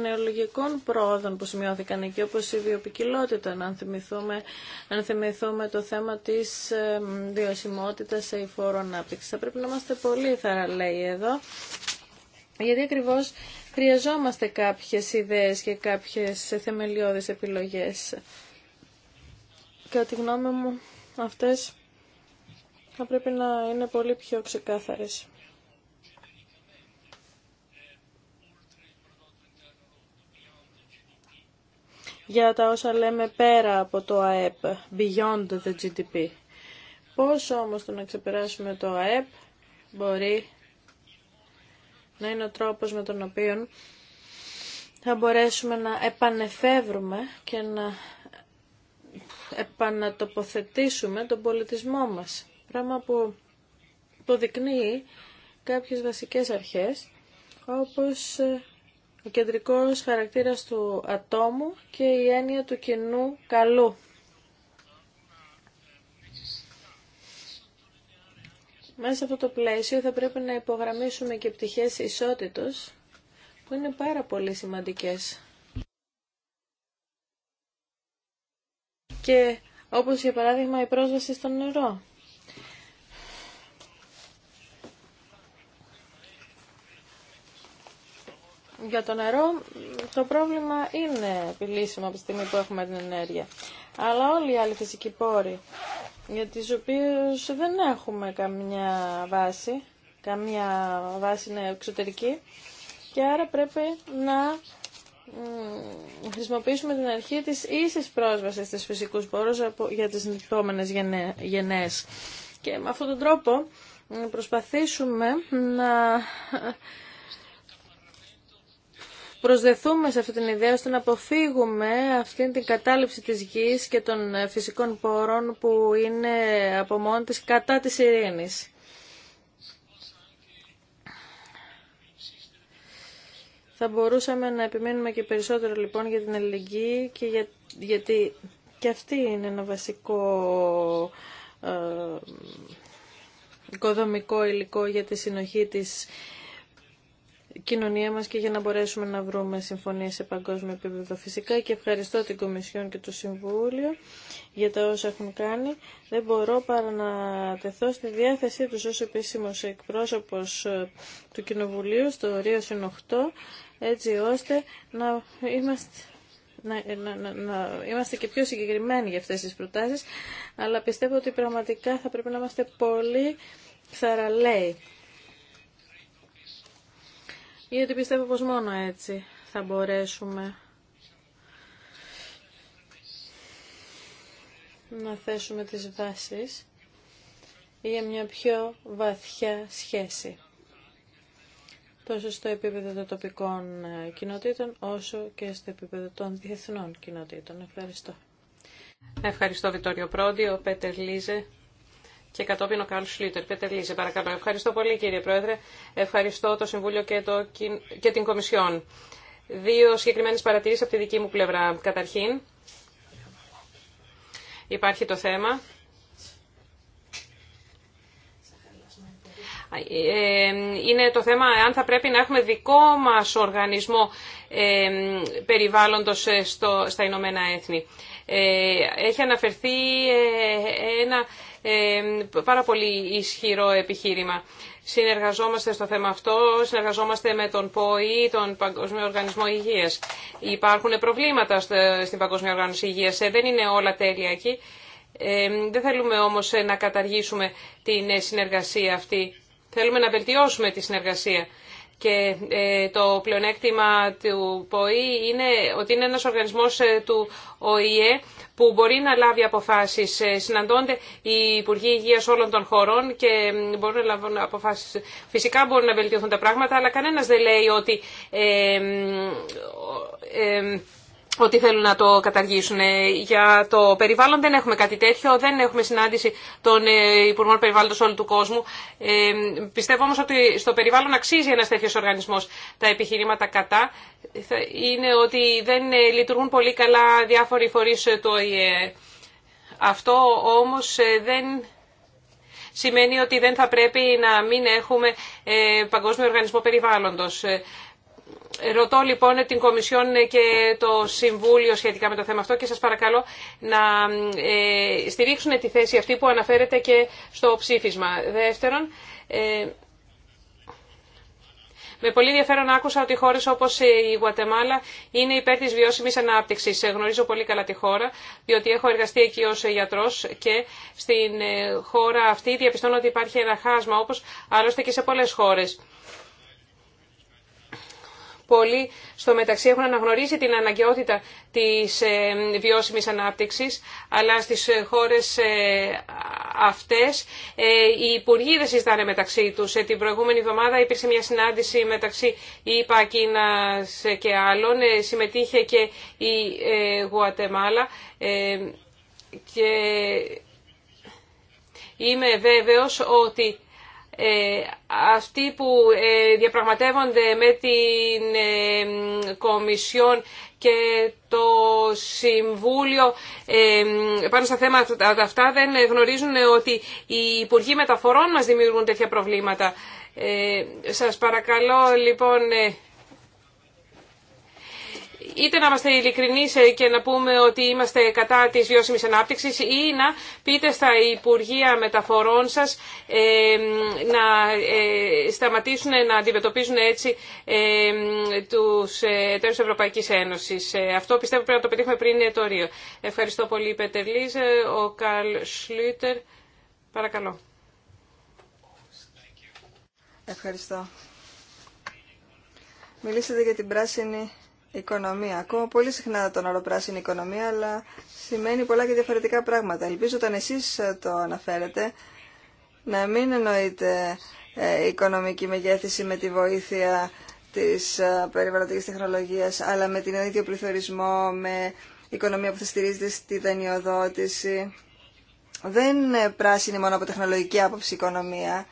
νεολογικών πρόοδων που σημειώθηκαν εκεί όπως η βιοπικιλότητα αν θυμηθούμε, αν θυμηθούμε το θέμα της ε, βιωσιμότητας σε υφόρο ανάπτυξη. Θα πρέπει να είμαστε πολύ θαραλέοι εδώ γιατί ακριβώς χρειαζόμαστε κάποιες ιδέες και κάποιες θεμελιώδεις επιλογές. Κατά τη γνώμη μου αυτές θα πρέπει να είναι πολύ πιο ξεκάθαρες. για τα όσα λέμε πέρα από το ΑΕΠ, beyond the GDP. Πώς όμως το να ξεπεράσουμε το ΑΕΠ μπορεί να είναι ο τρόπος με τον οποίο θα μπορέσουμε να επανεφεύρουμε και να επανατοποθετήσουμε τον πολιτισμό μας. Πράγμα που υποδεικνύει κάποιες βασικές αρχές όπως ε, ο κεντρικός χαρακτήρας του ατόμου και η έννοια του κοινού καλού. Μέσα σε αυτό το πλαίσιο θα πρέπει να υπογραμμίσουμε και πτυχές ισότητος που είναι πάρα πολύ σημαντικές. Και όπως για παράδειγμα η πρόσβαση στο νερό. για το νερό το πρόβλημα είναι επιλύσιμο από τη στιγμή που έχουμε την ενέργεια. Αλλά όλοι οι άλλοι φυσικοί πόροι, για τις οποίους δεν έχουμε καμιά βάση, καμιά βάση είναι εξωτερική, και άρα πρέπει να χρησιμοποιήσουμε την αρχή της ίσης πρόσβασης στις φυσικούς πόρους για τις επόμενες γενναίες. Και με αυτόν τον τρόπο προσπαθήσουμε να προσδεθούμε σε αυτή την ιδέα ώστε να αποφύγουμε αυτή την κατάληψη της γης και των ε, φυσικών πόρων που είναι από μόνη της κατά της ειρήνης. Θα μπορούσαμε να επιμείνουμε και περισσότερο λοιπόν για την ελληνική και για, γιατί και αυτή είναι ένα βασικό ε, οικοδομικό υλικό για τη συνοχή της κοινωνία μας και για να μπορέσουμε να βρούμε συμφωνίες σε παγκόσμιο επίπεδο φυσικά και ευχαριστώ την Κομισιόν και το Συμβούλιο για τα όσα έχουν κάνει. Δεν μπορώ παρά να τεθώ στη διάθεσή τους ως επίσημος εκπρόσωπος ε, του Κοινοβουλίου στο Ρίο 8 έτσι ώστε να είμαστε... Να, να, να, είμαστε και πιο συγκεκριμένοι για αυτές τις προτάσεις, αλλά πιστεύω ότι πραγματικά θα πρέπει να είμαστε πολύ θαραλέοι γιατί πιστεύω πως μόνο έτσι θα μπορέσουμε να θέσουμε τις βάσεις για μια πιο βαθιά σχέση τόσο στο επίπεδο των τοπικών ε, κοινοτήτων όσο και στο επίπεδο των διεθνών κοινοτήτων. Ευχαριστώ. Ευχαριστώ Βιτόριο Πρόντι, ο Πέτερ Λίζε και κατόπιν ο Καρλ Σλίτερ. Πέτερ παρακαλώ. Ευχαριστώ πολύ κύριε Πρόεδρε. Ευχαριστώ το Συμβούλιο και, το... και την Κομισιόν. Δύο συγκεκριμένε παρατηρήσεις από τη δική μου πλευρά. Καταρχήν, υπάρχει το θέμα ε, είναι το θέμα αν θα πρέπει να έχουμε δικό μας οργανισμό ε, περιβάλλοντος ε, στα Ηνωμένα Έθνη. Ε, έχει αναφερθεί ε, ένα ε, πάρα πολύ ισχυρό επιχείρημα. Συνεργαζόμαστε στο θέμα αυτό, συνεργαζόμαστε με τον ΠΟΗ, τον Παγκοσμίο Οργανισμό Υγείας. Υπάρχουν προβλήματα στην Παγκοσμία Οργάνωση Υγείας, δεν είναι όλα τέλεια εκεί. Δεν θέλουμε όμως να καταργήσουμε την συνεργασία αυτή. Θέλουμε να βελτιώσουμε τη συνεργασία. Και ε, το πλεονέκτημα του ΠΟΗ είναι ότι είναι ένας οργανισμός ε, του ΟΗΕ που μπορεί να λάβει αποφάσεις. Ε, συναντώνται οι Υπουργοί Υγείας όλων των χωρών και μπορούν να λάβουν αποφάσεις. Φυσικά μπορούν να βελτιωθούν τα πράγματα, αλλά κανένας δεν λέει ότι ότι θέλουν να το καταργήσουν. Ε, για το περιβάλλον δεν έχουμε κάτι τέτοιο, δεν έχουμε συνάντηση των ε, Υπουργών Περιβάλλοντος όλου του κόσμου. Ε, πιστεύω όμως ότι στο περιβάλλον αξίζει ένας τέτοιος οργανισμός. Τα επιχειρήματα κατά είναι ότι δεν ε, λειτουργούν πολύ καλά διάφοροι φορείς του ΟΗΕ. Αυτό όμως δεν σημαίνει ότι δεν θα πρέπει να μην έχουμε παγκόσμιο οργανισμό περιβάλλοντος. Ρωτώ λοιπόν την Κομισιόν και το Συμβούλιο σχετικά με το θέμα αυτό και σας παρακαλώ να ε, στηρίξουν τη θέση αυτή που αναφέρεται και στο ψήφισμα. Δεύτερον, ε, με πολύ ενδιαφέρον άκουσα ότι χώρε όπω η Γουατεμάλα είναι υπέρ τη βιώσιμη ανάπτυξη. Γνωρίζω πολύ καλά τη χώρα, διότι έχω εργαστεί εκεί ω γιατρό και στην ε, χώρα αυτή διαπιστώνω ότι υπάρχει ένα χάσμα, όπω άλλωστε και σε πολλέ χώρε πολλοί στο μεταξύ έχουν αναγνωρίσει την αναγκαιότητα της ε, βιώσιμης ανάπτυξης, αλλά στις ε, χώρες ε, αυτές οι υπουργοί δεν συζητάνε μεταξύ τους. Την προηγούμενη εβδομάδα υπήρξε μια συνάντηση μεταξύ ΙΠΑ, Κίνας και άλλων. Συμμετείχε και η Γουατεμάλα και είμαι βέβαιος ότι ε, αυτοί που ε, διαπραγματεύονται με την ε, Κομισιόν και το Συμβούλιο πάνω στα θέματα αυτά δεν γνωρίζουν ότι οι Υπουργοί Μεταφορών μας δημιουργούν τέτοια προβλήματα. Σας παρακαλώ λοιπόν είτε να είμαστε ειλικρινεί ε, και να πούμε ότι είμαστε κατά της βιώσιμη ανάπτυξης ή να πείτε στα Υπουργεία Μεταφορών σας ε, να ε, σταματήσουν να αντιμετωπίζουν έτσι τους εταίρους Ευρωπαϊκής Ένωσης. Αυτό πιστεύω πρέπει να το πετύχουμε πριν το Ρίο. Ευχαριστώ πολύ Πέτερ Λίζε, ο Καρλ Σλούτερ, Παρακαλώ. Ευχαριστώ. Μιλήσατε για την πράσινη οικονομία. Ακόμα πολύ συχνά τον όρο πράσινη οικονομία, αλλά σημαίνει πολλά και διαφορετικά πράγματα. Ελπίζω όταν εσεί ε, το αναφέρετε να μην εννοείται ε, οικονομική μεγέθηση με τη βοήθεια τη περιβαλλοντική περιβαλλοντικής τεχνολογίας, αλλά με την ε, ίδιο πληθωρισμό, με οικονομία που θα στηρίζεται στη δανειοδότηση. Δεν είναι πράσινη μόνο από τεχνολογική άποψη οικονομία.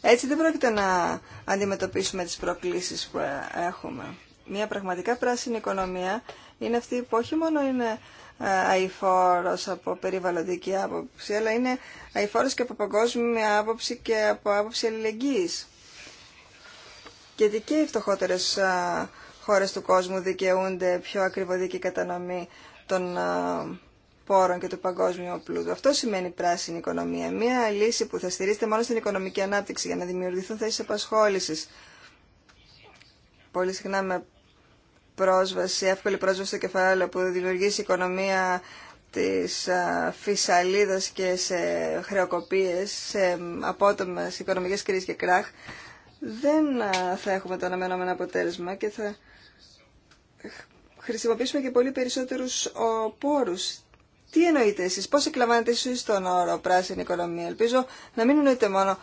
Έτσι δεν πρόκειται να αντιμετωπίσουμε τις προκλήσεις που έχουμε μια πραγματικά πράσινη οικονομία είναι αυτή που όχι μόνο είναι ε, αηφόρος από περιβαλλοντική άποψη, αλλά είναι αηφόρος και από παγκόσμια άποψη και από άποψη αλληλεγγύης. Γιατί και οι φτωχότερες ε, χώρες του κόσμου δικαιούνται πιο ακριβωδική κατανομή των ε, πόρων και του παγκόσμιου πλούτου. Αυτό σημαίνει πράσινη οικονομία. Μία λύση που θα στηρίζεται μόνο στην οικονομική ανάπτυξη για να δημιουργηθούν θέσεις απασχόλησης πολύ συχνά με πρόσβαση, εύκολη πρόσβαση στο κεφάλαιο που δημιουργήσει η οικονομία της φυσαλίδας και σε χρεοκοπίες, σε απότομες οικονομικές κρίσεις και κράχ, δεν θα έχουμε το αναμενόμενο αποτέλεσμα και θα χρησιμοποιήσουμε και πολύ περισσότερους πόρους. Τι εννοείτε εσείς, πώς εκλαμβάνετε εσείς τον όρο πράσινη οικονομία. Ελπίζω να μην εννοείτε μόνο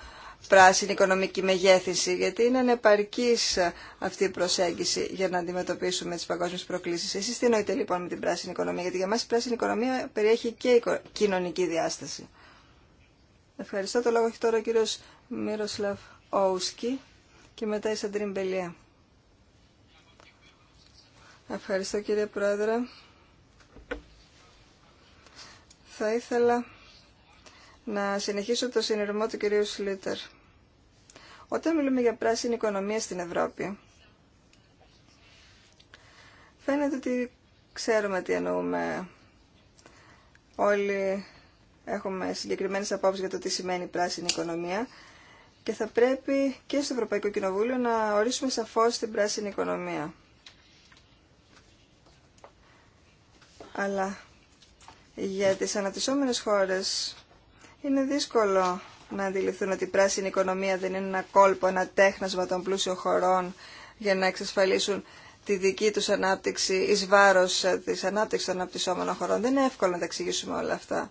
πράσινη οικονομική μεγέθυνση, γιατί είναι ανεπαρκής αυτή η προσέγγιση για να αντιμετωπίσουμε τις παγκόσμιες προκλήσεις. Εσείς τι εννοείτε λοιπόν με την πράσινη οικονομία, γιατί για μας η πράσινη οικονομία περιέχει και κοινωνική διάσταση. Ευχαριστώ. Το λόγο έχει τώρα ο κύριο Μύροσλαβ Όουσκι και μετά η Σαντρίν Μπελία. Ευχαριστώ κύριε Πρόεδρε. Θα ήθελα να συνεχίσω το συνειρμό του κυρίου Σλίτερ. Όταν μιλούμε για πράσινη οικονομία στην Ευρώπη, φαίνεται ότι ξέρουμε τι εννοούμε. Όλοι έχουμε συγκεκριμένες απόψεις για το τι σημαίνει πράσινη οικονομία και θα πρέπει και στο Ευρωπαϊκό Κοινοβούλιο να ορίσουμε σαφώς την πράσινη οικονομία. Αλλά για τις αναπτυσσόμενες χώρες είναι δύσκολο να αντιληφθούν ότι η πράσινη οικονομία δεν είναι ένα κόλπο, ένα τέχνασμα των πλούσιων χωρών για να εξασφαλίσουν τη δική τους ανάπτυξη εις βάρος ε, της ανάπτυξης των αναπτυσσόμενων χωρών. Δεν είναι εύκολο να τα εξηγήσουμε όλα αυτά.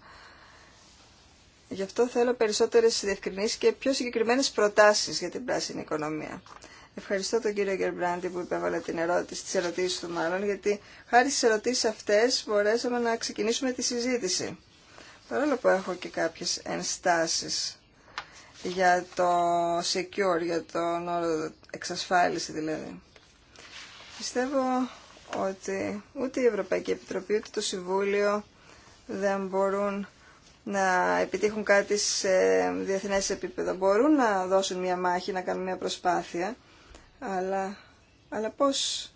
Γι' αυτό θέλω περισσότερες διευκρινήσεις και πιο συγκεκριμένες προτάσεις για την πράσινη οικονομία. Ευχαριστώ τον κύριο Γερμπράντη που υπέβαλε την ερώτηση, τις ερωτήσεις του μάλλον, γιατί χάρη στις ερωτήσεις αυτές μπορέσαμε να ξεκινήσουμε τη συζήτηση παρόλο που έχω και κάποιες ενστάσεις για το secure, για τον όρο εξασφάλιση δηλαδή. Πιστεύω ότι ούτε η Ευρωπαϊκή Επιτροπή ούτε το Συμβούλιο δεν μπορούν να επιτύχουν κάτι σε διεθνές επίπεδο. Μπορούν να δώσουν μια μάχη, να κάνουν μια προσπάθεια, αλλά, αλλά πώς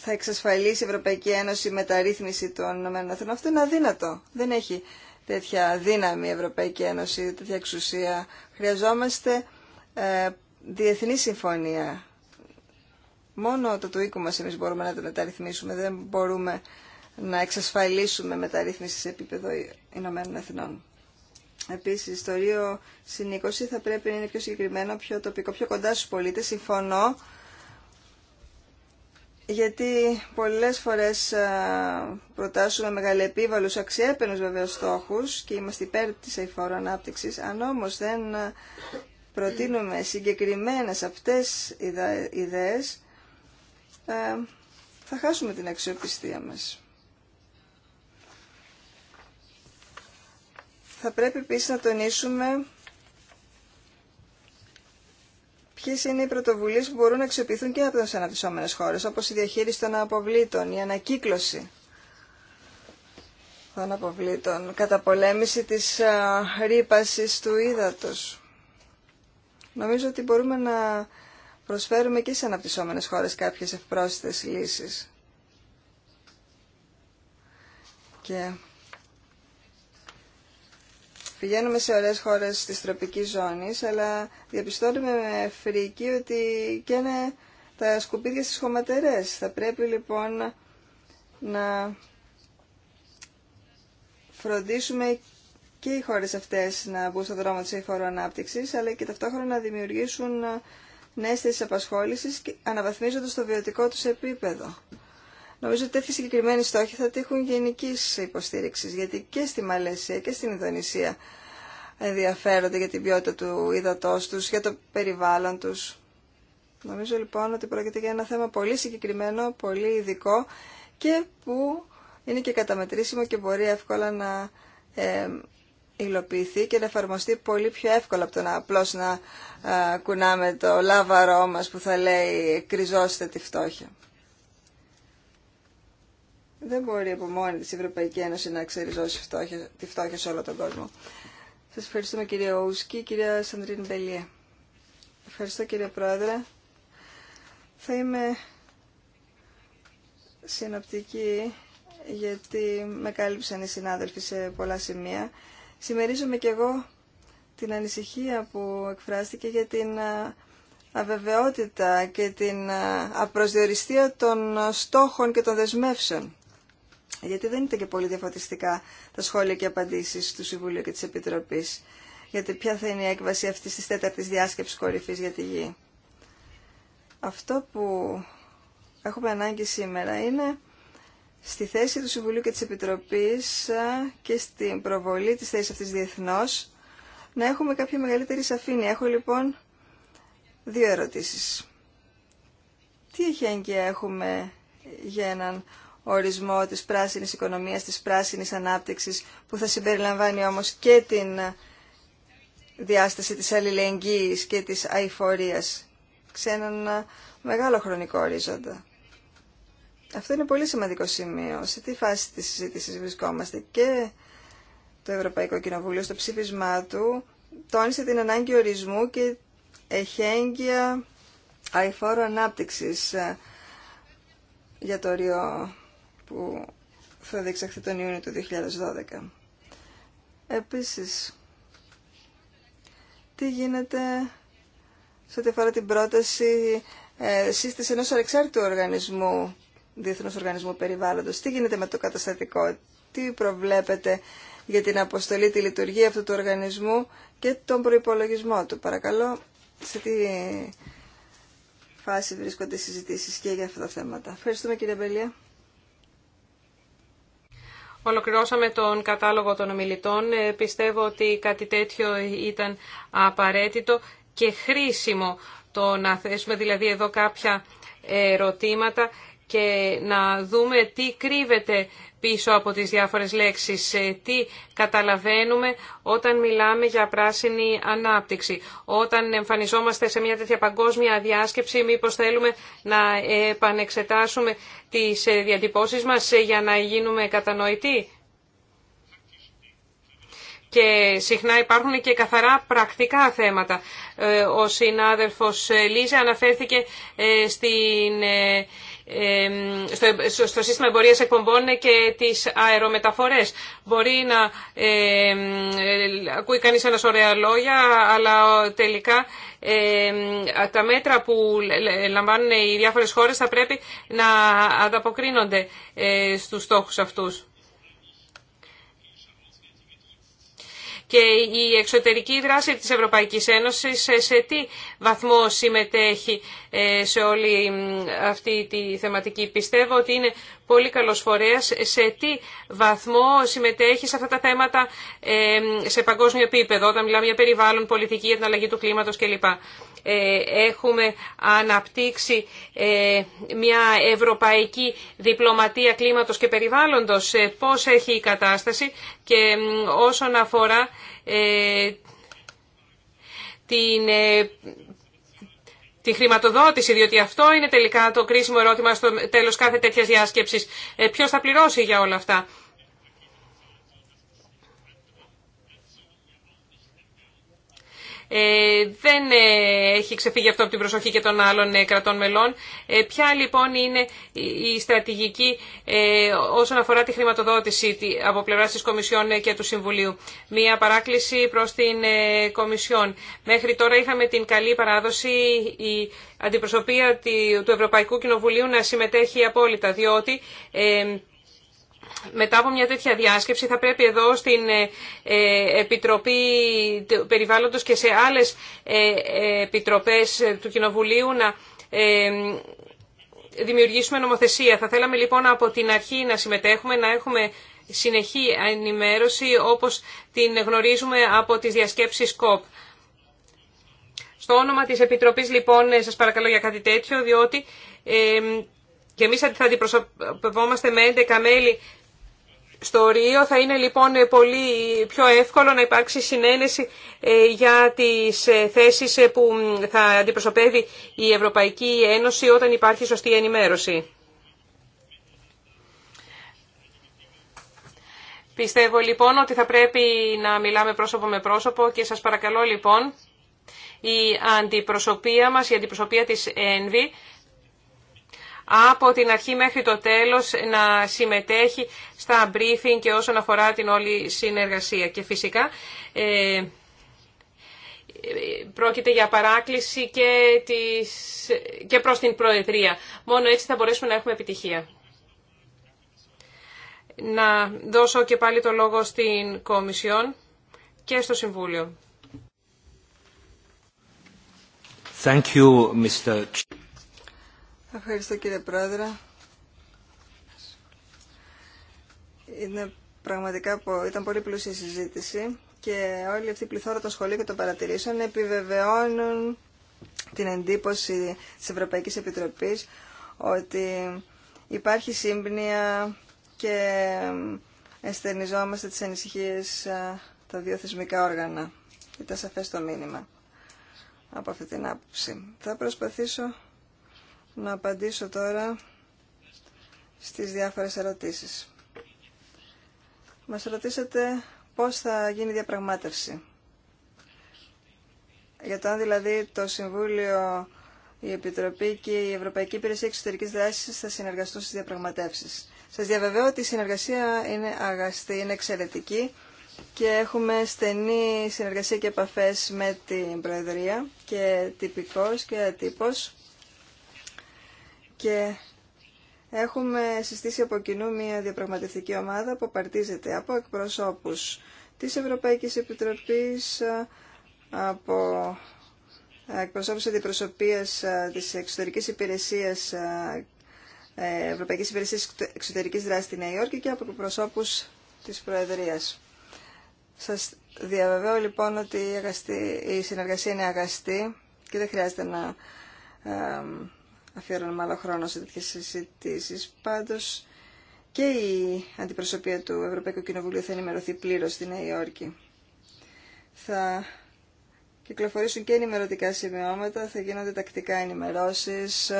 θα εξασφαλίσει η Ευρωπαϊκή Ένωση μεταρρύθμιση των ΗΠΑ. Αυτό είναι αδύνατο. Δεν έχει τέτοια δύναμη η Ευρωπαϊκή Ένωση, τέτοια εξουσία. Χρειαζόμαστε ε, διεθνή συμφωνία. Μόνο το του οίκου μας εμείς μπορούμε να το μεταρρυθμίσουμε. Δεν μπορούμε να εξασφαλίσουμε μεταρρύθμιση σε επίπεδο Ηνωμένων Εθνών. Επίσης, το Ρίο Συνήκωση θα πρέπει να είναι πιο συγκεκριμένο, πιο τοπικό, πιο κοντά στους πολίτες. Συμφωνώ γιατί πολλές φορές προτάσουμε μεγαλεπίβαλους αξιέπαινους βέβαια στόχους και είμαστε υπέρ της αηφόρου ανάπτυξης, αν όμως δεν προτείνουμε συγκεκριμένες αυτές ιδέες, θα χάσουμε την αξιοπιστία μας. Θα πρέπει επίσης να τονίσουμε ποιε είναι οι πρωτοβουλίε που μπορούν να αξιοποιηθούν και από τι αναπτυσσόμενε χώρε, όπω η διαχείριση των αποβλήτων, η ανακύκλωση των αποβλήτων, καταπολέμηση τη ρήπαση του ύδατο. Νομίζω ότι μπορούμε να προσφέρουμε και σε αναπτυσσόμενες χώρες κάποιες ευπρόσθετες λύσεις. Και Πηγαίνουμε σε ωραίες χώρες της τροπικής ζώνης, αλλά διαπιστώνουμε με φρική ότι καίνε τα σκουπίδια στις χωματερές. Θα πρέπει λοιπόν να φροντίσουμε και οι χώρες αυτές να μπουν στον δρόμο της ανάπτυξης, αλλά και ταυτόχρονα να δημιουργήσουν νέες θέσεις απασχόλησης, αναβαθμίζοντας το βιωτικό τους επίπεδο. Νομίζω ότι τέτοιοι συγκεκριμένοι στόχοι θα τύχουν γενική υποστήριξη, γιατί και στη Μαλαισία και στην Ινδονησία ενδιαφέρονται για την ποιότητα του ύδατό του, για το περιβάλλον του. Νομίζω λοιπόν ότι πρόκειται για ένα θέμα πολύ συγκεκριμένο, πολύ ειδικό και που είναι και καταμετρήσιμο και μπορεί εύκολα να ε, υλοποιηθεί και να εφαρμοστεί πολύ πιο εύκολα από το να απλώς να κουνάμε το λάβαρό μας που θα λέει «Κρυζώστε τη φτώχεια». Δεν μπορεί από μόνη της Ευρωπαϊκή Ένωση να ξεριζώσει τη φτώχεια σε όλο τον κόσμο. Σας ευχαριστούμε κύριε Ούσκη, κυρία Σαντρίν Μπελιέ. Ευχαριστώ κύριε Πρόεδρε. Θα είμαι συνοπτική γιατί με κάλυψαν οι συνάδελφοι σε πολλά σημεία. Σημερίζομαι και εγώ την ανησυχία που εκφράστηκε για την αβεβαιότητα και την απροσδιοριστία των στόχων και των δεσμεύσεων γιατί δεν ήταν και πολύ διαφωτιστικά τα σχόλια και απαντήσεις του Συμβουλίου και της Επιτροπής γιατί ποια θα είναι η έκβαση αυτής τη τέταρτη διάσκεψης κορυφή για τη γη. Αυτό που έχουμε ανάγκη σήμερα είναι στη θέση του Συμβουλίου και της Επιτροπής και στην προβολή της θέσης αυτής διεθνώς να έχουμε κάποια μεγαλύτερη σαφήνεια. Έχω λοιπόν δύο ερωτήσεις. Τι έχει έχουμε για έναν ορισμό της πράσινης οικονομίας, της πράσινης ανάπτυξης, που θα συμπεριλαμβάνει όμως και την διάσταση της αλληλεγγύης και της αηφορίας σε έναν μεγάλο χρονικό ορίζοντα. Αυτό είναι πολύ σημαντικό σημείο. Σε τι φάση της συζήτησης βρισκόμαστε και το Ευρωπαϊκό Κοινοβούλιο στο ψήφισμά του τόνισε την ανάγκη ορισμού και εχέγγυα αηφόρου ανάπτυξης ε, για το Ρίο που θα διεξαχθεί τον Ιούνιο του 2012. Επίσης, τι γίνεται σε ό,τι αφορά την πρόταση ε, σύστηση ενός αρεξάρτητου οργανισμού, Διεθνούς Οργανισμού Περιβάλλοντος. Τι γίνεται με το καταστατικό, τι προβλέπετε για την αποστολή, τη λειτουργία αυτού του οργανισμού και τον προϋπολογισμό του. Παρακαλώ, σε τι φάση βρίσκονται οι συζητήσεις και για αυτά τα θέματα. Ευχαριστούμε κύριε Μπελία. Ολοκληρώσαμε τον κατάλογο των ομιλητών. Ε, πιστεύω ότι κάτι τέτοιο ήταν απαραίτητο και χρήσιμο το να θέσουμε δηλαδή εδώ κάποια ερωτήματα και να δούμε τι κρύβεται πίσω από τις διάφορες λέξεις, ε, τι καταλαβαίνουμε όταν μιλάμε για πράσινη ανάπτυξη. Όταν εμφανιζόμαστε σε μια τέτοια παγκόσμια διάσκεψη, μήπως θέλουμε να επανεξετάσουμε τις ε, διατυπώσεις μας ε, για να γίνουμε κατανοητοί. Και συχνά υπάρχουν και καθαρά πρακτικά θέματα. Ο συνάδελφος Λίζα αναφέρθηκε στην στο, σύστημα εμπορίας εκπομπών και τις αερομεταφορές. Μπορεί να ε, ακούει κανεί ένα ωραία λόγια, αλλά τελικά ε, τα μέτρα που λαμβάνουν οι διάφορες χώρες θα πρέπει να ανταποκρίνονται ε, στους στόχους αυτούς. και η εξωτερική δράση της Ευρωπαϊκής Ένωσης σε τι βαθμό συμμετέχει ε, σε όλη αυτή τη θεματική. Πιστεύω ότι είναι πολύ καλός φορέας σε τι βαθμό συμμετέχει σε αυτά τα θέματα ε, σε παγκόσμιο επίπεδο, όταν μιλάμε για περιβάλλον, πολιτική, για την αλλαγή του κλίματος κλπ. Ε, έχουμε αναπτύξει ε, μια ευρωπαϊκή διπλωματία κλίματος και περιβάλλοντος, ε, πώς έχει η κατάσταση και όσον αφορά την τη χρηματοδότηση, διότι αυτό είναι τελικά το κρίσιμο ερώτημα στο τέλος κάθε τέτοιας διάσκεψης. Ποιος θα πληρώσει για όλα αυτά. Ε, δεν ε, έχει ξεφύγει αυτό από την προσοχή και των άλλων ε, κρατών μελών. Ποια λοιπόν είναι η στρατηγική όσον αφορά τη χρηματοδότηση από πλευρά τη Κομισιόν και του Συμβουλίου. Μία παράκληση προ την Κομισιόν. Μέχρι τώρα είχαμε την καλή παράδοση η αντιπροσωπεία του Ευρωπαϊκού Κοινοβουλίου να συμμετέχει απόλυτα, διότι μετά από μια τέτοια διάσκεψη θα πρέπει εδώ στην ε, ε, Επιτροπή Περιβάλλοντος και σε άλλες ε, επιτροπές του Κοινοβουλίου να δημιουργήσουμε νομοθεσία. Θα θέλαμε λοιπόν από την αρχή να συμμετέχουμε, να έχουμε συνεχή ενημέρωση όπως την γνωρίζουμε από τις διασκέψεις ΚΟΠ. Στο όνομα της Επιτροπής λοιπόν σας παρακαλώ για κάτι τέτοιο διότι και εμείς θα αντιπροσωπευόμαστε με 11 μέλη στο Ρίο θα είναι λοιπόν πολύ πιο εύκολο να υπάρξει συνένεση ε, για τις ε, θέσεις ε, που θα αντιπροσωπεύει η Ευρωπαϊκή Ένωση όταν υπάρχει σωστή ενημέρωση. Πιστεύω λοιπόν ότι θα πρέπει να μιλάμε πρόσωπο με πρόσωπο και σας παρακαλώ λοιπόν η αντιπροσωπεία μας, η αντιπροσωπεία της ΕΝΒΗ από την αρχή μέχρι το τέλος να συμμετέχει στα briefing και όσον αφορά την όλη συνεργασία. Και φυσικά ε, πρόκειται για παράκληση και, τις, και προς την Προεδρία. Μόνο έτσι θα μπορέσουμε να έχουμε επιτυχία. Να δώσω και πάλι το λόγο στην Κομισιόν και στο Συμβούλιο. Thank Ευχαριστώ κύριε Πρόεδρε. Είναι πραγματικά, ήταν πολύ πλούσια η συζήτηση και όλη αυτή η πληθώρα των σχολείων και των παρατηρήσεων επιβεβαιώνουν την εντύπωση της Ευρωπαϊκής Επιτροπής ότι υπάρχει σύμπνοια και εστερνιζόμαστε τις ανησυχίες τα δύο θεσμικά όργανα. Ήταν σαφές το μήνυμα από αυτή την άποψη. Θα προσπαθήσω να απαντήσω τώρα στις διάφορες ερωτήσεις. Μας ρωτήσατε πώς θα γίνει η διαπραγμάτευση. Για το αν δηλαδή το Συμβούλιο, η Επιτροπή και η Ευρωπαϊκή Υπηρεσία Εξωτερικής Δράσης θα συνεργαστούν στις διαπραγματεύσεις. Σας διαβεβαιώ ότι η συνεργασία είναι αγαστή, είναι εξαιρετική και έχουμε στενή συνεργασία και επαφές με την Προεδρία και τυπικός και ατύπος και έχουμε συστήσει από κοινού μια διαπραγματευτική ομάδα που παρτίζεται από εκπροσώπους της Ευρωπαϊκής Επιτροπής, από εκπροσώπους αντιπροσωπείας της Εξωτερικής Υπηρεσίας Ευρωπαϊκής Υπηρεσίας Εξωτερικής Δράσης στη Νέα Υόρκη και από εκπροσώπους της Προεδρίας. Σας διαβεβαίω λοιπόν ότι η, η συνεργασία είναι αγαστή και δεν χρειάζεται να αφιέρωνουμε μάλλον χρόνο σε τέτοιε συζητήσει Πάντως και η αντιπροσωπεία του Ευρωπαϊκού Κοινοβουλίου θα ενημερωθεί πλήρω στη Νέα Υόρκη. Θα κυκλοφορήσουν και ενημερωτικά σημειώματα, θα γίνονται τακτικά ενημερώσεις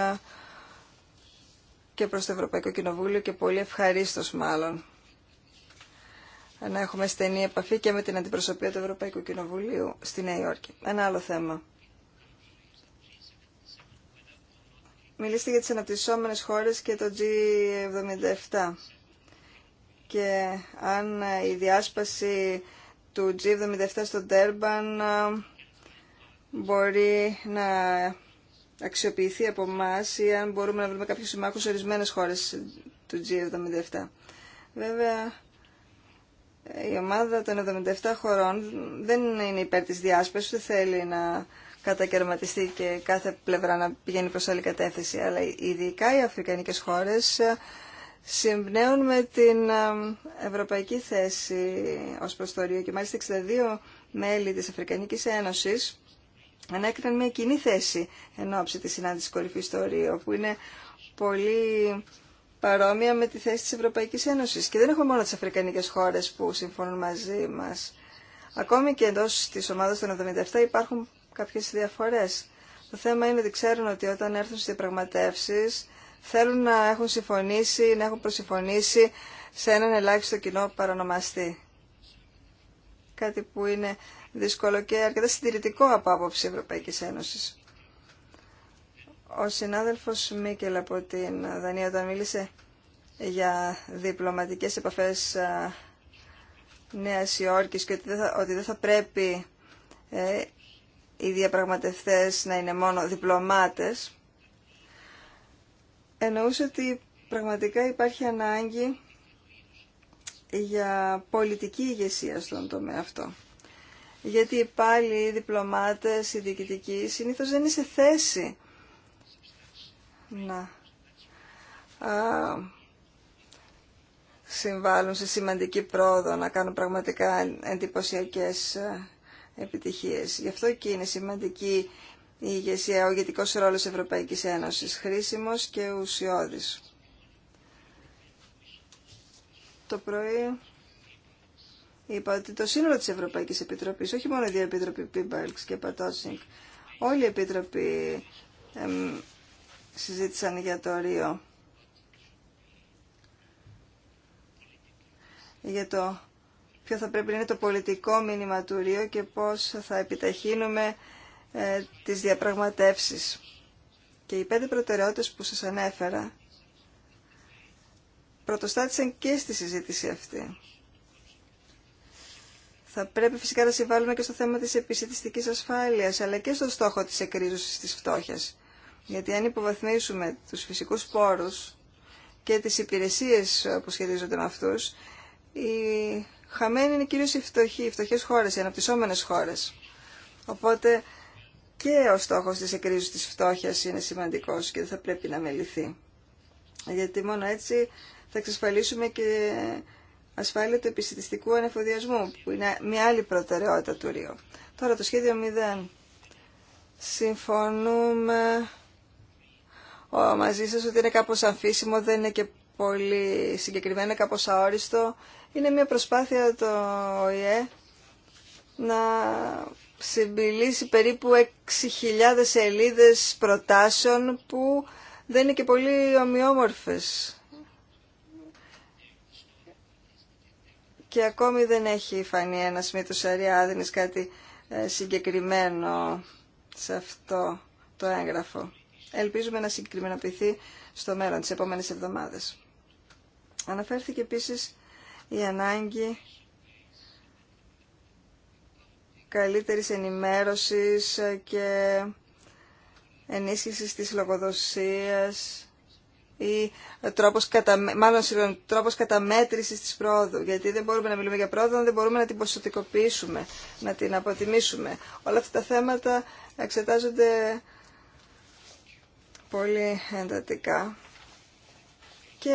και προς το Ευρωπαϊκό Κοινοβούλιο και πολύ ευχαρίστως μάλλον να έχουμε στενή επαφή και με την αντιπροσωπεία του Ευρωπαϊκού Κοινοβουλίου στη Νέα Υόρκη. Ένα άλλο θέμα μιλήσετε για τις αναπτυσσόμενες χώρες και το G77. Και αν ε, η διάσπαση του G77 στο Τέρμπαν ε, μπορεί να αξιοποιηθεί από εμά ή αν μπορούμε να βρούμε κάποιους συμμάχους σε ορισμένες χώρες του G77. Βέβαια, η ομάδα των 77 χωρών δεν είναι υπέρ της διάσπασης, δεν θέλει να κατακαιρματιστεί και κάθε πλευρά να πηγαίνει προς άλλη κατεύθυνση. Αλλά ειδικά οι αφρικανικές χώρες ε, συμπνέουν με την ε, ευρωπαϊκή θέση ως προς το και μάλιστα 62 μέλη της Αφρικανικής Ένωσης ανέκριναν μια κοινή θέση εν ώψη της συνάντησης κορυφής στο Ρίο που είναι πολύ παρόμοια με τη θέση της Ευρωπαϊκής Ένωσης. Και δεν έχουμε μόνο τις αφρικανικές χώρες που συμφωνούν μαζί μας. Ακόμη και εντός της ομάδας των 77 υπάρχουν κάποιες διαφορές. Το θέμα είναι ότι ξέρουν ότι όταν έρθουν στις διαπραγματεύσει θέλουν να έχουν συμφωνήσει, να έχουν προσυμφωνήσει σε έναν ελάχιστο κοινό παρονομαστή. Κάτι που είναι δύσκολο και αρκετά συντηρητικό από άποψη Ευρωπαϊκής Ένωσης. Ο συνάδελφος Μίκελ από την Δανία όταν μίλησε για διπλωματικές επαφές Νέας Υόρκης και ότι ότι δεν θα πρέπει ε, οι διαπραγματευτές να είναι μόνο διπλωμάτες, εννοούσε ότι πραγματικά υπάρχει ανάγκη για πολιτική ηγεσία στον τομέα αυτό. Γιατί πάλι οι διπλωμάτες, οι διοικητικοί συνήθως δεν είναι θέση να συμβάλλουν σε σημαντική πρόοδο, να κάνουν πραγματικά εντυπωσιακές ε, επιτυχίες. Γι' αυτό και είναι σημαντική η ηγεσία, ο ηγετικό ρόλο Ευρωπαϊκή Ένωση, χρήσιμο και ουσιώδης. Το πρωί είπα ότι το σύνολο της Ευρωπαϊκής Επιτροπής, όχι μόνο οι δύο επιτροποί Πίμπαλξ και Πατώσινγκ, όλοι οι επιτροποί εμ, συζήτησαν για το Ρίο, για το ποιο θα πρέπει να είναι το πολιτικό μήνυμα του και πώς θα επιταχύνουμε ε, τις διαπραγματεύσεις. Και οι πέντε προτεραιότητες που σας ανέφερα πρωτοστάτησαν και στη συζήτηση αυτή. Θα πρέπει φυσικά να συμβάλλουμε και στο θέμα της επισητιστικής ασφάλειας, αλλά και στο στόχο της εκρίζωσης της φτώχειας. Γιατί αν υποβαθμίσουμε τους φυσικούς πόρους και τις υπηρεσίες που σχετίζονται με αυτούς, η Χαμένοι είναι κυρίως οι φτωχοί, οι φτωχές χώρες, οι αναπτυσσόμενες χώρες. Οπότε και ο στόχος της εκρίζωσης της φτώχειας είναι σημαντικός και δεν θα πρέπει να μεληθεί. Γιατί μόνο έτσι θα εξασφαλίσουμε και ασφάλεια του επιστημιστικού ανεφοδιασμού, που είναι μια άλλη προτεραιότητα του ρίου. Τώρα το σχέδιο 0. Συμφωνούμε ο, μαζί σας ότι είναι κάπως αμφίσιμο, δεν είναι και πολύ συγκεκριμένα, κάπως αόριστο. Είναι μια προσπάθεια το ΟΗΕ να συμπηλήσει περίπου 6.000 σελίδες προτάσεων που δεν είναι και πολύ ομοιόμορφες. Και ακόμη δεν έχει φανεί ένας μύθος κάτι ε, συγκεκριμένο σε αυτό το έγγραφο. Ελπίζουμε να συγκεκριμενοποιηθεί στο μέλλον τις επόμενες εβδομάδες. Αναφέρθηκε επίσης η ανάγκη καλύτερης ενημέρωσης και ενίσχυσης της λογοδοσίας ή τρόπος, κατα... μάλλον, τρόπος καταμέτρησης της πρόοδου. Γιατί δεν μπορούμε να μιλούμε για πρόοδο, δεν μπορούμε να την ποσοτικοποιήσουμε, να την αποτιμήσουμε. Όλα αυτά τα θέματα εξετάζονται πολύ εντατικά. Και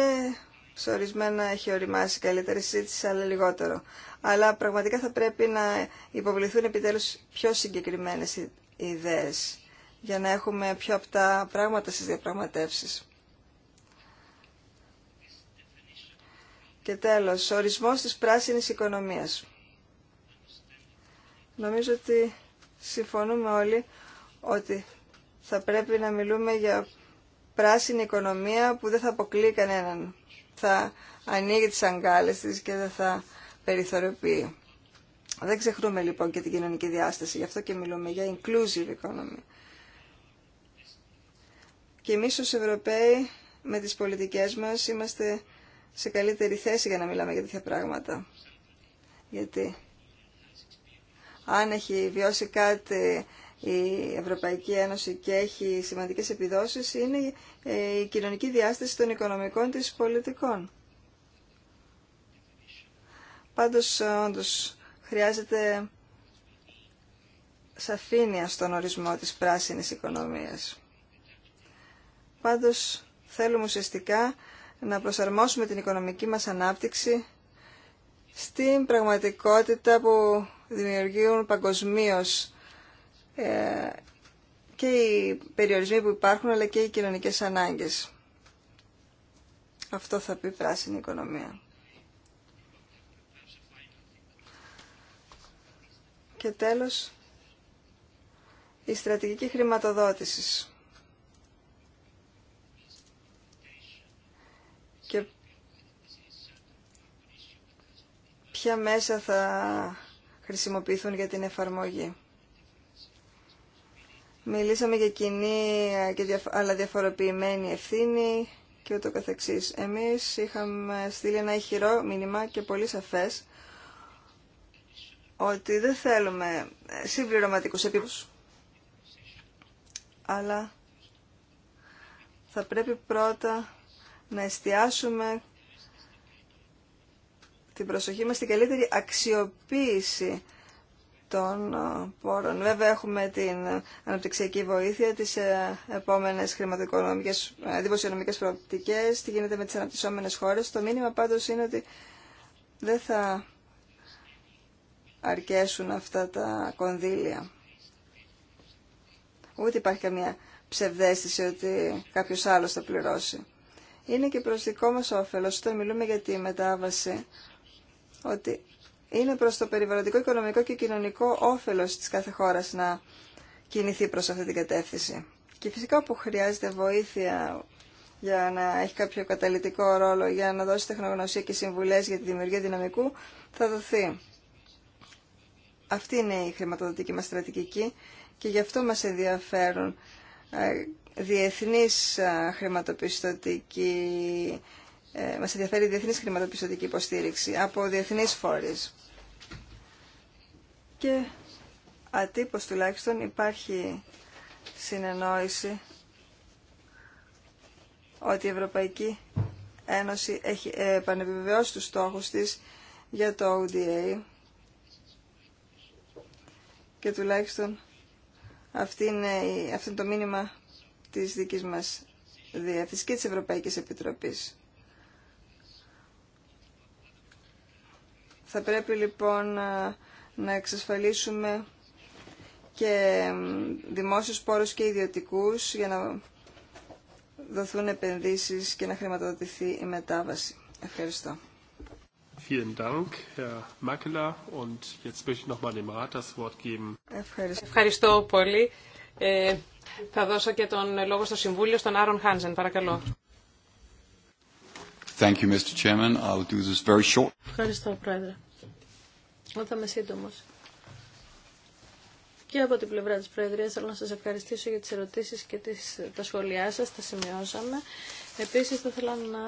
σε ορισμένα έχει οριμάσει καλύτερη συζήτηση, άλλα λιγότερο. Αλλά πραγματικά θα πρέπει να υποβληθούν επιτέλους πιο συγκεκριμένες ιδέες για να έχουμε πιο απτά πράγματα στις διαπραγματεύσεις. Και τέλος, ορισμός της πράσινης οικονομίας. Νομίζω ότι συμφωνούμε όλοι ότι θα πρέπει να μιλούμε για πράσινη οικονομία που δεν θα αποκλεί κανέναν θα ανοίγει τις αγκάλες της και δεν θα περιθωριοποιεί. Δεν ξεχνούμε λοιπόν και την κοινωνική διάσταση, γι' αυτό και μιλούμε για inclusive economy. Και εμείς ως Ευρωπαίοι με τις πολιτικές μας είμαστε σε καλύτερη θέση για να μιλάμε για τέτοια πράγματα. Γιατί αν έχει βιώσει κάτι η Ευρωπαϊκή Ένωση και έχει σημαντικές επιδόσεις είναι ε, η κοινωνική διάσταση των οικονομικών της πολιτικών. Πάντως, όντως, χρειάζεται σαφήνεια στον ορισμό της πράσινης οικονομίας. Πάντως, θέλουμε ουσιαστικά να προσαρμόσουμε την οικονομική μας ανάπτυξη στην πραγματικότητα που δημιουργούν παγκοσμίως ε, και οι περιορισμοί που υπάρχουν αλλά και οι κοινωνικές ανάγκες. Αυτό θα πει πράσινη οικονομία. Και τέλος, η στρατηγική χρηματοδότησης. Και ποια μέσα θα χρησιμοποιηθούν για την εφαρμογή. Μιλήσαμε για κοινή και αλλά διαφοροποιημένη ευθύνη και ούτω καθεξής. Εμείς είχαμε στείλει ένα ηχηρό μήνυμα και πολύ σαφές ότι δεν θέλουμε συμπληρωματικούς επίπους αλλά θα πρέπει πρώτα να εστιάσουμε την προσοχή μας στην καλύτερη αξιοποίηση των ε, πόρων. Βέβαια έχουμε την αναπτυξιακή βοήθεια, τις ε, επόμενες χρηματοοικονομικές, ε, δημοσιονομικές προοπτικές, τι γίνεται με τις αναπτυσσόμενες χώρες. Το μήνυμα πάντως είναι ότι δεν θα αρκέσουν αυτά τα κονδύλια. Ούτε υπάρχει καμία ψευδέστηση ότι κάποιος άλλος θα πληρώσει. Είναι και προς δικό μας όφελος όταν μιλούμε για τη μετάβαση ότι είναι προς το περιβαλλοντικό, οικονομικό και κοινωνικό όφελος της κάθε χώρας να κινηθεί προς αυτή την κατεύθυνση. Και φυσικά όπου χρειάζεται βοήθεια για να έχει κάποιο καταλητικό ρόλο, για να δώσει τεχνογνωσία και συμβουλές για τη δημιουργία δυναμικού, θα δοθεί. Αυτή είναι η χρηματοδοτική μας στρατηγική και γι' αυτό μας ενδιαφέρουν ε, διεθνής ε, χρηματοπιστωτική, ε, μας ενδιαφέρει η διεθνής χρηματοπιστωτική υποστήριξη από διεθνείς φόρες και ατύπως τουλάχιστον υπάρχει συνεννόηση ότι η Ευρωπαϊκή Ένωση έχει επανεπιβεβαιώσει τους στόχους της για το ODA και τουλάχιστον αυτή είναι, αυτό είναι το μήνυμα της δικής μας διεύθυνσης και της Ευρωπαϊκής Επιτροπής. Θα πρέπει λοιπόν ε, να εξασφαλίσουμε και δημόσιους πόρους και ιδιωτικούς για να δοθούν επενδύσεις και να χρηματοδοτηθεί η μετάβαση. Ευχαριστώ. Ευχαριστώ πολύ. Ε, θα δώσω και τον λόγο στο Συμβούλιο, στον Άρον Χάνζεν. Παρακαλώ. Thank you, Mr. Chairman. I'll do this very short. Ευχαριστώ, Πρόεδρε. Θα είμαι σύντομο. Και από την πλευρά της Προεδρία θέλω να σας ευχαριστήσω για τις ερωτήσεις και τις, τα σχόλιά σα, τα σημειώσαμε. Επίσης θα ήθελα να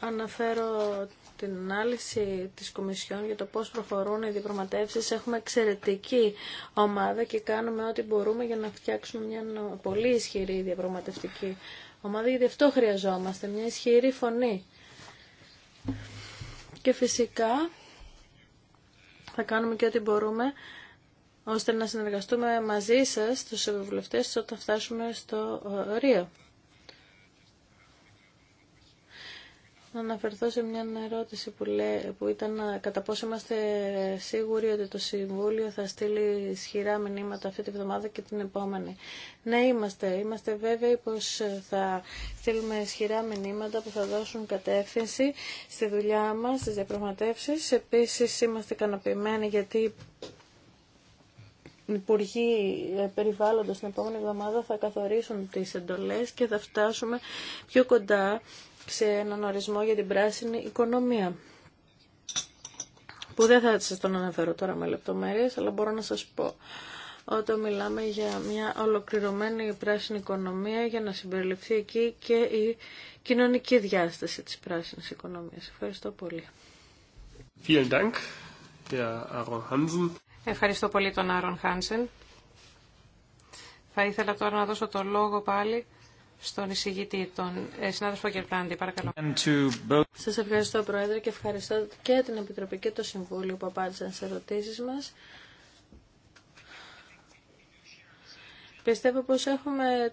αναφέρω την ανάλυση της Κομισιόν για το πώς προχωρούν οι διαπραγματεύσει. Έχουμε εξαιρετική ομάδα και κάνουμε ό,τι μπορούμε για να φτιάξουμε μια πολύ ισχυρή διαπραγματευτική ομάδα, γιατί αυτό χρειαζόμαστε, μια ισχυρή φωνή και φυσικά θα κάνουμε και ό,τι μπορούμε ώστε να συνεργαστούμε μαζί σας, τους ευρωβουλευτές, όταν φτάσουμε στο ε, Ρίο. να αναφερθώ σε μια ερώτηση που, λέ, που ήταν κατά πόσο είμαστε σίγουροι ότι το Συμβούλιο θα στείλει ισχυρά μηνύματα αυτή τη βδομάδα και την επόμενη. Ναι, είμαστε. Είμαστε βέβαιοι πως θα στείλουμε ισχυρά μηνύματα που θα δώσουν κατεύθυνση στη δουλειά μας, στις διαπραγματεύσεις. Επίσης, είμαστε ικανοποιημένοι γιατί οι Υπουργοί Περιβάλλοντος την επόμενη εβδομάδα θα καθορίσουν τις εντολές και θα φτάσουμε πιο κοντά σε έναν ορισμό για την πράσινη οικονομία που δεν θα σας τον αναφέρω τώρα με λεπτομέρειες, αλλά μπορώ να σας πω όταν μιλάμε για μια ολοκληρωμένη πράσινη οικονομία για να συμπεριληφθεί εκεί και η κοινωνική διάσταση της πράσινης οικονομίας. Ευχαριστώ πολύ. Ευχαριστώ πολύ τον Άρον Χάνσεν. Θα ήθελα τώρα να δώσω το λόγο πάλι στον εισηγητή, τον ε, συνάδελφο Κερπλάντη. Παρακαλώ. Σας ευχαριστώ, Πρόεδρε, και ευχαριστώ και την Επιτροπή και το Συμβούλιο που απάντησαν σε ερωτήσει μας. Πιστεύω πως έχουμε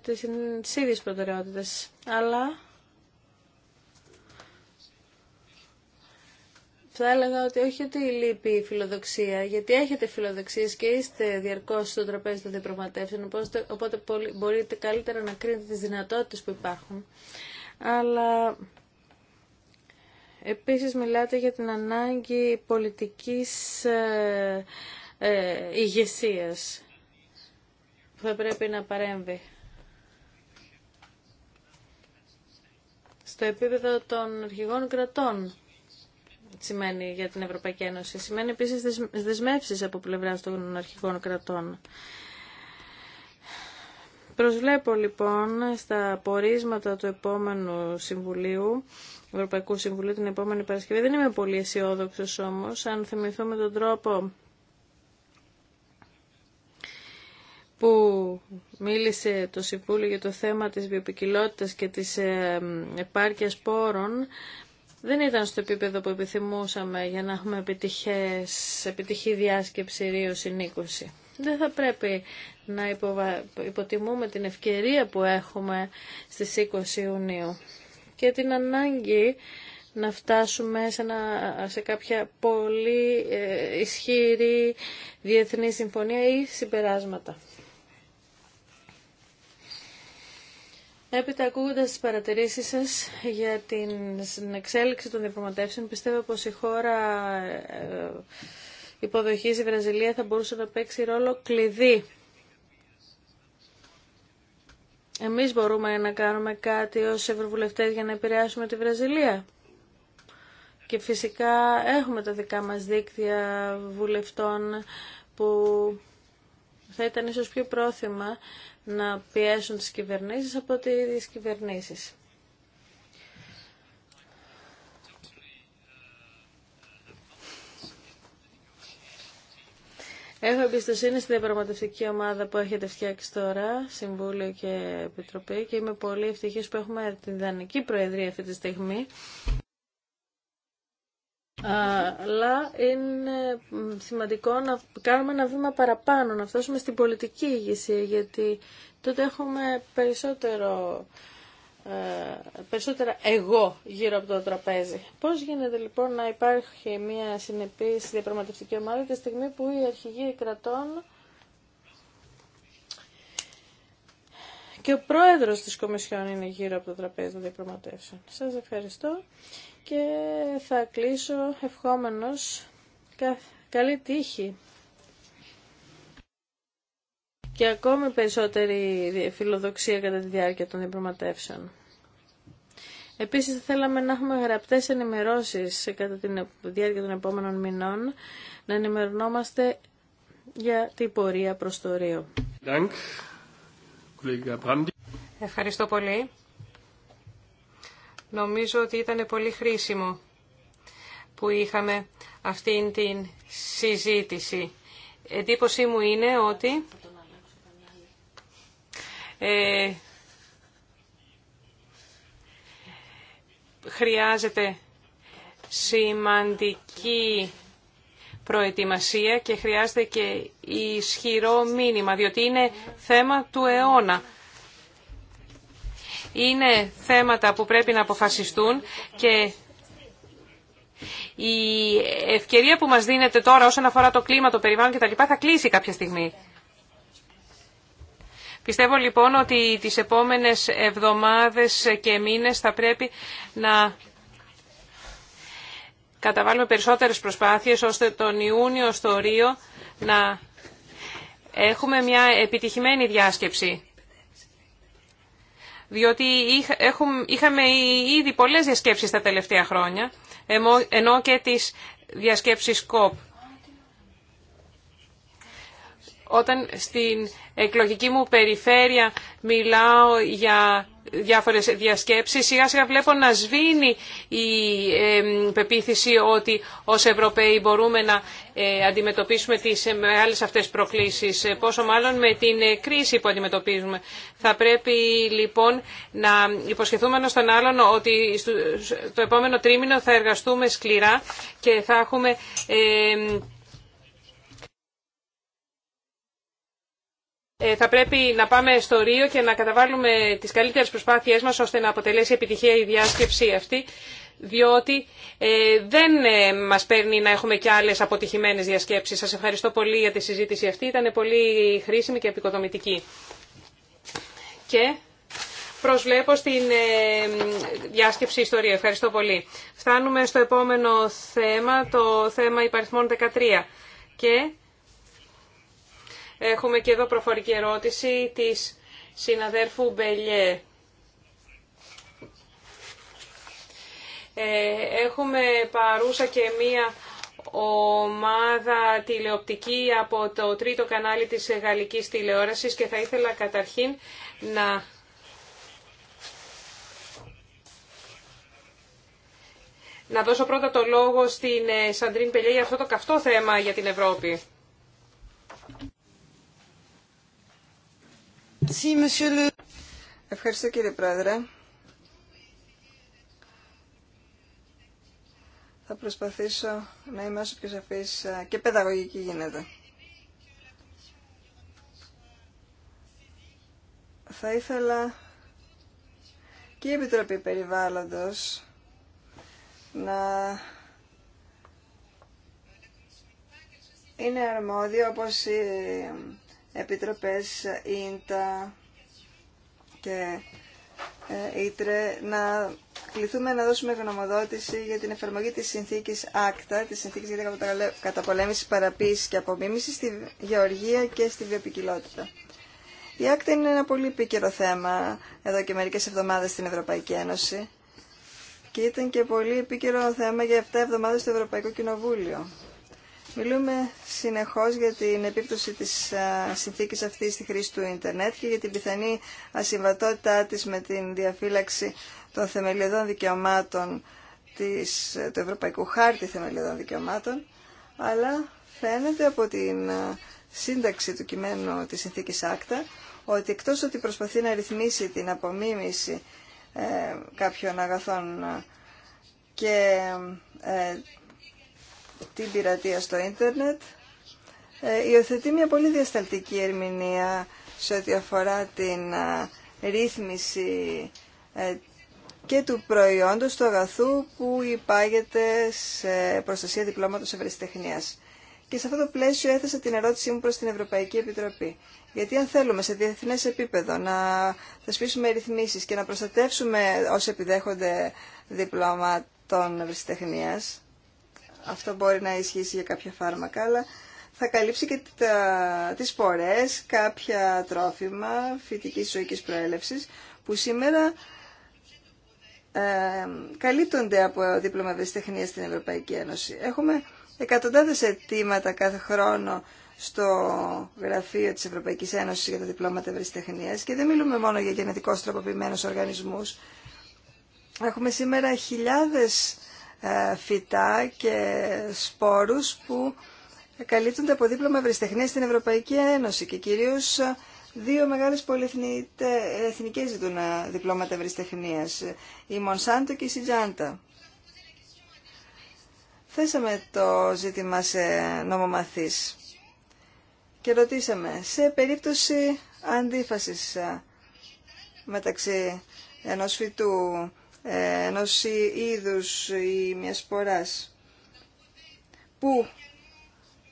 τις ίδιες προτεραιότητες, αλλά θα έλεγα ότι όχι ότι λείπει η φιλοδοξία, γιατί έχετε φιλοδοξίες και είστε διαρκώς στο τραπέζι των διαπραγματεύσεων, οπότε μπορείτε καλύτερα να κρίνετε τις δυνατότητες που υπάρχουν. Αλλά επίσης μιλάτε για την ανάγκη πολιτικής ε, ε, που θα πρέπει να παρέμβει. Στο επίπεδο των αρχηγών κρατών σημαίνει για την Ευρωπαϊκή Ένωση. Σημαίνει επίση δεσμεύσει από πλευρά των αρχικών κρατών. Προσβλέπω λοιπόν στα πορίσματα του επόμενου Συμβουλίου, Ευρωπαϊκού Συμβουλίου την επόμενη Παρασκευή. Δεν είμαι πολύ αισιόδοξο όμως, αν θυμηθούμε τον τρόπο που μίλησε το Συμβούλιο για το θέμα της βιοποικιλότητας... και της ε, επάρκειας πόρων, δεν ήταν στο επίπεδο που επιθυμούσαμε για να έχουμε επιτυχές, επιτυχή διάσκεψη Ρίου συνήκωση. Δεν θα πρέπει να υποτιμούμε την ευκαιρία που έχουμε στις 20 Ιουνίου και την ανάγκη να φτάσουμε σε, ένα, σε κάποια πολύ ε, ισχύρη διεθνή συμφωνία ή συμπεράσματα. Έπειτα, ακούγοντα τι παρατηρήσει σα για την εξέλιξη των διαπραγματεύσεων, πιστεύω πω η χώρα ε, υποδοχή, η Βραζιλία, θα μπορούσε να παίξει ρόλο κλειδί. Εμείς μπορούμε να κάνουμε κάτι ως ευρωβουλευτές για να επηρεάσουμε τη Βραζιλία. Και φυσικά έχουμε τα δικά μας δίκτυα βουλευτών που θα ήταν ίσως πιο πρόθυμα να πιέσουν τις κυβερνήσεις από τις κυβερνήσεις. Έχω εμπιστοσύνη στην διαπραγματευτική ομάδα που έχετε φτιάξει τώρα, Συμβούλιο και Επιτροπή, και είμαι πολύ ευτυχής που έχουμε την Δανική Προεδρία αυτή τη στιγμή αλλά είναι σημαντικό να κάνουμε ένα βήμα παραπάνω, να φτάσουμε στην πολιτική ηγεσία, γιατί τότε έχουμε περισσότερο, ε, περισσότερα εγώ γύρω από το τραπέζι. Πώς γίνεται λοιπόν να υπάρχει μια συνεπής διαπραγματευτική ομάδα τη στιγμή που οι αρχηγοί κρατών και ο πρόεδρος της Κομισιόν είναι γύρω από το τραπέζι των διαπραγματεύσεων. Σας ευχαριστώ και θα κλείσω ευχόμενος καλή τύχη και ακόμη περισσότερη φιλοδοξία κατά τη διάρκεια των διαπραγματεύσεων. Επίσης θα θέλαμε να έχουμε γραπτές ενημερώσεις κατά τη διάρκεια των επόμενων μηνών, να ενημερωνόμαστε για την πορεία προς το Ρίο. Ευχαριστώ πολύ. Νομίζω ότι ήταν πολύ χρήσιμο που είχαμε αυτήν την συζήτηση. Εντύπωσή μου είναι ότι ε, χρειάζεται σημαντική προετοιμασία και χρειάζεται και ισχυρό μήνυμα, διότι είναι θέμα του αιώνα είναι θέματα που πρέπει να αποφασιστούν και η ευκαιρία που μας δίνεται τώρα όσον αφορά το κλίμα, το περιβάλλον κτλ. θα κλείσει κάποια στιγμή. Πιστεύω λοιπόν ότι τις επόμενες εβδομάδες και μήνες θα πρέπει να καταβάλουμε περισσότερες προσπάθειες ώστε τον Ιούνιο στο Ρίο να έχουμε μια επιτυχημένη διάσκεψη διότι είχαμε ήδη πολλές διασκέψεις τα τελευταία χρόνια, ενώ και τις διασκέψεις COP. Όταν στην εκλογική μου περιφέρεια μιλάω για διάφορες διασκέψεις, σιγά σιγά βλέπω να σβήνει η πεποίθηση ότι ως Ευρωπαίοι μπορούμε να ε, αντιμετωπίσουμε τις μεγάλες αυτές προκλήσεις, ε, πόσο μάλλον με την ε, κρίση που αντιμετωπίζουμε. Θα πρέπει λοιπόν να υποσχεθούμε ένα στον άλλον ότι το επόμενο τρίμηνο θα εργαστούμε σκληρά και θα έχουμε Ε, θα πρέπει να πάμε στο Ρίο και να καταβάλουμε τις καλύτερες προσπάθειές μας ώστε να αποτελέσει επιτυχία η διάσκεψη αυτή, διότι ε, δεν ε, μας παίρνει να έχουμε και άλλες αποτυχημένες διασκέψεις. Σας ευχαριστώ πολύ για τη συζήτηση αυτή, ήταν πολύ χρήσιμη και επικοδομητική. Και προσβλέπω στην διάσκεψη ιστορία. Ευχαριστώ πολύ. Φτάνουμε στο επόμενο θέμα, το θέμα υπαριθμών 13. Και Έχουμε και εδώ προφορική ερώτηση της συναδέρφου Μπελιέ. Ε, έχουμε παρούσα και μία ομάδα τηλεοπτική από το τρίτο κανάλι της γαλλικής τηλεόρασης και θα ήθελα καταρχήν να να δώσω πρώτα το λόγο στην ε, Σαντρίν Πελιέ για αυτό το καυτό θέμα για την Ευρώπη. Ευχαριστώ κύριε Πρόεδρε. Θα προσπαθήσω να είμαι όσο πιο σαφής και παιδαγωγική γίνεται. Θα ήθελα και η Επιτροπή Περιβάλλοντος να είναι αρμόδιο όπως η επιτροπές ίντα και ε, ήτρε να κληθούμε να δώσουμε γνωμοδότηση για την εφαρμογή της συνθήκης ΑΚΤΑ, της συνθήκης για την καταπολέμηση παραποίηση και απομίμησης στη γεωργία και στη βιοπικιλότητα. Η ΑΚΤΑ είναι ένα πολύ επίκαιρο θέμα εδώ και μερικές εβδομάδες στην Ευρωπαϊκή Ένωση και ήταν και πολύ επίκαιρο θέμα για 7 εβδομάδες στο Ευρωπαϊκό Κοινοβούλιο. Μιλούμε συνεχώς για την επίπτωση της συνθήκης αυτής στη χρήση του ίντερνετ και για την πιθανή ασυμβατότητά της με την διαφύλαξη των θεμελιωδών δικαιωμάτων της, του Ευρωπαϊκού Χάρτη Θεμελιωδών Δικαιωμάτων, αλλά φαίνεται από την σύνταξη του κειμένου της συνθήκης Άκτα ότι εκτός ότι προσπαθεί να ρυθμίσει την απομίμηση ε, κάποιων αγαθών και ε, την πειρατεία στο ίντερνετ ε, υιοθετεί μια πολύ διασταλτική ερμηνεία σε ό,τι αφορά την ε, ρύθμιση ε, και του προϊόντος του αγαθού που υπάγεται σε προστασία διπλώματος ευρεσιτεχνίας. Και σε αυτό το πλαίσιο έθεσα την ερώτησή μου προς την Ευρωπαϊκή Επιτροπή. Γιατί αν θέλουμε σε διεθνές επίπεδο να θεσπίσουμε ρυθμίσεις και να προστατεύσουμε όσοι επιδέχονται διπλώμα των ευρεσιτεχνίας, αυτό μπορεί να ισχύσει για κάποια φάρμακα, αλλά θα καλύψει και τα, τις πορές, κάποια τρόφιμα φυτικής ζωικής προέλευσης, που σήμερα ε, καλύπτονται από δίπλωμα ευρεσιτεχνία στην Ευρωπαϊκή Ένωση. Έχουμε εκατοντάδες αιτήματα κάθε χρόνο στο γραφείο της Ευρωπαϊκής Ένωσης για τα διπλώματα ευρεσιτεχνίας και δεν μιλούμε μόνο για γενετικώς τροποποιημένους οργανισμούς. Έχουμε σήμερα χιλιάδες ε, φυτά και σπόρους που καλύπτονται από δίπλωμα ευρεσιτεχνία στην Ευρωπαϊκή Ένωση και κυρίως ε, δύο μεγάλες πολυεθνικές ζητούν ε, διπλώματα ευρεσιτεχνία, η Μονσάντο και η Σιτζάντα. Θέσαμε το ζήτημα σε νομομαθείς και ρωτήσαμε σε περίπτωση αντίφασης μεταξύ ενός φυτού ενός είδους ή μιας σποράς που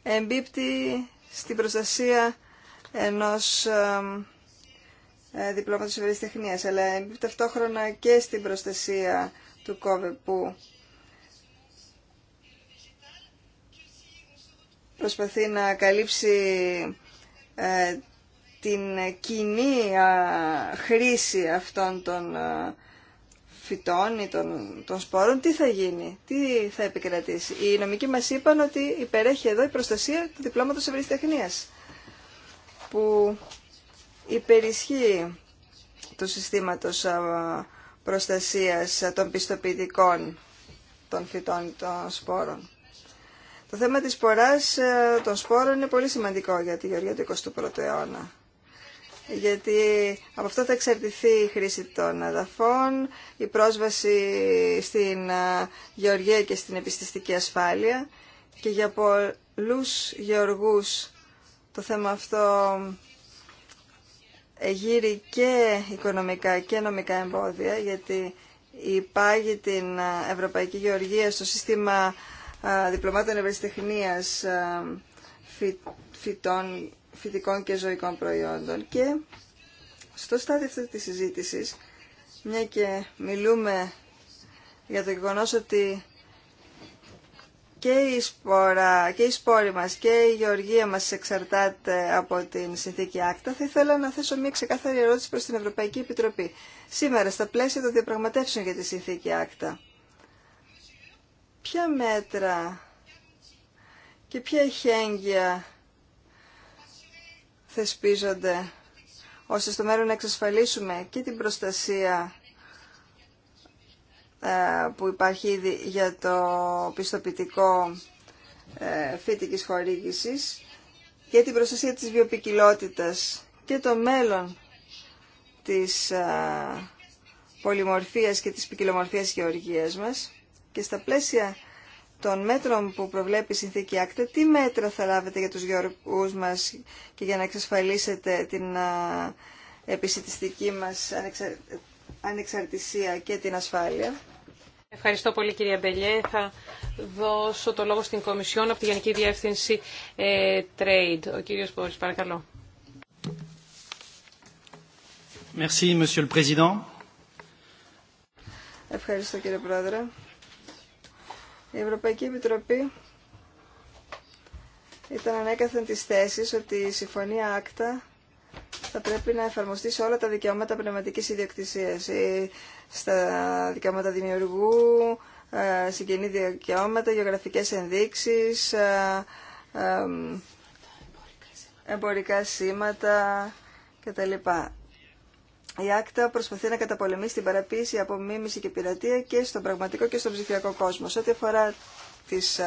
εμπίπτει στην προστασία ενός ε, διπλώματος ευρεσιτεχνίας αλλά εμπίπτει ταυτόχρονα και στην προστασία του κόβε που προσπαθεί να καλύψει ε, την κοινή χρήση αυτών των ε, φυτών ή των, των σπόρων, τι θα γίνει, τι θα επικρατήσει. Οι νομικοί μας είπαν ότι υπερέχει εδώ η προστασία του διπλώματος ευρυστεχνίας, που υπερισχύει του συστήματος προστασίας των πιστοποιητικών των φυτών των σπόρων. Το θέμα της σποράς ε, των σπόρων είναι πολύ σημαντικό για τη γεωργία του 21ου αιώνα γιατί από αυτό θα εξαρτηθεί η χρήση των αδαφών, η πρόσβαση στην γεωργία και στην επιστηστική ασφάλεια και για πολλούς γεωργούς το θέμα αυτό γύρει και οικονομικά και νομικά εμπόδια γιατί υπάγει την Ευρωπαϊκή Γεωργία στο σύστημα διπλωμάτων ευρεσιτεχνίας φυτών φυτικών και ζωικών προϊόντων. Και στο στάδιο αυτή της συζήτησης, μια και μιλούμε για το γεγονό ότι και η, σπορά, και η σπόρη μας και η γεωργία μας εξαρτάται από την συνθήκη άκτα, θα ήθελα να θέσω μια ξεκάθαρη ερώτηση προς την Ευρωπαϊκή Επιτροπή. Σήμερα, στα πλαίσια των διαπραγματεύσεων για τη συνθήκη άκτα, ποια μέτρα και ποια εχέγγυα θεσπίζονται ώστε στο μέλλον να εξασφαλίσουμε και την προστασία ε, που υπάρχει ήδη για το πιστοποιητικό ε, φυτικής χορήγησης και την προστασία της βιοπικιλότητας και το μέλλον της ε, πολυμορφίας και της ποικιλομορφίας γεωργίας μας και στα πλαίσια των μέτρων που προβλέπει η συνθήκη άκτα, τι μέτρα θα λάβετε για τους γεωργούς μας και για να εξασφαλίσετε την επισητιστική μας ανεξαρτησία και την ασφάλεια. Ευχαριστώ πολύ κυρία Μπελιέ. Θα δώσω το λόγο στην Κομισιόν από τη Γενική Διεύθυνση ε, Trade. Ο κύριος Πόρης, παρακαλώ. Merci, Monsieur le Président. Ευχαριστώ κύριε Πρόεδρε. Η Ευρωπαϊκή Επιτροπή ήταν ανέκαθεν της θέσης ότι η Συμφωνία Άκτα θα πρέπει να εφαρμοστεί σε όλα τα δικαιώματα πνευματική ιδιοκτησίας, στα δικαιώματα δημιουργού, ε, συγγενή δικαιώματα, γεωγραφικές ενδείξεις, ε, ε, εμπορικά σήματα κτλ η άκτα προσπαθεί να καταπολεμήσει την παραποίηση από μίμηση και πειρατεία και στον πραγματικό και στον ψηφιακό κόσμο. Σε ό,τι αφορά τις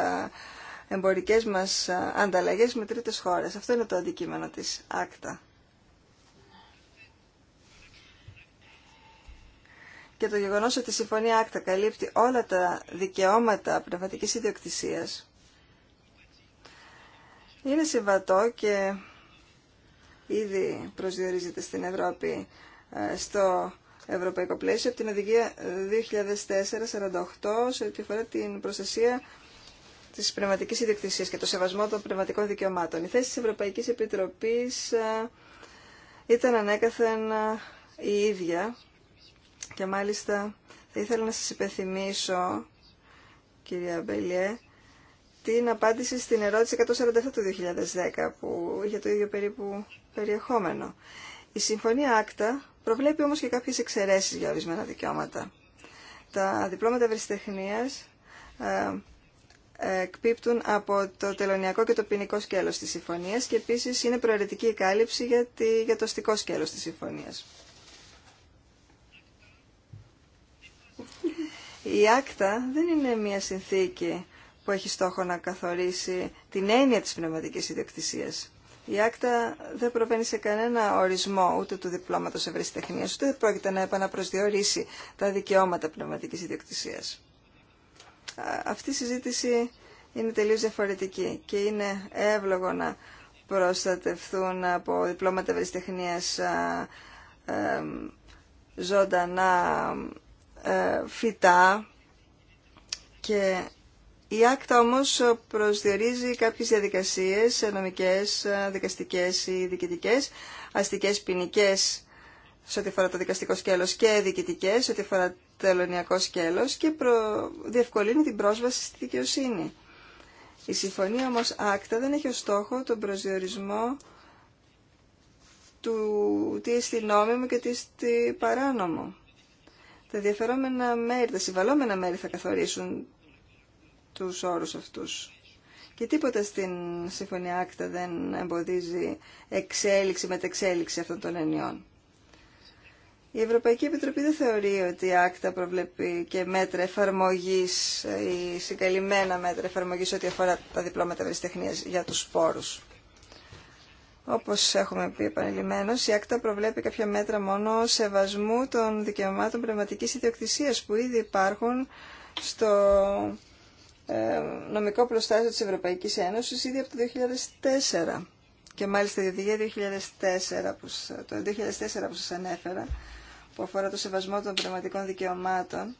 εμπορικές μας ανταλλαγές με τρίτες χώρες. Αυτό είναι το αντικείμενο της άκτα. Και το γεγονός ότι η Συμφωνία Άκτα καλύπτει όλα τα δικαιώματα πνευματική ιδιοκτησία. είναι συμβατό και ήδη προσδιορίζεται στην Ευρώπη στο ευρωπαϊκό πλαίσιο από την οδηγία 2004-48 σε ό,τι αφορά την προστασία της πνευματικής ιδιοκτησία και το σεβασμό των πνευματικών δικαιωμάτων. Η θέση της Ευρωπαϊκής Επιτροπής ε, ήταν ανέκαθεν ε, η ίδια και μάλιστα θα ήθελα να σας υπενθυμίσω, κυρία Μπελιέ, την απάντηση στην ερώτηση 147 του 2010 που είχε το ίδιο περίπου περιεχόμενο. Η Συμφωνία Άκτα Προβλέπει όμως και κάποιες εξαιρέσεις για ορισμένα δικαιώματα. Τα διπλώματα ευρεσιτεχνίας ε, εκπίπτουν από το τελωνιακό και το ποινικό σκέλος της συμφωνίας και επίσης είναι προαιρετική η κάλυψη για, για το αστικό σκέλος της συμφωνίας. Η άκτα δεν είναι μια συνθήκη που έχει στόχο να καθορίσει την έννοια της πνευματικής ιδιοκτησίας. Η άκτα δεν προβαίνει σε κανένα ορισμό ούτε του διπλώματο ευρεσιτεχνία, ούτε πρόκειται να επαναπροσδιορίσει τα δικαιώματα πνευματική ιδιοκτησίας. Αυτή η συζήτηση είναι τελείως διαφορετική και είναι εύλογο να προστατευθούν από διπλώματα ευρεσιτεχνία ζωντανά ε, φυτά και η άκτα όμως προσδιορίζει κάποιες διαδικασίες νομικές, δικαστικές ή διοικητικές, αστικές, ποινικέ σε ό,τι αφορά το δικαστικό σκέλος και διοικητικέ, σε ό,τι αφορά το ελληνιακο σκέλος και προ... διευκολύνει την πρόσβαση στη δικαιοσύνη. Η συμφωνία όμως άκτα δεν έχει ως στόχο τον προσδιορισμό του τι είναι νόμιμο και τι είναι παράνομο. Τα συμβαλώμενα μέρη, τα μέρη θα καθορίσουν τους όρους αυτούς. Και τίποτα στην Συμφωνία Άκτα δεν εμποδίζει εξέλιξη μετεξέλιξη αυτών των ενιών. Η Ευρωπαϊκή Επιτροπή δεν θεωρεί ότι η Άκτα προβλέπει και μέτρα εφαρμογής ή συγκαλυμμένα μέτρα εφαρμογής ό,τι αφορά τα διπλώματα ευρεσιτεχνίας για τους σπόρους. Όπως έχουμε πει επανειλημμένως, η Άκτα προβλέπει κάποια μέτρα μόνο σεβασμού των δικαιωμάτων πνευματική ιδιοκτησία που ήδη υπάρχουν στο ε, νομικό προστάσιο της Ευρωπαϊκής Ένωσης ήδη από το 2004. Και μάλιστα η οδηγία 2004 που, το 2004 που σας ανέφερα, που αφορά το σεβασμό των πνευματικών δικαιωμάτων,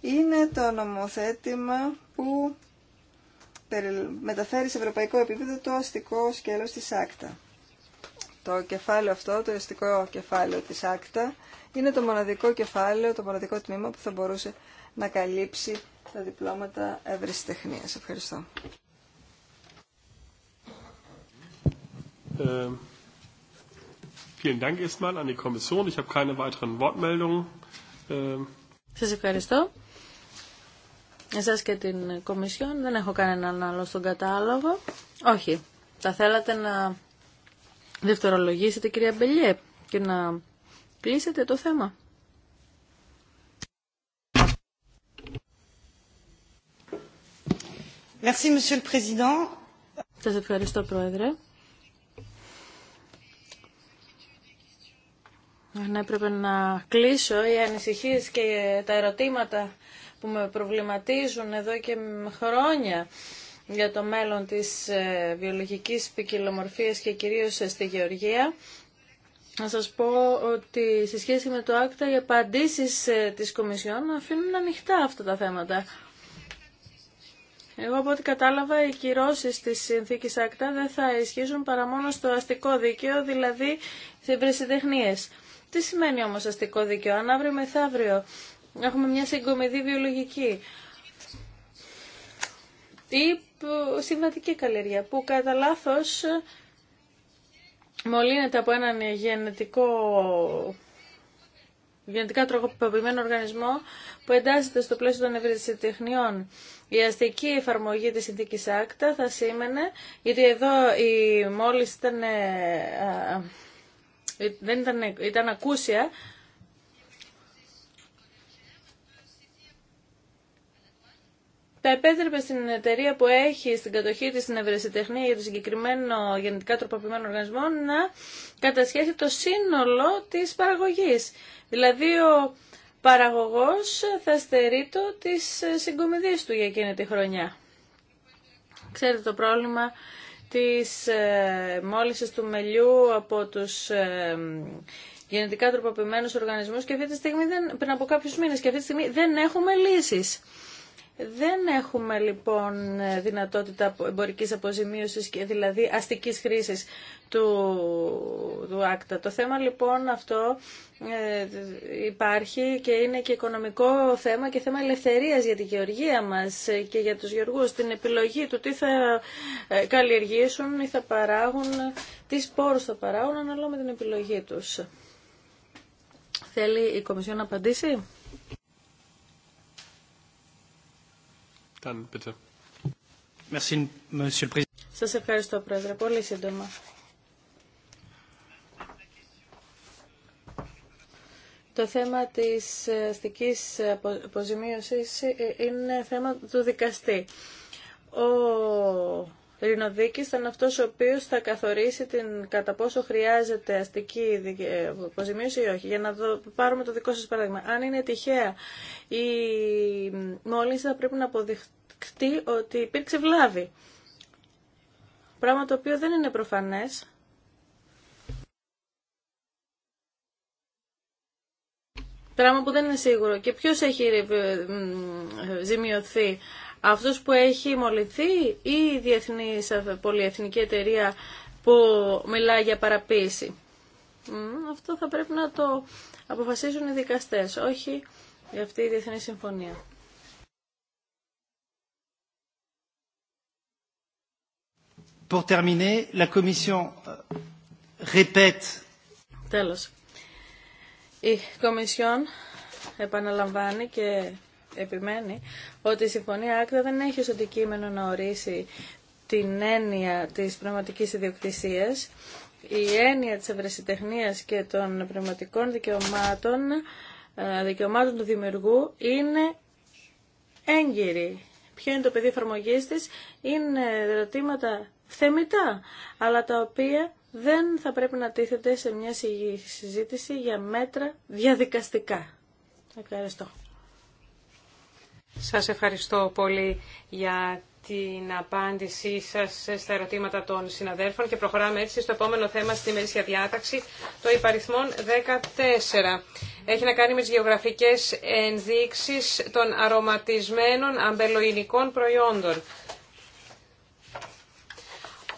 είναι το νομοθέτημα που μεταφέρει σε ευρωπαϊκό επίπεδο το αστικό σκέλος της ΑΚΤΑ. Το κεφάλαιο αυτό, το αστικό κεφάλαιο της ΑΚΤΑ, είναι το μοναδικό κεφάλαιο, το μοναδικό τμήμα που θα μπορούσε να καλύψει τα διπλώματα τεχνίας. Ευχαριστώ. Σα ε, vielen Dank an die Kommission. Ich habe keine weiteren äh, Σας ευχαριστώ. Εσάς και την Κομισιόν. Δεν έχω κανέναν άλλο στον κατάλογο. Όχι. Θα θέλατε να δευτερολογήσετε κυρία Μπελιέ και να κλείσετε το θέμα. Merci, Monsieur le Président. ευχαριστώ, Πρόεδρε. Αν ναι, έπρεπε να κλείσω οι ανησυχίες και τα ερωτήματα που με προβληματίζουν εδώ και χρόνια για το μέλλον της ε, βιολογικής ποικιλομορφίας και κυρίως ε, στη Γεωργία. Να σας πω ότι σε σχέση με το άκτα οι απαντήσεις ε, της Κομισιόν αφήνουν ανοιχτά αυτά τα θέματα. Εγώ από ό,τι κατάλαβα οι κυρώσεις της συνθήκης ΑΚΤΑ δεν θα ισχύσουν παρά μόνο στο αστικό δίκαιο, δηλαδή σε ευρεσιτεχνίες. Τι σημαίνει όμως αστικό δίκαιο, αν αύριο μεθαύριο έχουμε μια συγκομιδή βιολογική ή συμβατική καλλιεργία, που κατά λάθο μολύνεται από έναν γενετικό γενετικά τροποποιημένο οργανισμό που εντάσσεται στο πλαίσιο των ευρεσιτεχνιών. Η αστική εφαρμογή της συνθήκης άκτα θα σήμαινε, γιατί εδώ η, μόλις ήταν, ε, ε, δεν ήταν, ακούσια, τα επέτρεπε στην εταιρεία που έχει στην κατοχή της την ευρεσιτεχνία για το συγκεκριμένο γενετικά τροποποιημένο οργανισμό να κατασχέσει το σύνολο της παραγωγής. Δηλαδή ο παραγωγός θα στερεί το τις του για εκείνη τη χρονιά. Ξέρετε το πρόβλημα της ε, μόλυσης του μελιού από τους ε, γενετικά τροποποιημένους οργανισμούς και αυτή τη στιγμή δεν, πριν από κάποιους μήνες και αυτή τη στιγμή δεν έχουμε λύσεις. Δεν έχουμε λοιπόν δυνατότητα εμπορικής αποζημίωσης και δηλαδή αστικής χρήσης του, του άκτα. Το θέμα λοιπόν αυτό ε, υπάρχει και είναι και οικονομικό θέμα και θέμα ελευθερίας για τη γεωργία μας και για τους γεωργούς. Την επιλογή του τι θα ε, καλλιεργήσουν ή θα παράγουν, τι σπόρους θα παράγουν ανάλογα με την επιλογή τους. Θέλει η Κομισιόν να απαντήσει. Σας ευχαριστώ, Πρόεδρε. Πολύ σύντομα. Το θέμα της αστικής αποζημίωσης ε, είναι θέμα του δικαστή. Ο θα είναι αυτός ο οποίος θα καθορίσει την, κατά πόσο χρειάζεται αστική αποζημίωση ή όχι. Για να πάρουμε το δικό σας παράδειγμα. Αν είναι τυχαία, η μόλις θα πρέπει να αποδειχτεί ότι υπήρξε βλάβη. Πράγμα το οποίο δεν είναι προφανές. Πράγμα που δεν είναι σίγουρο. Και ποιος έχει ε, ζημιωθεί αυτός που έχει μολυνθεί ή η η διεθνη ε, πολυεθνική εταιρεία που μιλάει για παραποίηση. Αυτό θα πρέπει να το αποφασίζουν οι δικαστές, όχι για αυτή η διεθνή συμφωνία. Pour terminer, la Commission euh, répète. Τέλος. Η Κομισιόν επαναλαμβάνει και επιμένει ότι η Συμφωνία Άκτα δεν έχει ως αντικείμενο να ορίσει την έννοια της πνευματικής ιδιοκτησίας. Η έννοια της ευρεσιτεχνίας και των πνευματικών δικαιωμάτων, ε, δικαιωμάτων του δημιουργού είναι έγκυρη. Ποιο είναι το πεδίο εφαρμογή τη είναι ερωτήματα θεμητά, αλλά τα οποία δεν θα πρέπει να τίθεται σε μια συζήτηση για μέτρα διαδικαστικά. Ευχαριστώ. Σας ευχαριστώ πολύ για την απάντησή σας στα ερωτήματα των συναδέλφων και προχωράμε έτσι στο επόμενο θέμα στη μερίσια διάταξη, το υπαριθμόν 14. Έχει να κάνει με τις γεωγραφικές ενδείξεις των αρωματισμένων αμπελοϊνικών προϊόντων.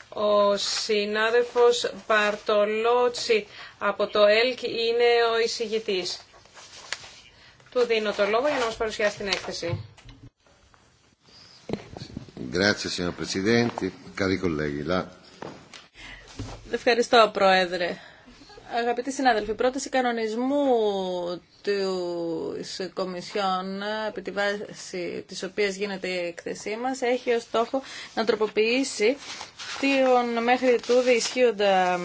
Ο συνάδελφος Παρτολότσι από το ΕΛΚ είναι ο εισηγητής. Του δίνω το λόγο για να μας παρουσιάσει την έκθεση. Ευχαριστώ, Πρόεδρε. Αγαπητοί συνάδελφοι, η πρόταση κανονισμού της Κομισιόν, επί τη βάση της οποίας γίνεται η εκθεσή μας, έχει ως στόχο να τροποποιήσει τι μέχρι τούδη ισχύοντα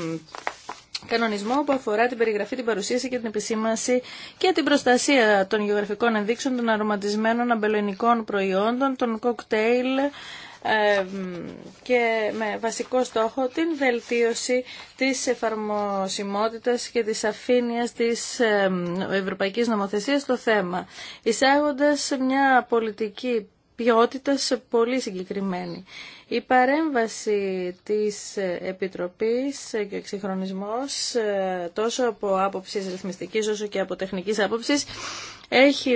κανονισμό που αφορά την περιγραφή, την παρουσίαση και την επισήμανση και την προστασία των γεωγραφικών ενδείξεων των αρωματισμένων αμπελονικών προϊόντων, των κοκτέιλ και με βασικό στόχο την βελτίωση της εφαρμοσιμότητας και της αφήνειας της ευρωπαϊκής νομοθεσίας στο θέμα. Εισάγοντας μια πολιτική ποιότητα πολύ συγκεκριμένη. Η παρέμβαση της Επιτροπής και ο εξυγχρονισμός ε, τόσο από άποψης ρυθμιστικής όσο και από τεχνικής άποψης έχει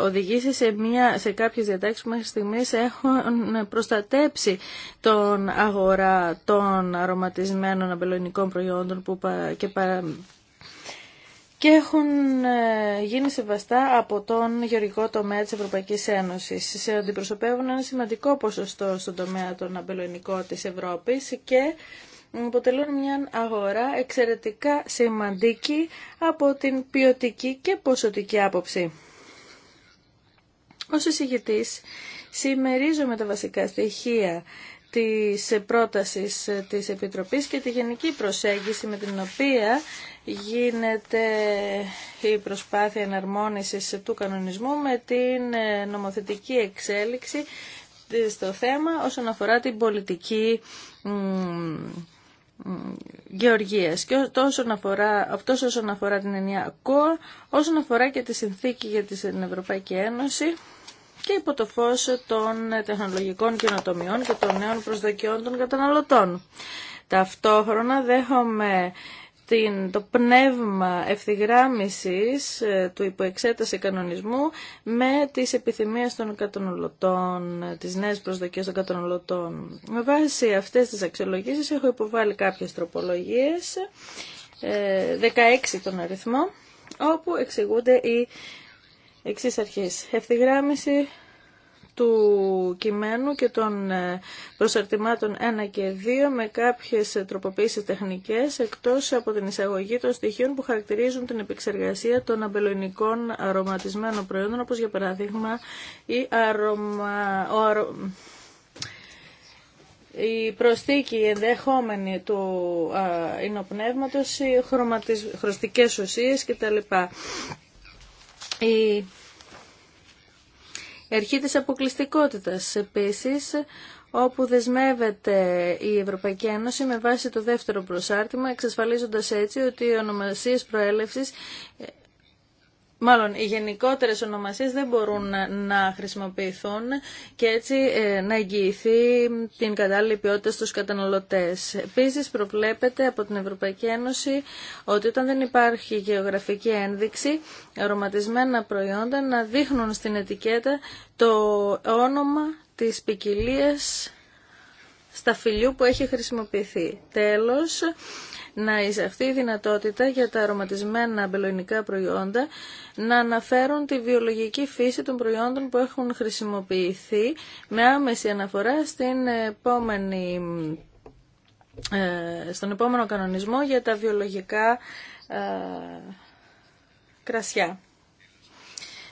οδηγήσει σε, μια, σε κάποιες διατάξεις που μέχρι στιγμής έχουν προστατέψει τον αγορά των αρωματισμένων αμπελονικών προϊόντων που και παρα, και έχουν ε, γίνει σεβαστά από τον γεωργικό τομέα της Ευρωπαϊκής Ένωσης. Σε αντιπροσωπεύουν ένα σημαντικό ποσοστό στον τομέα των αμπελοϊνικών της Ευρώπης και αποτελούν μια αγορά εξαιρετικά σημαντική από την ποιοτική και ποσοτική άποψη. Ως εισηγητής, συμμερίζομαι τα βασικά στοιχεία της πρότασης της Επιτροπής και τη γενική προσέγγιση με την οποία γίνεται η προσπάθεια εναρμόνισης του κανονισμού με την ε, νομοθετική εξέλιξη στο θέμα όσον αφορά την πολιτική γεωργίας και όσον αφορά, αυτός όσον αφορά την ενιαία ΚΟΑ, όσον αφορά και τη συνθήκη για την Ευρωπαϊκή Ένωση και υπό το φως των τεχνολογικών καινοτομιών και των νέων προσδοκιών των καταναλωτών. Ταυτόχρονα δέχομαι την, το πνεύμα ευθυγράμμισης ε, του υποεξέταση κανονισμού με τις επιθυμίες των κατανολωτών, τις νέες προσδοκίες των κατανολωτών. Με βάση αυτές τις αξιολογήσεις έχω υποβάλει κάποιες τροπολογίες, 16 ε, τον αριθμό, όπου εξηγούνται οι εξής αρχές. Ευθυγράμμιση του κειμένου και των ε, προσαρτημάτων 1 και 2 με κάποιες ε, τροποποίησεις τεχνικές εκτός από την εισαγωγή των στοιχείων που χαρακτηρίζουν την επεξεργασία των αμπελοϊνικών αρωματισμένων προϊόντων όπως για παράδειγμα η αρωμα... Η προσθήκη ενδεχόμενη του ηνοπνέυματος οι χρωματισ... χρωστικές ουσίες κτλ. Η Ερχή της αποκλειστικότητας επίσης, όπου δεσμεύεται η Ευρωπαϊκή Ένωση με βάση το δεύτερο προσάρτημα, εξασφαλίζοντας έτσι ότι οι ονομασίες προέλευσης μάλλον οι γενικότερες ονομασίες δεν μπορούν να χρησιμοποιηθούν και έτσι ε, να εγγυηθεί την κατάλληλη ποιότητα στους καταναλωτές. Επίσης προβλέπεται από την Ευρωπαϊκή Ένωση ότι όταν δεν υπάρχει γεωγραφική ένδειξη, αρωματισμένα προϊόντα να δείχνουν στην ετικέτα το όνομα της ποικιλία σταφυλιού που έχει χρησιμοποιηθεί. Τέλος, να εισαχθεί η δυνατότητα για τα αρωματισμένα αμπελοϊνικά προϊόντα να αναφέρουν τη βιολογική φύση των προϊόντων που έχουν χρησιμοποιηθεί με άμεση αναφορά στην επόμενη, ε, στον επόμενο κανονισμό για τα βιολογικά ε, κρασιά.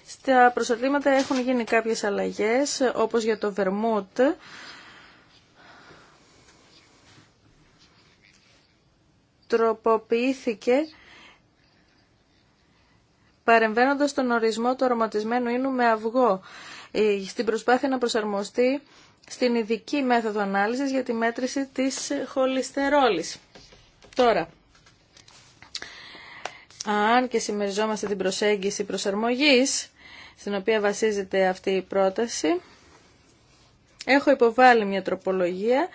Στα προστατήματα έχουν γίνει κάποιες αλλαγές, όπως για το βερμούτ, τροποποιήθηκε παρεμβαίνοντας τον ορισμό του αρωματισμένου ίνου με αυγό ε, στην προσπάθεια να προσαρμοστεί στην ειδική μέθοδο ανάλυσης για τη μέτρηση της χολυστερόλης. Τώρα, αν και συμμεριζόμαστε την προσέγγιση προσαρμογής, στην οποία βασίζεται αυτή η πρόταση, έχω υποβάλει μια τροπολογία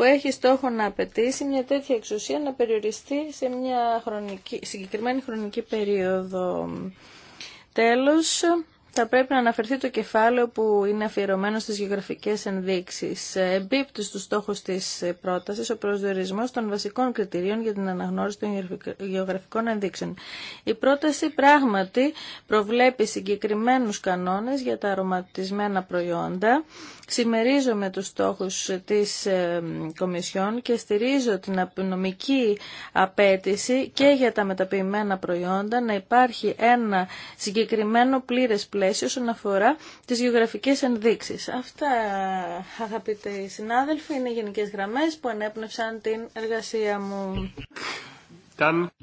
που έχει στόχο να απαιτήσει μια τέτοια εξουσία να περιοριστεί σε μια χρονική, συγκεκριμένη χρονική περίοδο. Τέλος, θα πρέπει να αναφερθεί το κεφάλαιο που είναι αφιερωμένο στις γεωγραφικές ενδείξεις. Ε, εμπίπτει στους στόχους της πρότασης ο προσδιορισμός των βασικών κριτηρίων για την αναγνώριση των γεωγραφικών ενδείξεων. Η πρόταση πράγματι προβλέπει συγκεκριμένους κανόνες για τα αρωματισμένα προϊόντα. Ξημερίζομαι τους στόχους της ε, Κομισιόν και στηρίζω την νομική απέτηση και για τα μεταποιημένα προϊόντα να υπάρχει ένα συγκεκριμένο πλήρες πλαίσιο όσον αφορά τις γεωγραφικές ενδείξεις. Αυτά, αγαπητοί συνάδελφοι, είναι οι γενικές γραμμές που ανέπνευσαν την εργασία μου.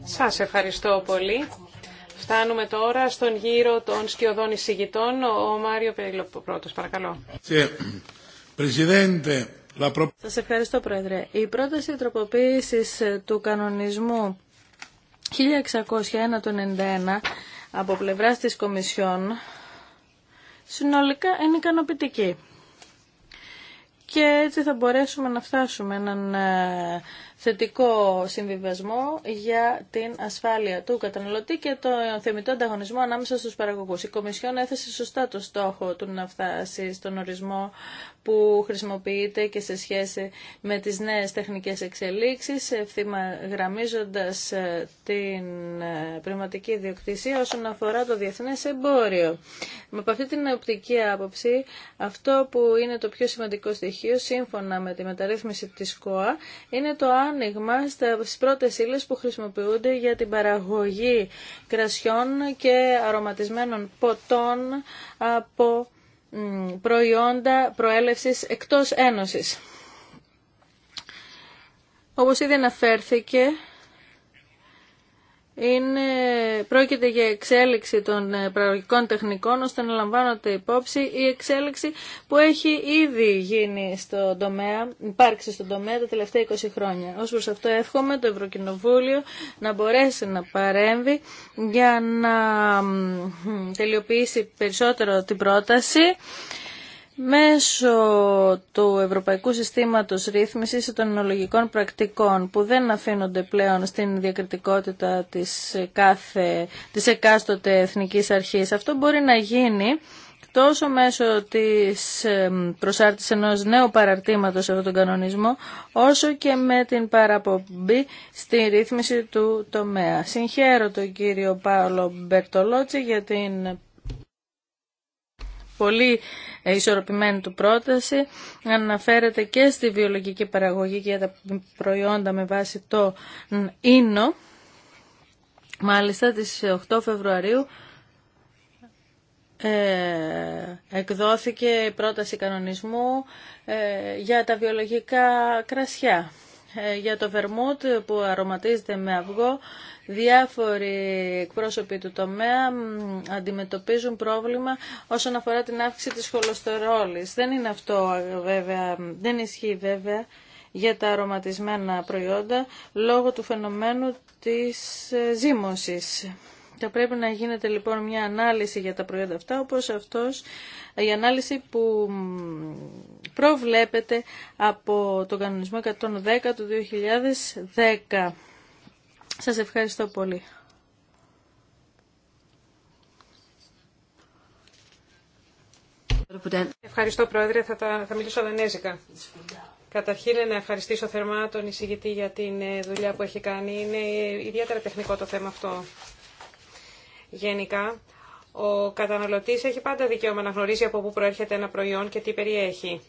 Σας ευχαριστώ πολύ. Φτάνουμε τώρα στον γύρο των σκιωδών εισηγητών. Ο Μάριο Περιλόπου πρώτος, παρακαλώ. Σας ευχαριστώ, Πρόεδρε. Η πρόταση τροποποίησης του κανονισμού 1691 από πλευράς της Κομισιόν συνολικά είναι ικανοποιητική. Και έτσι θα μπορέσουμε να φτάσουμε έναν ε, θετικό συμβιβασμό για την ασφάλεια του καταναλωτή και το θεμητό ανταγωνισμό ανάμεσα στους παραγωγούς. Η Κομισιόν έθεσε σωστά το στόχο του να φτάσει στον ορισμό που χρησιμοποιείται και σε σχέση με τις νέες τεχνικές εξελίξεις, γραμμίζοντας ε, την ε, πνευματική ιδιοκτησία όσον αφορά το διεθνές εμπόριο. Με αυτή την οπτική άποψη, αυτό που είναι το πιο σημαντικό στοιχείο, σύμφωνα με τη μεταρρύθμιση της ΚΟΑ, είναι το άνοιγμα στις πρώτες ύλες που χρησιμοποιούνται για την παραγωγή κρασιών και αρωματισμένων ποτών από προϊόντα προέλευσης εκτός Ένωσης. Όπως ήδη αναφέρθηκε, είναι, πρόκειται για εξέλιξη των ε, παραγωγικών τεχνικών ώστε να λαμβάνονται υπόψη η εξέλιξη που έχει ήδη γίνει στο τομέα, υπάρξει στον τομέα τα τελευταία 20 χρόνια. Ως προς αυτό εύχομαι το Ευρωκοινοβούλιο να μπορέσει να παρέμβει για να τελειοποιήσει περισσότερο την πρόταση μέσω του Ευρωπαϊκού Συστήματος Ρύθμισης των Ενολογικών Πρακτικών που δεν αφήνονται πλέον στην διακριτικότητα της, κάθε, της εκάστοτε εθνικής αρχής. Αυτό μπορεί να γίνει τόσο μέσω της προσάρτησης ενός νέου παραρτήματος σε αυτόν τον κανονισμό, όσο και με την παραπομπή στη ρύθμιση του τομέα. Συγχαίρω τον κύριο Παύλο Μπερτολότσι για την πολύ ε, ισορροπημένη του πρόταση αναφέρεται και στη βιολογική παραγωγή για τα προϊόντα με βάση το ίνο. Μάλιστα, τις 8 Φεβρουαρίου ε, εκδόθηκε η πρόταση κανονισμού ε, για τα βιολογικά κρασιά. Ε, για το βερμούτ που αρωματίζεται με αυγό. Διάφοροι εκπρόσωποι του τομέα αντιμετωπίζουν πρόβλημα όσον αφορά την αύξηση της χολοστερόλης. Δεν είναι αυτό ε, βέβαια, δεν ισχύει βέβαια για τα αρωματισμένα προϊόντα λόγω του φαινομένου της ε, ζύμωσης. Θα πρέπει να γίνεται λοιπόν μια ανάλυση για τα προϊόντα αυτά, όπως αυτός, η ανάλυση που προβλέπεται από τον κανονισμό 110 του 2010. Σας ευχαριστώ πολύ. Ευχαριστώ Πρόεδρε, θα, τα, θα μιλήσω δανέζικα. Καταρχήν να ευχαριστήσω θερμά τον εισηγητή για την ε, δουλειά που έχει κάνει. Είναι ιδιαίτερα τεχνικό το θέμα αυτό. Γενικά, ο καταναλωτής έχει πάντα δικαίωμα να γνωρίζει από πού προέρχεται ένα προϊόν και τι περιέχει.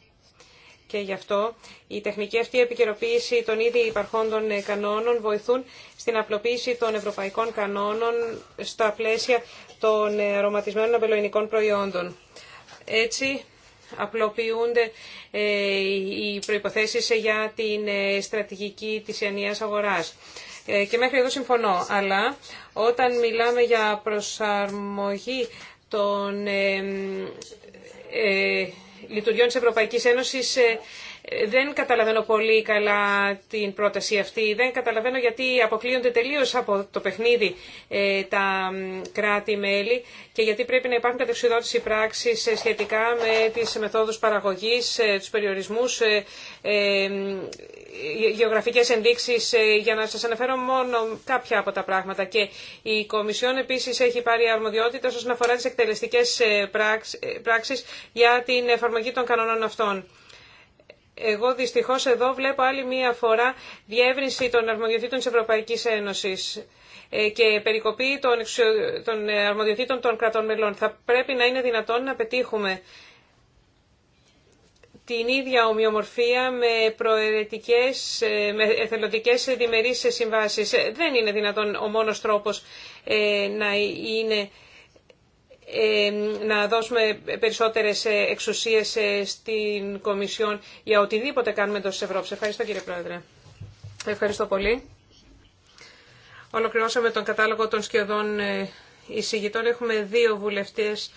Και γι' αυτό η τεχνική αυτή επικαιροποίηση των ήδη των ε, κανόνων βοηθούν στην απλοποίηση των ευρωπαϊκών κανόνων στα πλαίσια των ε, αρωματισμένων αμπελοϊνικών προϊόντων. Έτσι, απλοποιούνται ε, οι προϋποθέσεις για την στρατηγική της ενιαίας αγοράς. Ε, και μέχρι εδώ συμφωνώ. Αλλά όταν μιλάμε για προσαρμογή των ε, ε, λειτουργιών της Ευρωπαϊκής Ένωσης δεν καταλαβαίνω πολύ καλά την πρόταση αυτή. Δεν καταλαβαίνω γιατί αποκλείονται τελείω από το παιχνίδι ε, τα κράτη-μέλη και γιατί πρέπει να υπάρχουν πράξη πράξεις ε, σχετικά με τις μεθόδους παραγωγής, ε, τους περιορισμούς, γεωγραφικές ενδείξεις για να σα αναφέρω μόνο κάποια από τα πράγματα. Και η Κομισιόν επίση έχει πάρει αρμοδιότητα όσον αφορά τι εκτελεστικές πράξει για την εφαρμογή των κανόνων αυτών. Εγώ δυστυχώς εδώ βλέπω άλλη μία φορά διεύρυνση των αρμοδιοτήτων της Ευρωπαϊκής Ένωση ε, και περικοπή των ε, αρμοδιοτήτων των κρατών μελών. Θα πρέπει να είναι δυνατόν να πετύχουμε την ίδια ομοιομορφία με προαιρετικές, ε, με εθελοντικές διμερείς συμβάσεις. Δεν είναι δυνατόν ο μόνος τρόπος να είναι ε, να δώσουμε περισσότερες ε, εξουσίες ε, στην Κομισιόν για οτιδήποτε κάνουμε εντός της Ευρώπης. Ευχαριστώ κύριε Πρόεδρε. Ευχαριστώ πολύ. Ολοκληρώσαμε τον κατάλογο των σχεδόν εισηγητών. Έχουμε δύο βουλευτές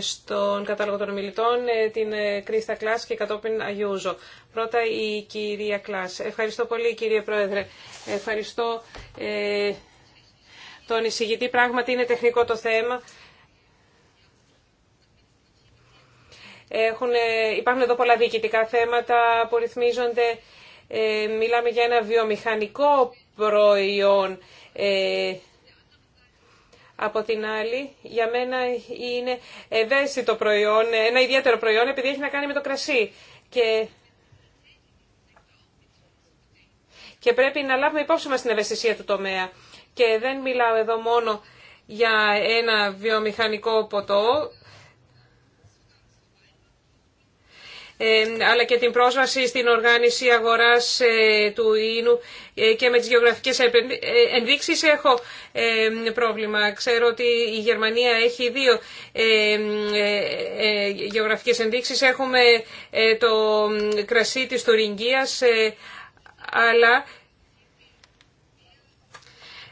στον κατάλογο των ομιλητών, την Κρίστα Κλάς και κατόπιν Αγιούζο. Πρώτα η κυρία Κλάς. Ευχαριστώ πολύ κύριε Πρόεδρε. Ευχαριστώ τον εισηγητή. Πράγματι είναι τεχνικό το θέμα. Έχουν, υπάρχουν εδώ πολλά διοικητικά θέματα που ρυθμίζονται. Ε, μιλάμε για ένα βιομηχανικό προϊόν. Ε, από την άλλη, για μένα είναι ευαίσθητο προϊόν, ένα ιδιαίτερο προϊόν, επειδή έχει να κάνει με το κρασί. Και, και πρέπει να λάβουμε υπόψη μας την ευαισθησία του τομέα. Και δεν μιλάω εδώ μόνο για ένα βιομηχανικό ποτό, αλλά και την πρόσβαση στην οργάνωση αγοράς ε, του ίνου ε, και με τις γεωγραφικές ε, ενδείξεις έχω πρόβλημα. Ξέρω ότι η Γερμανία έχει δύο γεωγραφικές ενδείξεις. Έχουμε το κρασί της Τουριγγίας, αλλά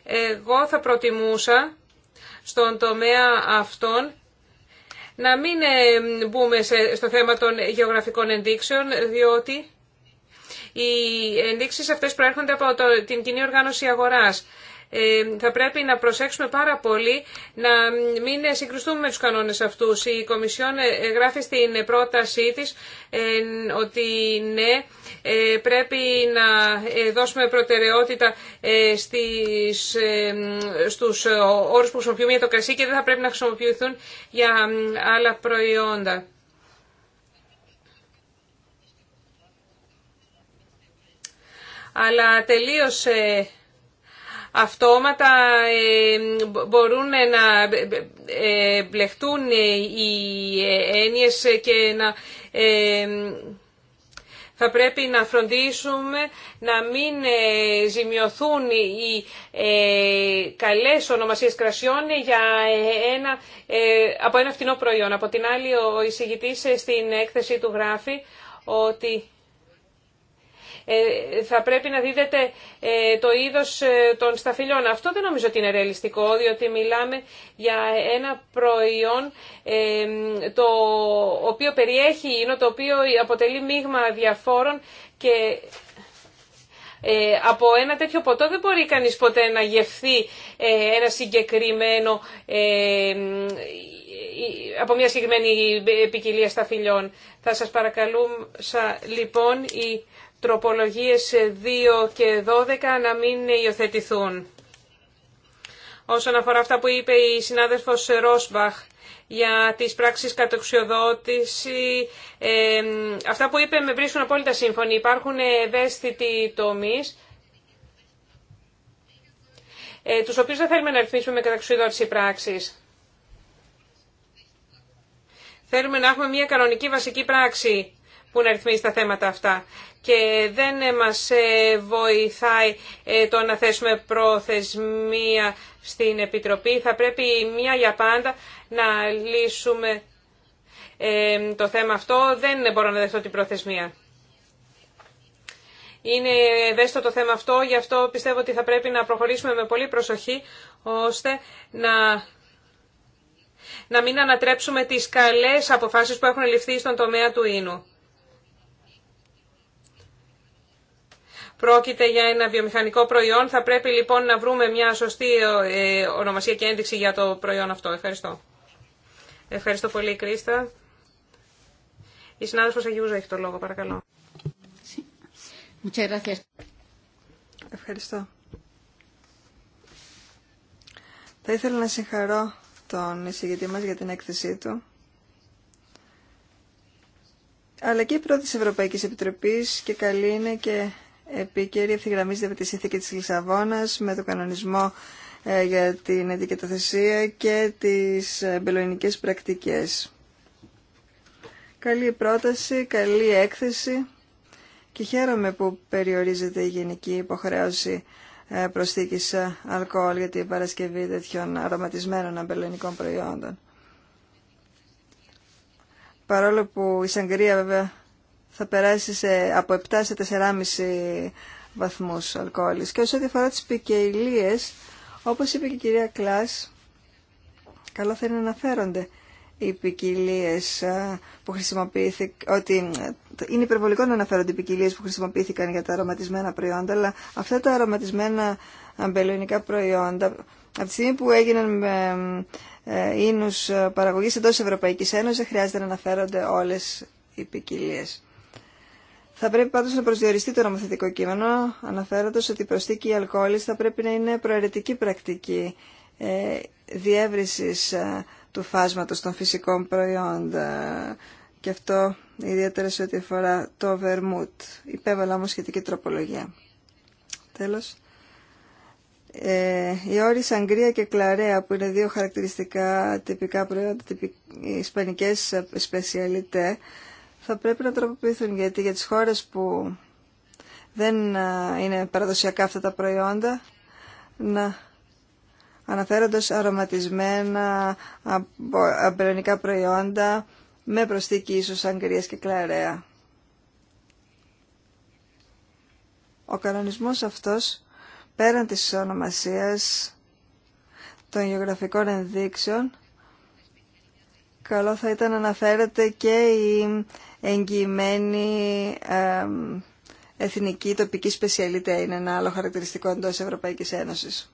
εγώ θα προτιμούσα στον τομέα αυτών να μην ε, μπούμε στο θέμα των γεωγραφικών ενδείξεων, διότι οι ενδείξεις αυτές προέρχονται από την κοινή οργάνωση αγοράς. Ε, θα πρέπει να προσέξουμε πάρα πολύ να μην συγκριστούμε με τους κανόνες αυτούς. Η Κομισιόν ε, γράφει στην πρότασή της ε, ότι ναι, πρέπει να δώσουμε προτεραιότητα στις, στους όρους που χρησιμοποιούμε για το κρασί και δεν θα πρέπει να χρησιμοποιηθούν για άλλα προϊόντα. Αλλά τελείωσε αυτόματα ε, μπορούν να ε, ε, μπλεχτούν οι έννοιες και να... Θα πρέπει να φροντίσουμε να μην ζημιωθούν οι καλές ονομασίες κρασιών για ένα, από ένα φτηνό προϊόν. Από την άλλη, ο εισηγητής στην έκθεση του γράφει ότι ε, θα πρέπει να δίδεται ε, το είδος ε, των σταφυλιών. Αυτό δεν νομίζω ότι είναι ρεαλιστικό, διότι μιλάμε για ένα προϊόν το οποίο περιέχει είναι το οποίο αποτελεί μείγμα διαφόρων και από ένα τέτοιο ποτό δεν μπορεί κανείς ποτέ να γευθεί ένα συγκεκριμένο από μια συγκεκριμένη ποικιλία σταφυλιών. Θα σας παρακαλούσα λοιπόν η τροπολογίες 2 και 12 να μην υιοθετηθούν. Όσον αφορά αυτά που είπε η συνάδελφος Ρόσμπαχ για τις πράξεις κατοξιοδότηση, αυτά που είπε με βρίσκουν απόλυτα σύμφωνοι. Υπάρχουν ευαίσθητοι τομείς, ε, τους οποίους δεν θέλουμε να ρυθμίσουμε με κατοξιοδότηση πράξης. Θέλουμε να έχουμε μια κανονική βασική πράξη που να ρυθμίζει τα θέματα αυτά. Και δεν μας ε, βοηθάει ε, το να θέσουμε προθεσμία στην Επιτροπή. Θα πρέπει μία για πάντα να λύσουμε ε, το θέμα αυτό. Δεν μπορώ να δεχτώ την προθεσμία. Είναι ευαίσθητο το θέμα αυτό, γι' αυτό πιστεύω ότι θα πρέπει να προχωρήσουμε με πολύ προσοχή, ώστε να, να μην ανατρέψουμε τις καλές αποφάσεις που έχουν ληφθεί στον τομέα του ίνου. Πρόκειται για ένα βιομηχανικό προϊόν. Θα πρέπει λοιπόν να βρούμε μια σωστή ε, ονομασία και ένδειξη για το προϊόν αυτό. Ευχαριστώ. Ευχαριστώ πολύ, Κρίστα. Η συνάδελφος Αγιούζα έχει το λόγο, παρακαλώ. Ευχαριστώ. Θα ήθελα να συγχαρώ τον εισηγητή μας για την έκθεσή του. Αλλά και η πρώτη Ευρωπαϊκής Επιτροπής και καλή είναι και επίκαιρη ευθυγραμμίζεται με τη συνθήκη τη Λισαβόνα με το κανονισμό ε, για την ετικετοθεσία και τι μπελοϊνικές πρακτικές. Καλή πρόταση, καλή έκθεση και χαίρομαι που περιορίζεται η γενική υποχρέωση ε, προσθήκης αλκοόλ για την παρασκευή τέτοιων αρωματισμένων αμπελονικών προϊόντων. Παρόλο που η Σαγκρία βέβαια θα περάσει σε, από 7 σε 4,5 βαθμούς αλκοόλης. Και όσο αφορά τις ποικιλίε, όπως είπε και η κυρία Κλάς, καλό θα είναι να αναφέρονται οι ποικιλίε ε, που χρησιμοποιήθηκαν, ότι ε, είναι υπερβολικό να αναφέρονται οι ποικιλίε που χρησιμοποιήθηκαν για τα αρωματισμένα προϊόντα, αλλά αυτά τα αρωματισμένα αμπελονικά προϊόντα, από τη στιγμή που έγιναν με ε, ίνους παραγωγής εντός Ευρωπαϊκής Ένωσης, χρειάζεται να αναφέρονται όλες οι ποικιλίε. Θα πρέπει πάντως να προσδιοριστεί το νομοθετικό κείμενο, αναφέροντας ότι η προστίκη αλκοόλης θα πρέπει να είναι προαιρετική πρακτική ε, διεύρυνσης ε, του φάσματος των φυσικών προϊόντων. Ε, και αυτό ιδιαίτερα σε ό,τι αφορά το βερμούτ. Υπέβαλα όμως σχετική τροπολογία. Τέλος. Ε, οι όροι σαγκρία και κλαρέα που είναι δύο χαρακτηριστικά τυπικά προϊόντα, τυπικ... ισπανικές σπεσιαλιτέ, θα πρέπει να τροποποιηθούν γιατί για τις χώρες που δεν είναι παραδοσιακά αυτά τα προϊόντα να αναφέροντας αρωματισμένα αμπελονικά προϊόντα με προσθήκη ίσως αγκρίας και κλαρέα. Ο κανονισμός αυτός πέραν της ονομασίας των γεωγραφικών ενδείξεων καλό θα ήταν να αναφέρεται και η εγγυημένη εθνική τοπική σπεσιαλιτέ είναι ένα άλλο χαρακτηριστικό εντός Ευρωπαϊκής Ένωσης.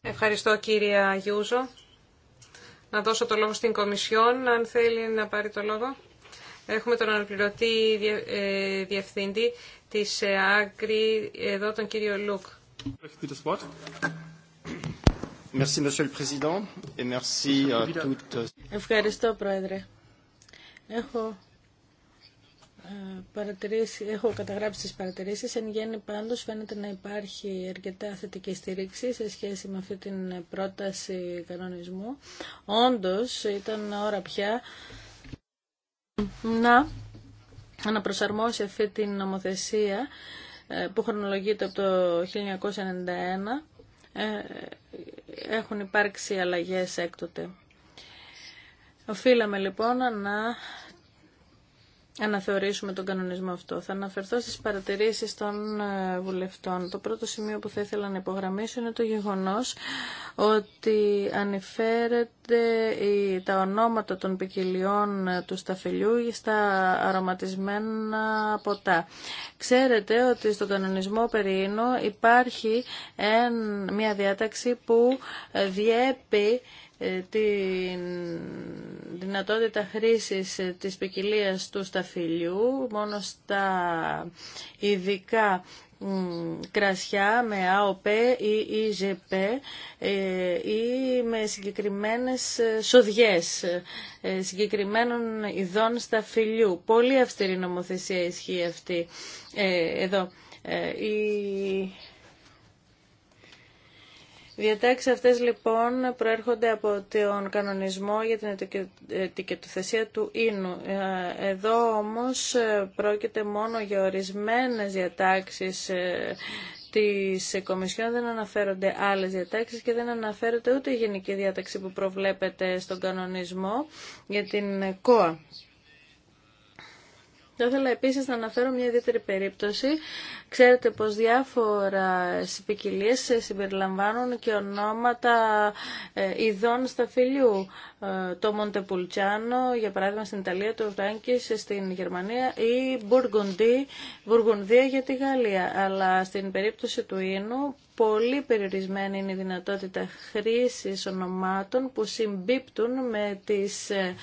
Ευχαριστώ κύριε Γιούζο. Να δώσω το λόγο στην Κομισιόν, αν θέλει να πάρει το λόγο. Έχουμε τον αναπληρωτή ε, διευθύντη της ΑΚΡΙ, εδώ τον κύριο Λουκ. Ευχαριστώ, Πρόεδρε. Έχω ε, παρατηρήσει, έχω καταγράψει τις παρατηρήσεις. Εν γέννη πάντως φαίνεται να υπάρχει αρκετά θετική στήριξη σε σχέση με αυτή την πρόταση κανονισμού. Όντως ήταν ώρα πια να αναπροσαρμόσει αυτή την νομοθεσία ε, που χρονολογείται από το 1991 ε, έχουν υπάρξει αλλαγές έκτοτε. Οφείλαμε λοιπόν να αναθεωρήσουμε τον κανονισμό αυτό. Θα αναφερθώ στις παρατηρήσεις των ε, βουλευτών. Το πρώτο σημείο που θα ήθελα να υπογραμμίσω είναι το γεγονός ότι ανεφέρεται τα ονόματα των ποικιλιών ε, του σταφυλιού στα αρωματισμένα ποτά. Ξέρετε ότι στον κανονισμό περίνο υπάρχει μια διάταξη που ε, διέπει ε, την δυνατότητα χρήσης ε, της ποικιλία του σταφυλιού μόνο στα ειδικά κρασιά με ΑΟΠ ή ΙΖΠ ε, ή με συγκεκριμένες σοδιές συγκεκριμένων ειδών σταφυλιού. Πολύ αυστηρή νομοθεσία ισχύει αυτή εδώ. Η Διατάξεις αυτές λοιπόν προέρχονται από τον κανονισμό για την ετικετοθεσία του ίνου. Ε, εδώ όμως πρόκειται μόνο για ορισμένε διατάξεις ε, της Κομισιόν δεν αναφέρονται άλλες διατάξεις και δεν αναφέρεται ούτε η γενική διάταξη που προβλέπεται στον κανονισμό για την ΚΟΑ. Θα ήθελα επίση να αναφέρω μια ιδιαίτερη περίπτωση. Ξέρετε πως διάφορα ποικιλίε συμπεριλαμβάνουν και ονόματα ε, ειδών σταφυλιού. Ε, το Μοντεπουλτσάνο, για παράδειγμα στην Ιταλία, το Βράγκη στην Γερμανία ή Μπουργουνδία για τη Γαλλία. Αλλά στην περίπτωση του Ίνου πολύ περιορισμένη είναι η δυνατότητα χρήσης ονομάτων που συμπίπτουν με τις ε,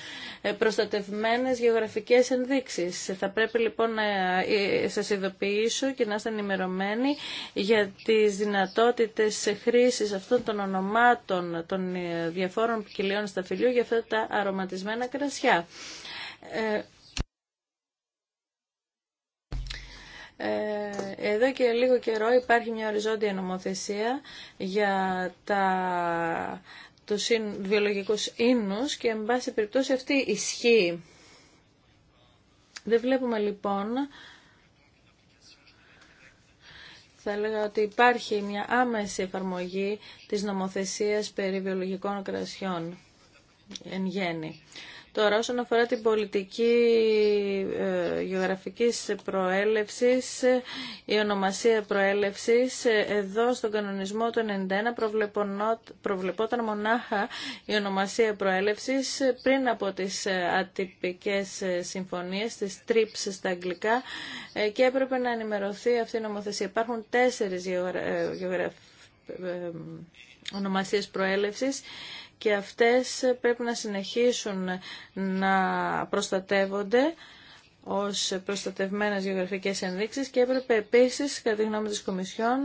προστατευμένες γεωγραφικές ενδείξεις. Θα πρέπει λοιπόν να ε, σας ειδοποιήσω και να είστε ενημερωμένοι για τις δυνατότητες χρήσης αυτών των ονομάτων των ε, διαφόρων ποικιλίων σταφυλιού για αυτά τα αρωματισμένα κρασιά. Ε, εδώ και λίγο καιρό υπάρχει μια οριζόντια νομοθεσία για τα τους βιολογικούς ίνους και εν πάση περιπτώσει αυτή ισχύει. Δεν βλέπουμε λοιπόν, θα έλεγα ότι υπάρχει μια άμεση εφαρμογή της νομοθεσίας περί βιολογικών κρασιών εν γέννη. Τώρα, όσον αφορά την πολιτική ε, γεωγραφικής προέλευσης, η ονομασία προέλευσης, ε, εδώ στον κανονισμό του 1991 προβλεπόταν μονάχα η ονομασία προέλευσης πριν από τις ε, ατυπικές συμφωνίες, τις TRIPS στα αγγλικά και έπρεπε να ενημερωθεί αυτή η νομοθεσία. Υπάρχουν τέσσερις γεωγραφικές ονομασίες προέλευσης και αυτές πρέπει να συνεχίσουν να προστατεύονται ως προστατευμένες γεωγραφικές ενδείξεις και έπρεπε επίσης, κατά τη γνώμη της Κομισιόν,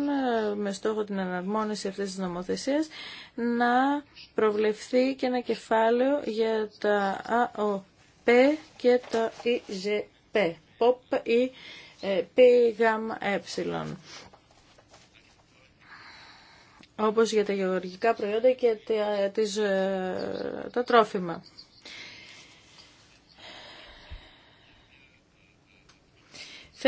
με στόχο την αναρμόνιση αυτής της νομοθεσίας, να προβλεφθεί και ένα κεφάλαιο για τα ΑΟΠ και τα ΙΖΠ, ΠΟΠ ή ΠΓΕ όπως για τα γεωργικά προϊόντα και τα ε, τρόφιμα.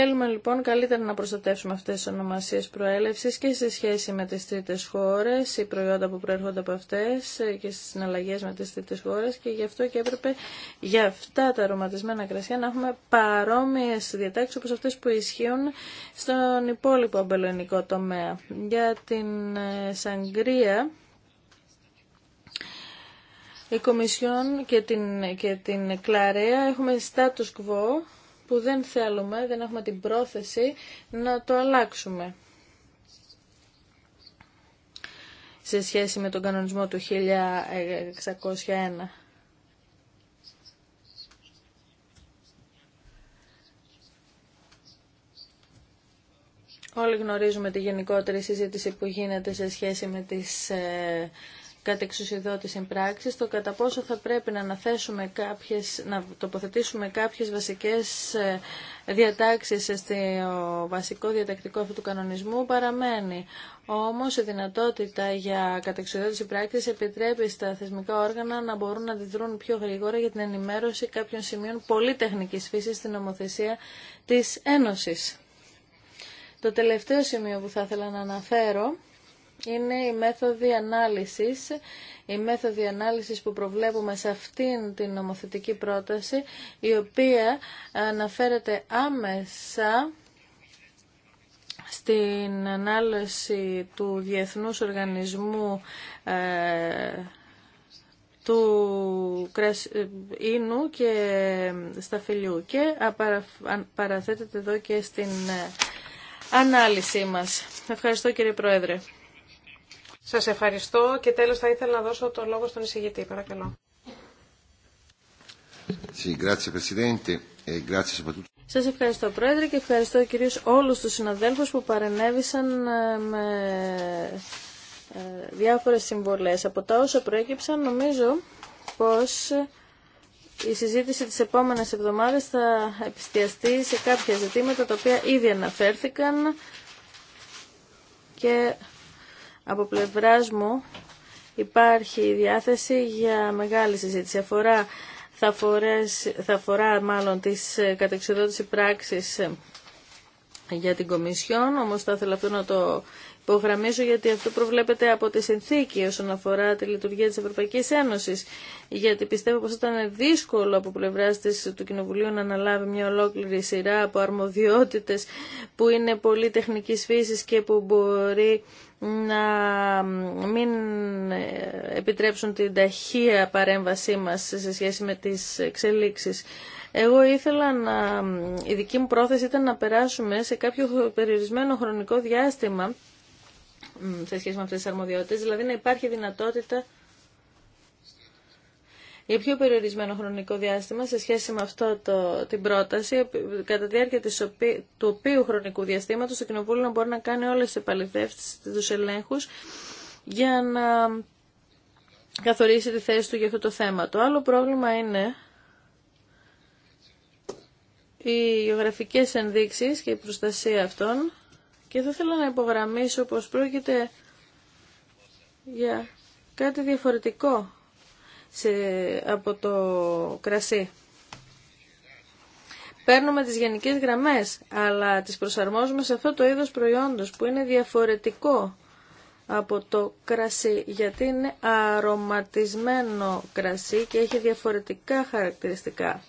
Θέλουμε λοιπόν καλύτερα να προστατεύσουμε αυτές τις ονομασίες προέλευσης και σε σχέση με τις τρίτες χώρες, οι προϊόντα που προέρχονται από αυτές και στις συναλλαγές με τις τρίτες χώρες και γι' αυτό και έπρεπε για αυτά τα αρωματισμένα κρασιά να έχουμε παρόμοιες διατάξεις όπως αυτές που ισχύουν στον υπόλοιπο αμπελονικό τομέα. Για την ε, Σαγκρία... Η Κομισιόν και την, και την Κλαρέα έχουμε status quo που δεν θέλουμε, δεν έχουμε την πρόθεση να το αλλάξουμε. σε σχέση με τον κανονισμό του 1601. Όλοι γνωρίζουμε τη γενικότερη συζήτηση που γίνεται σε σχέση με τις ε, εν πράξης, το κατά πόσο θα πρέπει να αναθέσουμε κάποιες, να τοποθετήσουμε κάποιες βασικές ε, διατάξεις στο βασικό διατακτικό αυτού του κανονισμού παραμένει. Όμως η δυνατότητα για κατεξουσιοδότηση πράξης επιτρέπει στα θεσμικά όργανα να μπορούν να αντιδρούν πιο γρήγορα για την ενημέρωση κάποιων σημείων πολύ τεχνικής φύσης στην νομοθεσία της Ένωσης. Το τελευταίο σημείο που θα ήθελα να αναφέρω είναι η μέθοδη ανάλυσης. Η ανάλυσης που προβλέπουμε σε αυτήν την νομοθετική πρόταση, η οποία αναφέρεται άμεσα στην ανάλυση του Διεθνούς Οργανισμού ε, του ε, Ίνου και Σταφυλιού και παραθέτεται εδώ και στην ε, ανάλυση μας. Ευχαριστώ κύριε Πρόεδρε. Σας ευχαριστώ και τέλος θα ήθελα να δώσω το λόγο στον εισηγητή. Παρακαλώ. E Σας ευχαριστώ Πρόεδρε και ευχαριστώ κυρίως όλους τους συναδέλφους που παρενέβησαν ε, με ε, διάφορες συμβολές. Από τα όσα προέκυψαν νομίζω πως η συζήτηση της επόμενης εβδομάδας θα επιστιαστεί σε κάποια ζητήματα τα οποία ήδη αναφέρθηκαν και από πλευρά μου υπάρχει διάθεση για μεγάλη συζήτηση. Αφορά, θα, φορές, θα αφορά μάλλον τις ε, κατεξοδότηση πράξεις ε, για την Κομισιόν, όμως θα ήθελα αυτό να το υπογραμμίσω γιατί αυτό προβλέπεται από τη συνθήκη όσον αφορά τη λειτουργία της Ευρωπαϊκής Ένωσης, γιατί πιστεύω πως ήταν δύσκολο από πλευρά της, του Κοινοβουλίου να αναλάβει μια ολόκληρη σειρά από αρμοδιότητες που είναι πολύ τεχνικής φύσης και που μπορεί να μην επιτρέψουν την ταχεία παρέμβασή μας σε σχέση με τις εξελίξεις. Εγώ ήθελα να... Η δική μου πρόθεση ήταν να περάσουμε σε κάποιο περιορισμένο χρονικό διάστημα σε σχέση με αυτές τις αρμοδιότητες, δηλαδή να υπάρχει δυνατότητα για πιο περιορισμένο χρονικό διάστημα σε σχέση με αυτό το, την πρόταση, κατά τη διάρκεια της του οποίου χρονικού διαστήματος το Κοινοβούλιο μπορεί να κάνει όλες τις επαληθεύσεις, του ελέγχους, για να καθορίσει τη θέση του για αυτό το θέμα. Το άλλο πρόβλημα είναι οι γεωγραφικές ενδείξεις και η προστασία αυτών και θα ήθελα να υπογραμμίσω πως πρόκειται για κάτι διαφορετικό από το κρασί. Παίρνουμε τις γενικές γραμμές, αλλά τις προσαρμόζουμε σε αυτό το είδος προϊόντος που είναι διαφορετικό από το κρασί, γιατί είναι αρωματισμένο κρασί και έχει διαφορετικά χαρακτηριστικά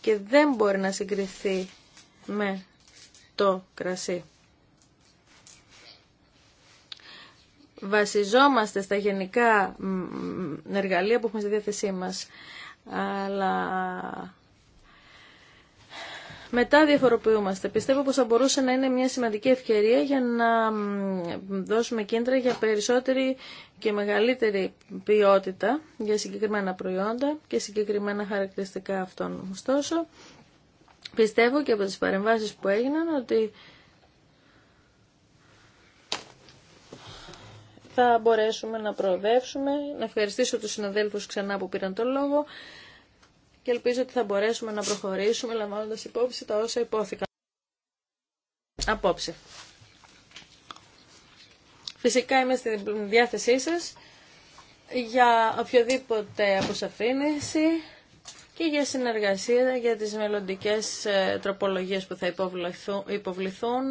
και δεν μπορεί να συγκριθεί με το κρασί. βασιζόμαστε στα γενικά εργαλεία που έχουμε στη διάθεσή μας. Αλλά μετά διαφοροποιούμαστε. Πιστεύω πως θα μπορούσε να είναι μια σημαντική ευκαιρία για να δώσουμε κίνητρα για περισσότερη και μεγαλύτερη ποιότητα για συγκεκριμένα προϊόντα και συγκεκριμένα χαρακτηριστικά αυτών. Ωστόσο, πιστεύω και από τις παρεμβάσεις που έγιναν ότι θα μπορέσουμε να προοδεύσουμε. Να ευχαριστήσω τους συναδέλφους ξανά που πήραν το λόγο και ελπίζω ότι θα μπορέσουμε να προχωρήσουμε λαμβάνοντας υπόψη τα όσα υπόθηκαν απόψε. Φυσικά είμαι στη διάθεσή σας για οποιοδήποτε αποσαφήνιση και για συνεργασία για τις μελλοντικές ε, τροπολογίες που θα υποβληθούν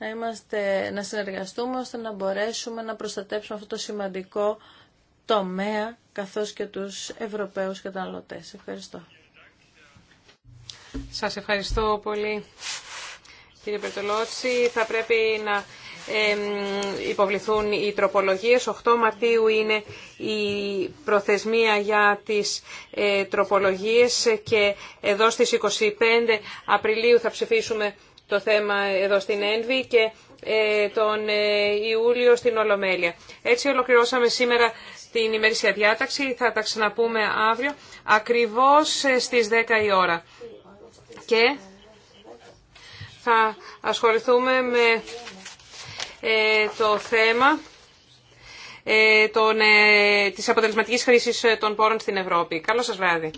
να, είμαστε, να συνεργαστούμε ώστε να μπορέσουμε να προστατέψουμε αυτό το σημαντικό τομέα καθώς και τους Ευρωπαίους καταναλωτές. Ευχαριστώ. Σας ευχαριστώ πολύ κύριε Περτολότση. Θα πρέπει να υποβληθούν οι τροπολογίες. 8 Μαρτίου είναι η προθεσμία για τις ε, τροπολογίες και εδώ στις 25 Απριλίου θα ψηφίσουμε το θέμα εδώ στην Ένβη και ε, τον ε, Ιούλιο στην Ολομέλεια. Έτσι ολοκληρώσαμε σήμερα την ημερήσια διάταξη. Θα τα ξαναπούμε αύριο ακριβώς ε, στις 10 η ώρα. Και θα ασχοληθούμε με το θέμα ε, τον, ε, της αποτελεσματικής χρήσης των πόρων στην Ευρώπη. Καλό σας βράδυ.